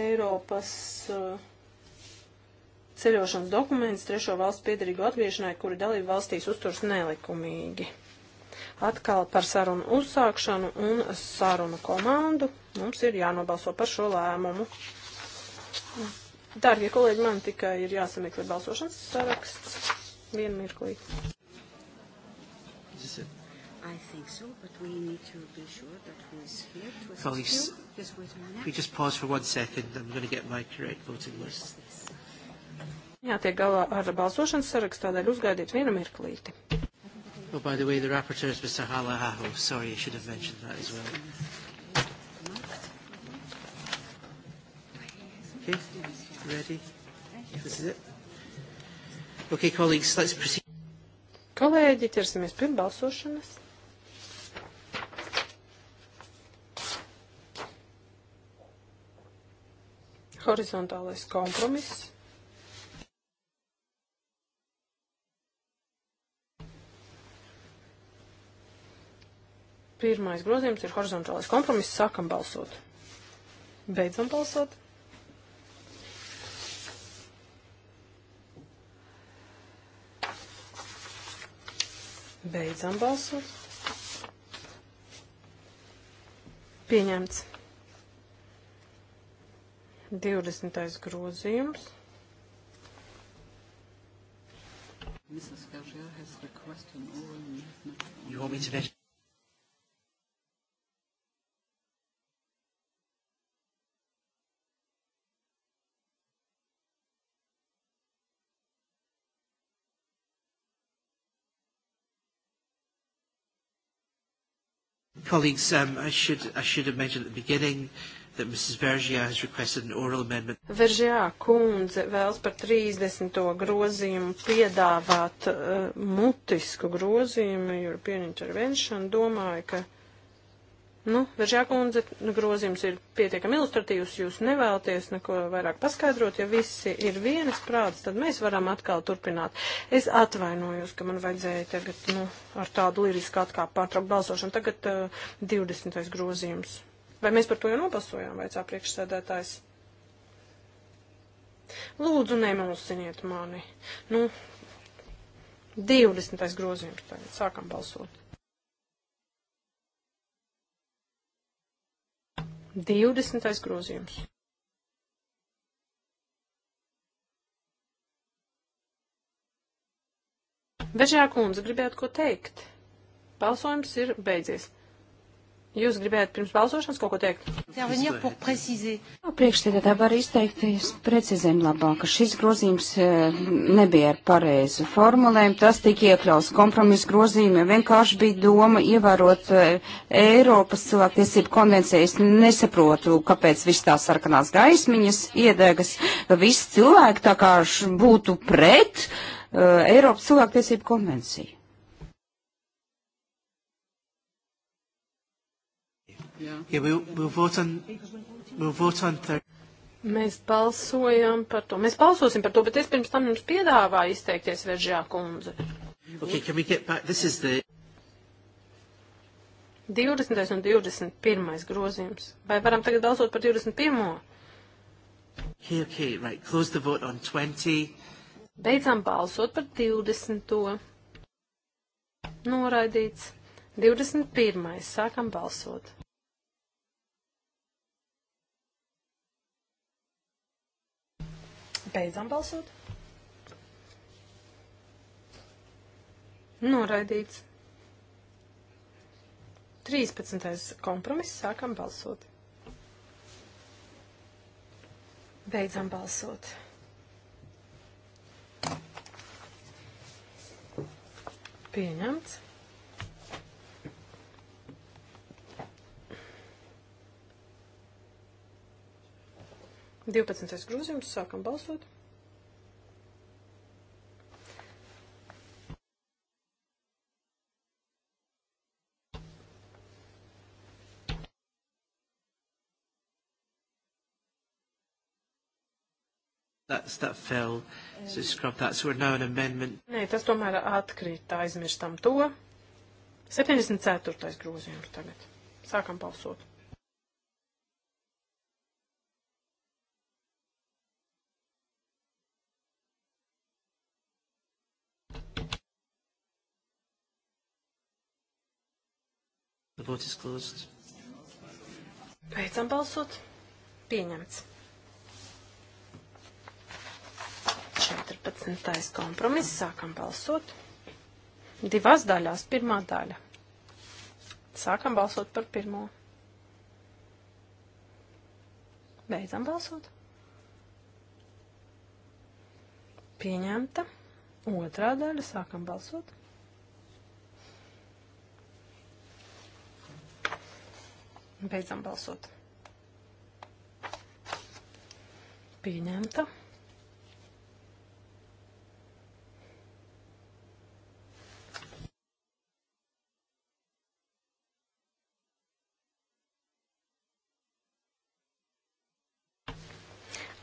Eiropas uh, ceļošanas dokuments trešo valstu piedarīgu atgriešanai, kuri dalību valstīs uzturs nelikumīgi. Atkal par sarunu uzsākšanu un sarunu komandu mums ir jānobalso par šo lēmumu. Dārgie kolēģi, man tikai ir jāsameklē balsošanas saraksts. Vienu mirklī is it? I think so, but we need to be sure that who is here to assist Colleagues, you. Just wait a minute. If we just pause for one second, I'm going to get my correct voting list. Jātiek galā ar balsošanas sarakstu, tādēļ uzgaidiet vienu mirklīti. Oh, by the way, the rapporteur is Mr. Halahaho. Sorry, I should have mentioned that as well. Okay, ready? This is it. Okay, colleagues, let's proceed. Kolēģi, ķersimies pie balsošanas. Horizontālais kompromiss. Pirmais grozījums ir horizontālais kompromiss. Sākam balsot. Beidzam balsot. Beidzam balsot. Pieņemts. 20. grozījums. Mrs. Gajer has requested an oral amendment. You want me to Colleagues, um, I, should, I should have mentioned at the beginning that Mrs. Vergia has requested an oral amendment. Vergia kundze vēlas par 30. grozījumu piedāvāt uh, mutisku grozījumu European Intervention. Domāju, ka Nu, Veržā kundze, grozījums ir pietiekami ilustratīvs, jūs nevēlaties neko vairāk paskaidrot, ja visi ir vienas prātas, tad mēs varam atkal turpināt. Es atvainojos, ka man vajadzēja tagad, nu, ar tādu lirisku atkāpu pārtraukt balsošanu. Tagad uh, 20. grozījums. Vai mēs par to jau nobalsojām, vaicā priekšsēdētājs? Lūdzu, nemulsiniet mani. Nu, 20. grozījums tagad. Sākam balsot. 20. grozījums. Vežā kundze, gribētu ko teikt? Balsojums ir beidzies. Jūs gribējāt pirms balsošanas kaut ko teikt? No, nu, Priekšsēdētā var izteikties precizēm labāk, ka šis grozījums eh, nebija ar pareizu formulēm, tas tika iekļauts kompromisu grozījumiem, vienkārši bija doma ievērot eh, Eiropas cilvēktiesību konvencijas. Nesaprotu, kāpēc viss tā sarkanās gaismiņas iedegas, viss cilvēki tā kā būtu pret uh, Eiropas cilvēktiesību konvenciju. Yeah, we'll, we'll vote on, we'll vote on Mēs balsojam par to. Mēs balsosim par to, bet es pirms tam jums piedāvāju izteikties, Veržjā kundze. Okay, can we get back? This is the... 20. un 21. grozījums. Vai varam tagad balsot par 21. Okay, okay, right. Close the vote on 20. Beidzām balsot par 20. Noraidīts. 21. Sākam balsot. Beidzam balsot. Noraidīts. 13. kompromiss. Sākam balsot. Beidzam balsot. Pieņemts. 12. grozījums. Sākam balsot. That's, that fell, so scrub that. So we're now an amendment. Nē, tas tomēr atkrīt, aizmirstam to. 74. grozījums tagad. Sākam balsot. The vote is closed. Beidzam balsot. Pieņemts. 14. kompromiss. Sākam balsot. Divās daļās. Pirmā daļa. Sākam balsot par pirmo. Beidzam balsot. Pieņemta. Otrā daļa. Sākam balsot. Beidzam balsot. Pieņemta.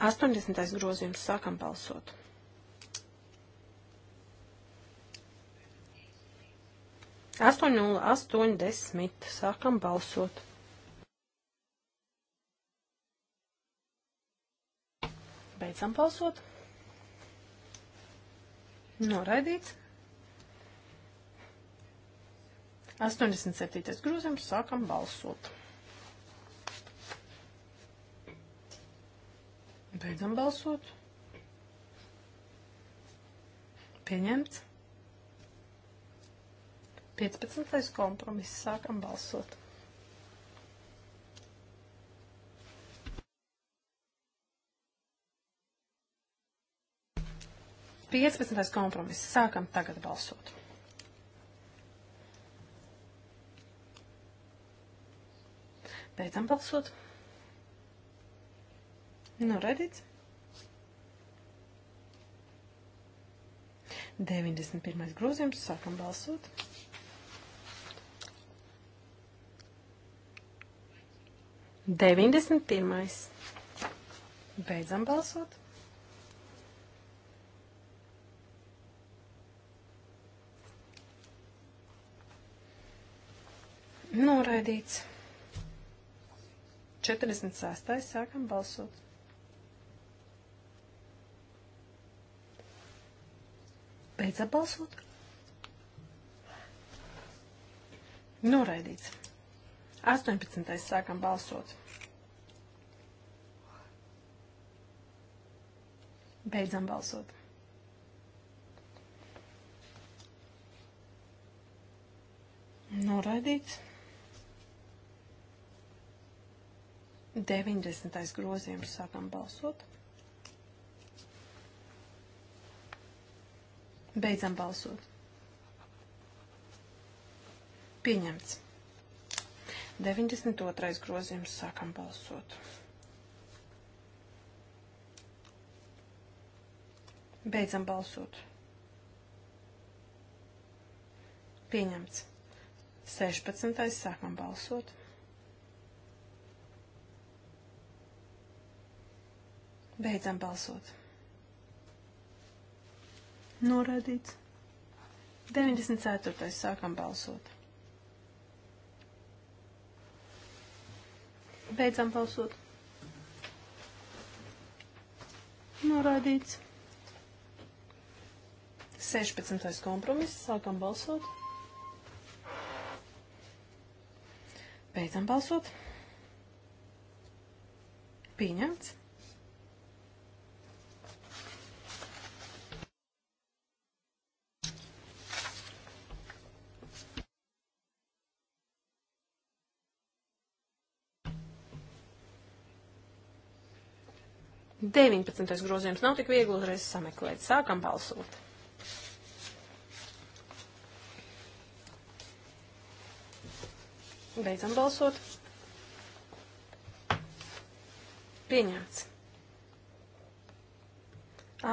Astoņdesmitais grozījums sākam balsot. Astoņi nulle astoņdesmit sākam balsot. Beidzam balsot. Noraidīts. 87. grūzījums sākam balsot. Beidzam balsot. Pieņemts. 15. kompromiss sākam balsot. 15. kompromiss. Sākam tagad balsot. Beidzam balsot. Nu, redzīts. 91. grozījums. Sākam balsot. Deviņdesmit pirmais. Beidzam balsot. Noraidīts. 46. sākam balsot. Beidz apbalsot. Noraidīts. 18. sākam balsot. Beidzam balsot. Noraidīts. 90. grozījums sākam balsot. Beidzam balsot. Pieņemts. 92. grozījums sākam balsot. Beidzam balsot. Pieņemts. 16. sākam balsot. Beidzam balsot. Norādīts. 94. sākam balsot. Beidzam balsot. Norādīts. 16. kompromiss. Sākam balsot. Beidzam balsot. Pieņemts. 19. grozījums nav tik viegli uzreiz sameklēt. Sākam balsot. Beidzam balsot. Pieņemts.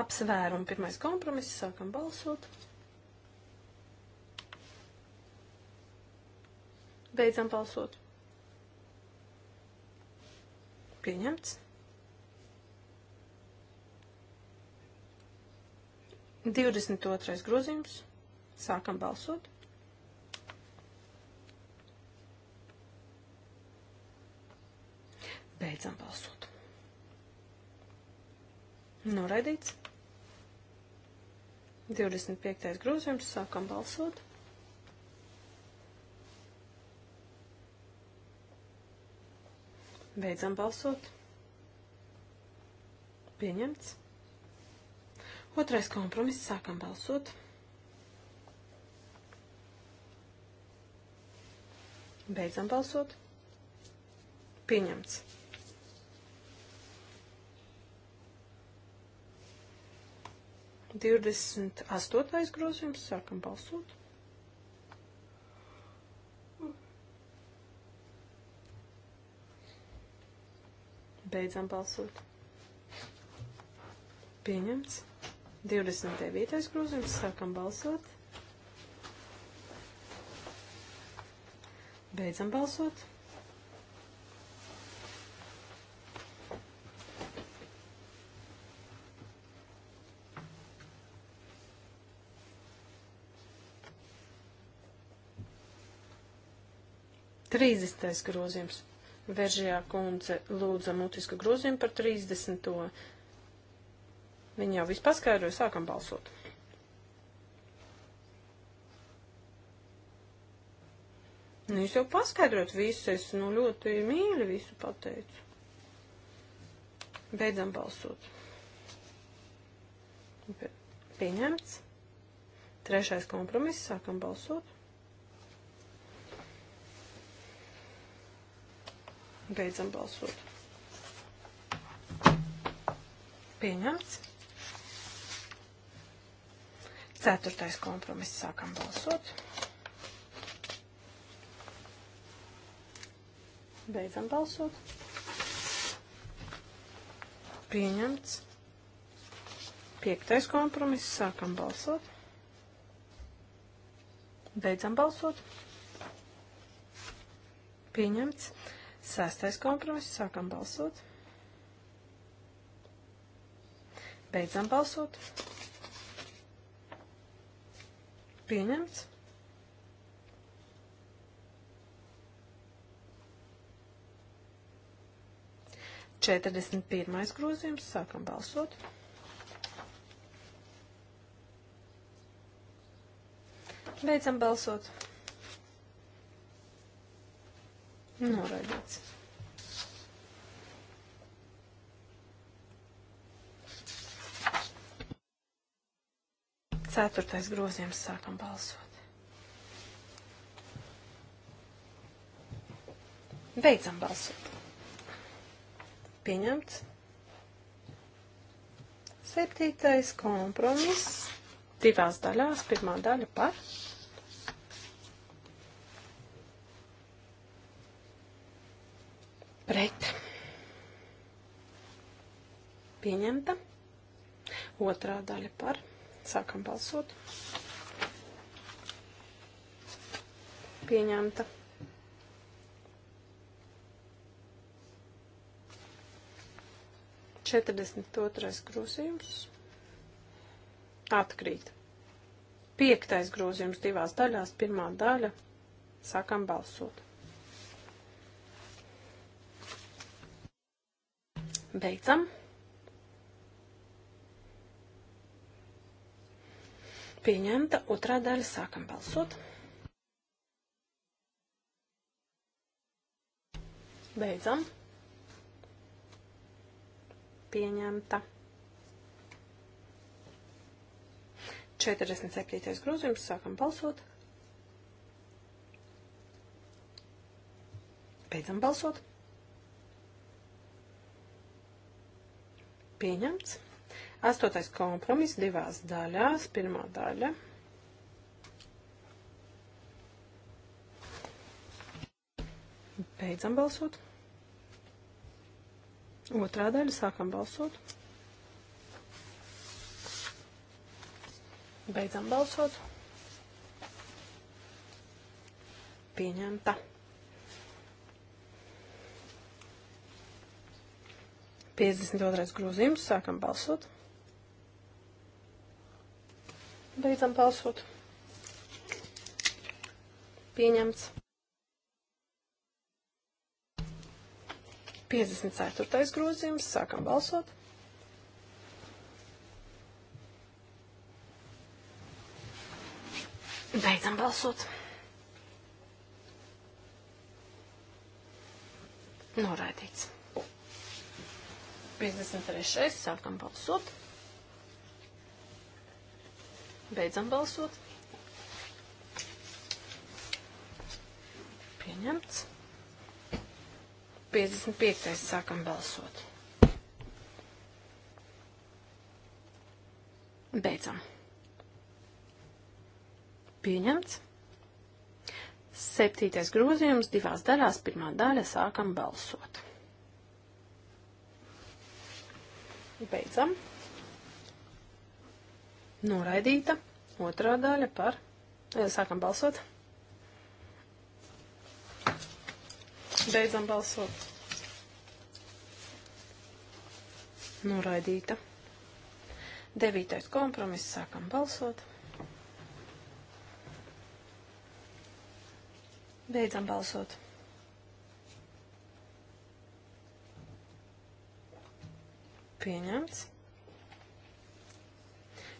Apsvērumu pirmais kompromiss. Sākam balsot. Beidzam balsot. Pieņemts. 22. grozījums. Sākam balsot. Beidzam balsot. Noraidīts. 25. grozījums. Sākam balsot. Beidzam balsot. Pieņemts. Otrais kompromiss. Sākam balsot. Beidzam balsot. Pieņemts. Divdesmit astotais grozījums. Sākam balsot. Beidzam balsot. Pieņemts. 29. grozījums. Sākam balsot. Beidzam balsot. Trīsdesmitais grozījums. Veržajā kundze lūdza mutisku grozījumu par 30. Viņi jau viss paskaidroja, sākam balsot. Nu, jūs jau paskaidrot visu, es nu ļoti mīļi visu pateicu. Beidzam balsot. Pieņemts. Trešais kompromiss, sākam balsot. Beidzam balsot. Pieņemts. Ceturtais kompromiss sākam balsot. Beidzam balsot. Pieņemts. Piektais kompromiss sākam balsot. Beidzam balsot. Pieņemts. Sestais kompromiss sākam balsot. Beidzam balsot. Pieņemts. Četrdesmit pirmais grozījums. Sākam balsot. Beidzam balsot. Noraidīts. Ceturtais grozījums sākam balsot. Beidzam balsot. Pieņemts. Septītais kompromiss. Divās daļās. Pirmā daļa par. Pret. Pieņemta. Otrā daļa par. Pret Sākam balsot. Pieņemta. Četrdesmit otrais grozījums. Atkrīt. Piektais grozījums divās daļās. Pirmā daļa. Sākam balsot. Beidzam. pieņemta. Otrā daļa sākam balsot. Beidzam. Pieņemta. 47. grozījums. Sākam balsot. Beidzam balsot. Pieņemts. Astotais kompromiss divās daļās. Pirmā daļa. Beidzam balsot. Otrā daļa sākam balsot. Beidzam balsot. Pieņemta. Piecdesmit otrais grozījums. Sākam balsot. Beidzam balsot. Pieņemts. 54. grozījums. Sākam balsot. Beidzam balsot. Noraidīts. 53. sākam balsot. Beidzam balsot. Pieņemts. 55. sākam balsot. Beidzam. Pieņemts. Septītais grozījums divās daļās. Pirmā daļa sākam balsot. Beidzam. Noraidīta. Otrā daļa par. Sākam balsot. Beidzam balsot. Noraidīta. Devītais kompromiss. Sākam balsot. Beidzam balsot. Pieņemts.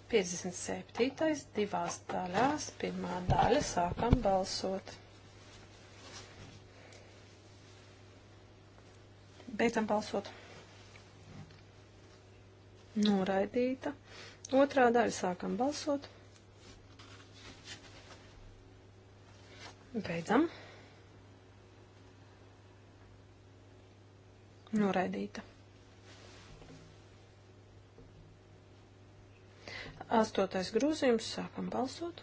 57. divās daļās, pirmā daļa, sākam balsot. Beidzam balsot. Noraidīta. Otrā daļa, sākam balsot. Beidzam. Noraidīta. Astotais grozījums. Sākam balsot.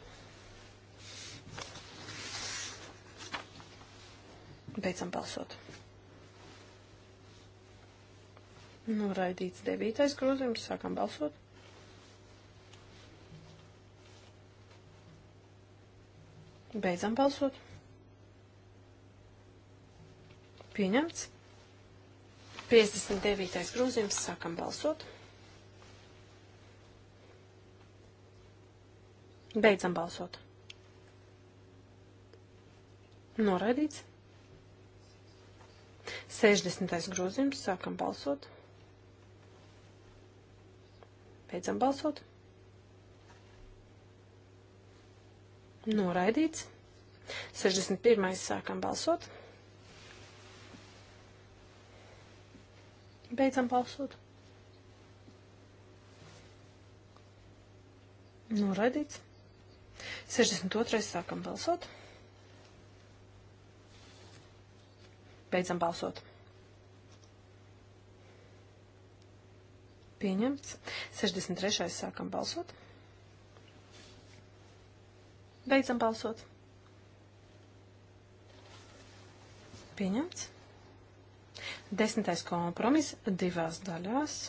Beidzam balsot. Noraidīts nu, devītais grozījums. Sākam balsot. Beidzam balsot. Pieņemts. 59. grozījums. Sākam balsot. Beidzam balsot. Noraidīts. 60. grozījums. Sākam balsot. Beidzam balsot. Noraidīts. 61. sākam balsot. Beidzam balsot. Noraidīts. 62. sākam balsot. Beidzam balsot. Pieņemts. 63. sākam balsot. Beidzam balsot. Pieņemts. Desmitais kompromis divās daļās.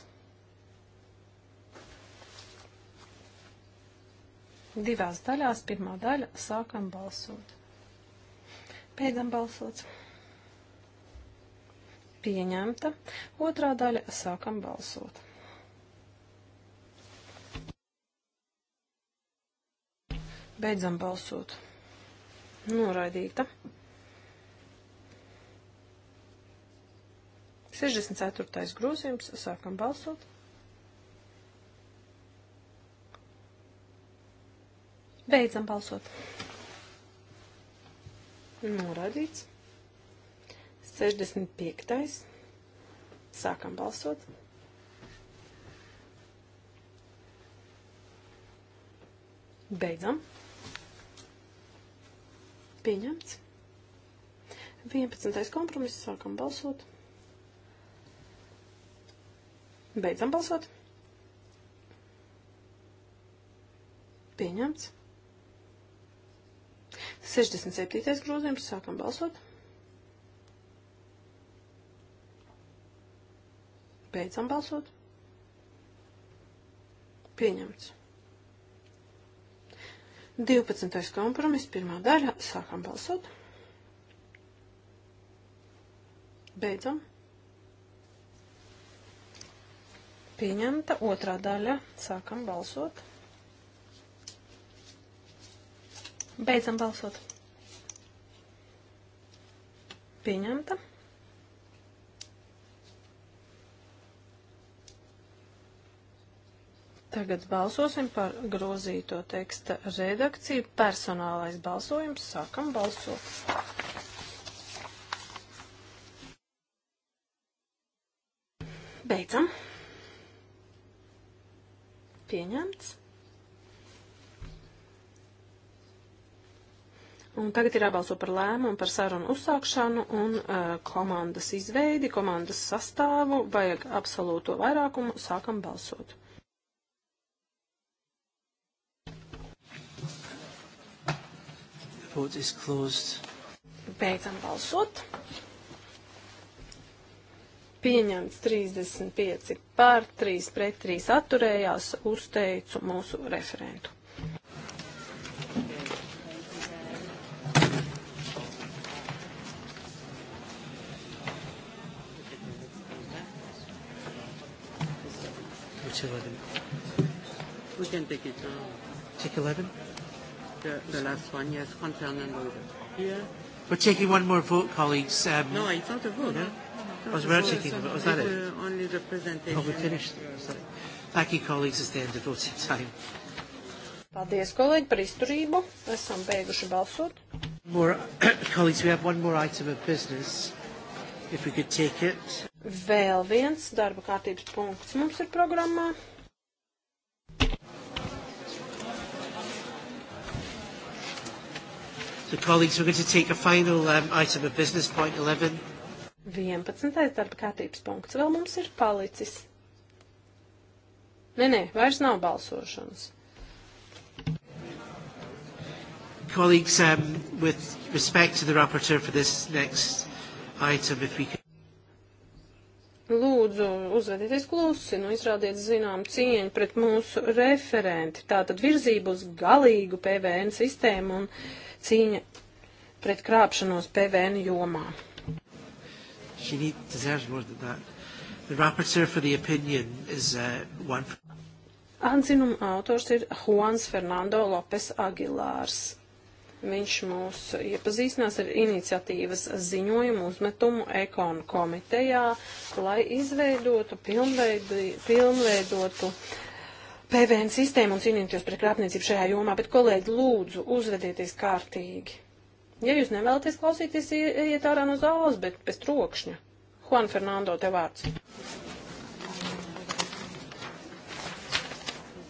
divās daļās. Pirmā daļa sākam balsot. Beidzam balsot. Pieņemta. Otrā daļa sākam balsot. Beidzam balsot. Noraidīta. 64. grozījums. Sākam balsot. Beidzam balsot. Norādīts. 65. Sākam balsot. Beidzam. Pieņemts. 11. kompromiss. Sākam balsot. Beidzam balsot. Pieņemts. 67. grozījums. Sākam balsot. Beidzam balsot. Pieņemts. 12. kompromiss, pirmā daļa. Sākam balsot. Beidzam. Pieņemta otrā daļa. Sākam balsot. Beidzam. Beidzam balsot. Pieņemta. Tagad balsosim par grozīto teksta redakciju. Personālais balsojums. Sākam balsot. Beidzam. Pieņemts. Un tagad ir jābalso par lēmumu, par sarunu uzsākšanu un uh, komandas izveidi, komandas sastāvu, vajag absolūto vairākumu, sākam balsot. Vote is closed. Beidzam balsot. Pieņemts 35 pār 3 pret 3 atturējās, uzteicu mūsu referentu. can take it now. Take 11? The, the last one, yes, concern and order. Yeah. We're taking one more vote, colleagues. Um, no, it's not a vote. No? No, no. Was we taking a vote? Was that it? it? Uh, only the presentation. Oh, we finished. Sorry. Thank you, colleagues. It's the end of voting time. Paldies, kolēģi, par izturību. Esam beiguši balsot. More, (coughs) colleagues, we have one more item of business, if we could take it. Vēl viens darba kārtības punkts mums ir programmā. The colleagues, we're going to take a final um, item of business, point 11. 11. darba kārtības punkts vēl mums ir palicis. Nē, nē, vairs nav balsošanas. Colleagues, um, with respect to the rapporteur for this next item, if we could. Lūdzu, uzvedieties klusi, nu izrādiet zinām cieņu pret mūsu referenti. Tātad virzību uz galīgu PVN sistēmu un uh, cīņa pret krāpšanos PVN jomā. She need, deserves more than that. The rapporteur for the opinion is uh, one. Atzinuma autors ir Juans Fernando Lopes Aguilārs. Viņš mūs iepazīstinās ar iniciatīvas ziņojumu uzmetumu Ekonu komitejā, lai izveidotu, pilnveidotu PVN sistēmu un cīnīties pret krāpniecību šajā jomā, bet, kolēģi, lūdzu, uzvedieties kārtīgi. Ja jūs nevēlaties klausīties, ejiet ārā no zāles, bet bez trokšņa. Juan Fernando, tev vārds.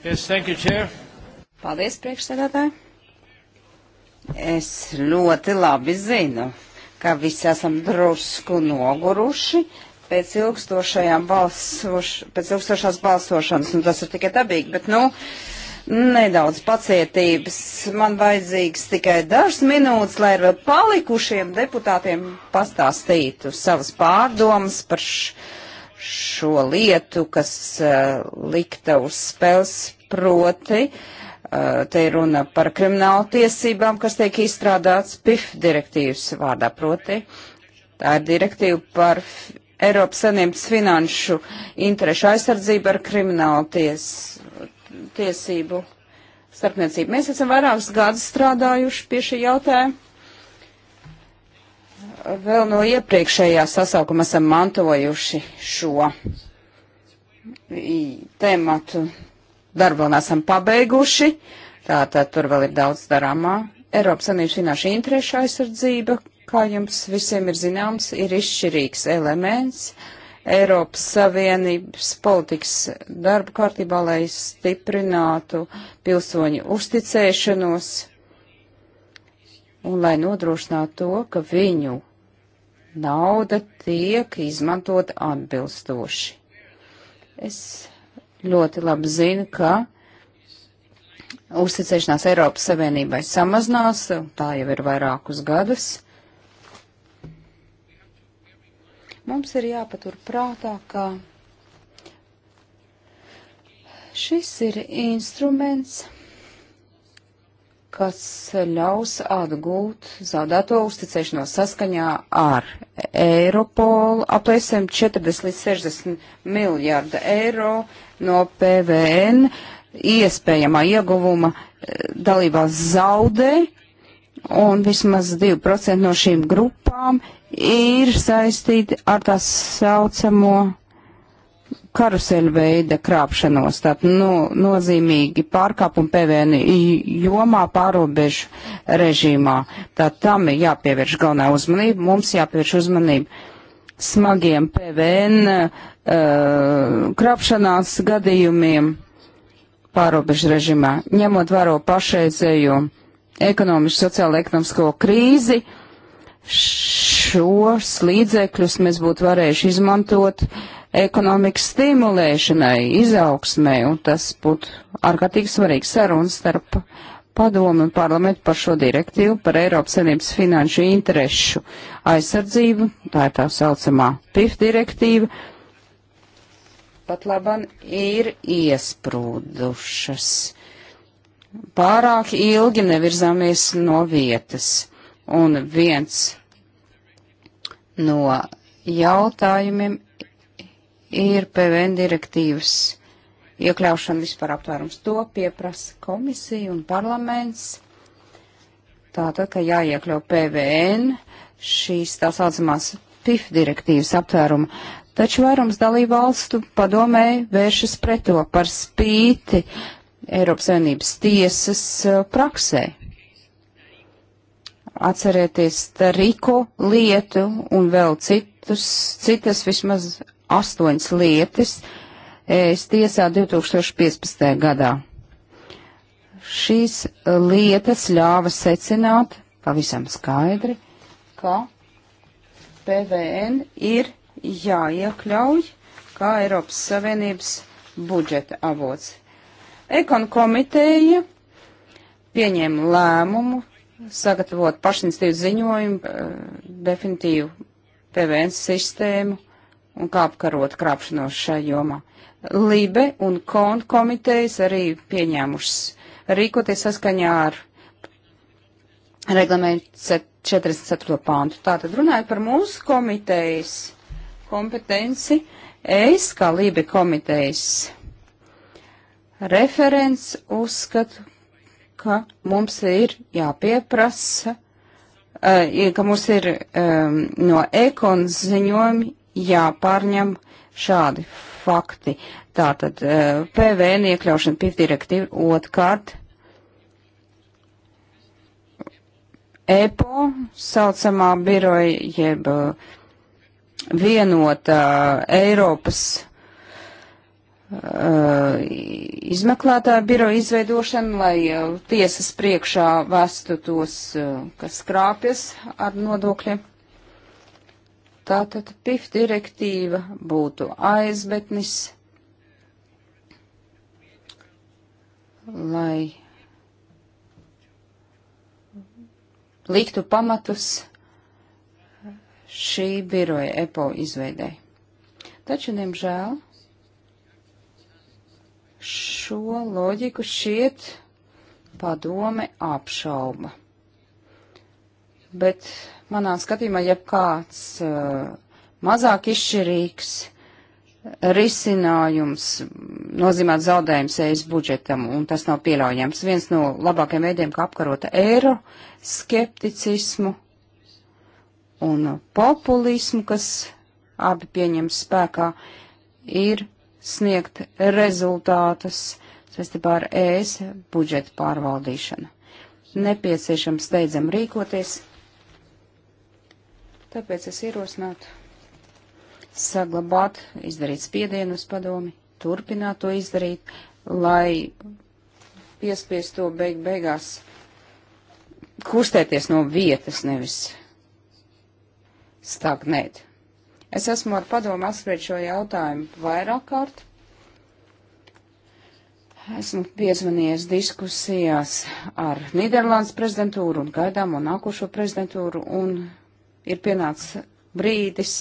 Yes, thank you, Chair. Paldies, priekšsēdētāji. Es ļoti labi zinu, ka visi esam drusku noguruši, pēc ilgstošajām balsoš, pēc ilgstošās balsošanas, nu tas ir tikai dabīgi, bet nu, nedaudz pacietības. Man vajadzīgs tikai dažas minūtes, lai ar vēl palikušiem deputātiem pastāstītu savas pārdomas par š, šo lietu, kas uh, likta uz spēles proti. Uh, te ir runa par kriminālu tiesībām, kas tiek izstrādāts PIF direktīvas vārdā proti. Tā ir direktīva par Eiropas Savienības finanšu interešu aizsardzību ar kriminālu ties, tiesību starpniecību. Mēs esam vairākus gadus strādājuši pie šī jautājuma. Vēl no iepriekšējā sasaukuma esam mantojuši šo tēmatu. Darbu vēl neesam pabeiguši, tātad tur vēl ir daudz darāmā. Eiropas Savienības finanšu interešu aizsardzība, Kā jums visiem ir zināms, ir izšķirīgs elements Eiropas Savienības politikas darba kārtībā, lai stiprinātu pilsoņu uzticēšanos un lai nodrošinātu to, ka viņu nauda tiek izmantota atbilstoši. Es ļoti labi zinu, ka uzticēšanās Eiropas Savienībai samazinās, tā jau ir vairākus gadus. Mums ir jāpatur prātā, ka šis ir instruments, kas ļaus atgūt zaudēto uzticēšanos saskaņā ar Eiropolu aplēsim 40 līdz 60 miljārda eiro no PVN iespējamā ieguvuma eh, dalībās zaudē, un vismaz 2% no šīm grupām ir saistīti ar tā saucamo karuseļveida krāpšanos, tātad nu, nozīmīgi pārkāpumu PVN jomā pārobežu režīmā. Tātad tam ir jāpievērš galvenā uzmanība, mums jāpievērš uzmanība smagiem PVN uh, krāpšanās gadījumiem pārobežu režīmā, ņemot vēro pašreizējo ekonomisko, sociālo ekonomisko krīzi. Š šos līdzekļus mēs būtu varējuši izmantot ekonomikas stimulēšanai, izaugsmē, un tas būtu ārkārtīgi svarīgs sarunas starp padomu un parlamentu par šo direktīvu par Eiropas Savienības finanšu interešu aizsardzību, tā ir tā saucamā PIF direktīva, pat laban ir iesprūdušas. Pārāk ilgi nevirzāmies no vietas, un viens no jautājumiem ir PVN direktīvas iekļaušana vispār aptvērums. To pieprasa komisija un parlaments. Tātad, ka jāiekļau PVN šīs tā saucamās PIF direktīvas aptvērumu. Taču vairums dalību valstu padomēji vēršas pret to par spīti Eiropas Savienības tiesas eh, praksē. Atcerieties Riko lietu un vēl citus, citas vismaz astoņas lietas es tiesā 2015. gadā. Šīs lietas ļāva secināt pavisam skaidri, ka PVN ir jāiekļauj kā Eiropas Savienības budžeta avots. Ekon komiteja pieņēma lēmumu sagatavot pašinstīvu ziņojumu, eh, definitīvu PVN sistēmu un kā apkarot krāpšanos šai jomā. Libe un Kon komitejas arī pieņēmušas rīkoties saskaņā ar reglamentu 44. pāntu. Tātad runājot par mūsu komitejas kompetenci, es kā Libe komitejas referents uzskatu, ka mums ir jāpieprasa, eh, ka mums ir ehm, no ekonas ziņojumi jāpārņem šādi fakti. Tātad eh, PVN iekļaušana PIF direktīva otrkārt. EPO saucamā biroja jeb eh, vienota Eiropas Uh, izmeklētāju biroju izveidošanu, lai uh, tiesas priekšā vestu tos, uh, kas krāpjas ar nodokļiem. Tātad PIF direktīva būtu aizbetnis, lai liktu pamatus šī biroja EPO izveidēji. Taču, diemžēl, Šo loģiku šiet padome apšauba. Bet manā skatījumā, ja kāds uh, mazāk izšķirīgs risinājums nozīmē zaudējums ES budžetam, un tas nav pieļaujams. Viens no labākajiem veidiem, kā apkarota eiro, skepticismu un populismu, kas abi pieņem spēkā, ir sniegt rezultātus saistībā ar ES budžeta pārvaldīšanu. Nepieciešams steidzam rīkoties, tāpēc es ierosinātu saglabāt, izdarīt spiedienu uz padomi, turpināt to izdarīt, lai piespiest to beig beigās kustēties no vietas, nevis stagnēt. Es esmu ar padomu apspriež šo jautājumu vairāk kārt. Esmu piezvanījies diskusijās ar Nīderlandes prezidentūru un gaidāmo nākošo prezidentūru, un ir pienācis brīdis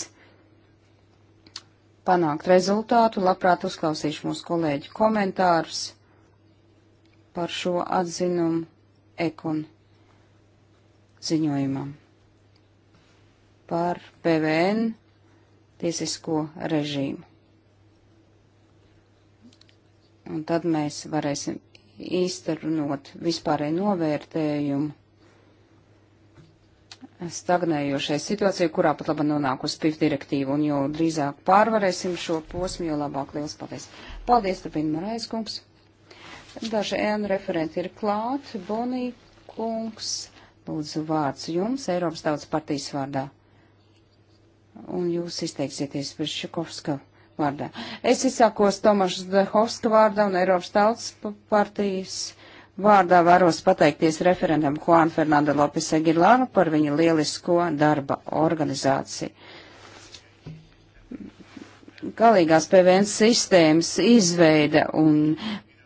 panākt rezultātu. Labprāt uzklausīšu mūsu kolēģi komentārus par šo atzinumu ekon ziņojumam. Par PVN tiesisko režīmu. Un tad mēs varēsim īstenot vispārēju novērtējumu stagnējošai situācijai, kurā pat laba nonākusi PIF direktīva, un jo drīzāk pārvarēsim šo posmu, jo labāk liels paldies. Paldies, Turpina Marais kungs. Daži ēnu referenti ir klāt. Bonī kungs, lūdzu vārds jums, Eiropas tautas partijas vārdā un jūs izteiksieties par Šakovska vārdā. Es izsākos Tomašs Dehovska vārdā un Eiropas tautas partijas vārdā varos pateikties referentam Juan Fernando Lopes Aguilaru par viņa lielisko darba organizāciju. Galīgās PVN sistēmas izveida un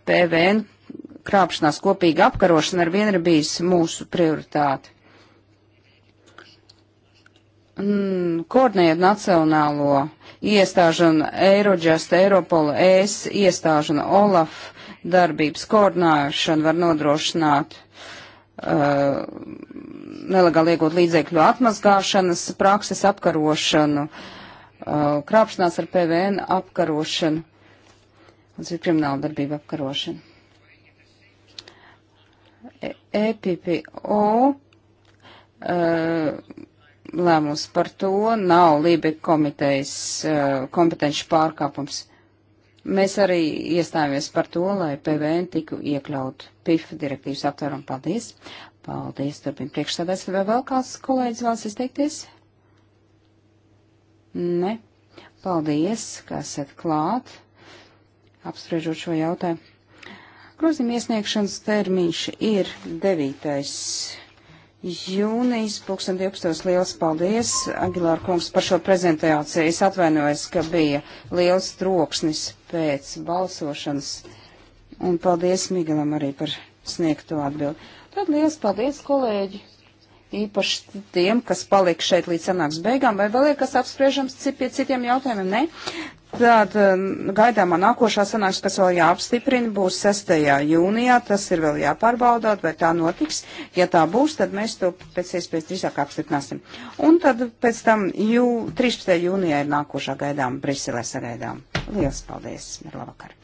PVN krāpšanās kopīga apkarošana ar vienu ir bijis mūsu prioritāte mm, koordinēt nacionālo iestāžu un Eirodžast, Eiropola, ES iestāžu un OLAF darbības koordināšanu var nodrošināt uh, nelegāli iegūt līdzekļu atmazgāšanas, prakses apkarošanu, uh, krāpšanās ar PVN apkarošanu un krimināla darbība apkarošanu. EPPO e, e uh, lēmums par to nav Lībe komitejas eh, kompetenci pārkāpums. Mēs arī iestājāmies par to, lai PVN tiku iekļaut PIF direktīvas aptvērumu. Paldies! Paldies, turpin priekšsēdēs. Vai vēl kāds kolēģis vēlas izteikties? Ne. Paldies, ka esat klāt, apspriežot šo jautājumu. Grozījuma iesniegšanas termiņš ir 9. Jūnijas 2012. Liels paldies, Agilāra kungs, par šo prezentāciju. Es atvainojos, ka bija liels troksnis pēc balsošanas. Un paldies Migelam arī par sniegto atbildi. Tad liels paldies, kolēģi! īpaši tiem, kas palika šeit līdz sanāks beigām, vai vēl ir kas apspriežams pie citiem jautājumiem? Nē, Tātad um, gaidāmā nākošā sanāks, kas vēl jāapstiprina, būs 6. jūnijā. Tas ir vēl jāpārbaudot, vai tā notiks. Ja tā būs, tad mēs to pēc iespējas drīzāk apstiprināsim. Un tad pēc tam jū, 13. jūnijā ir nākošā gaidām Briselē sagaidām. Lielas paldies! Labvakar!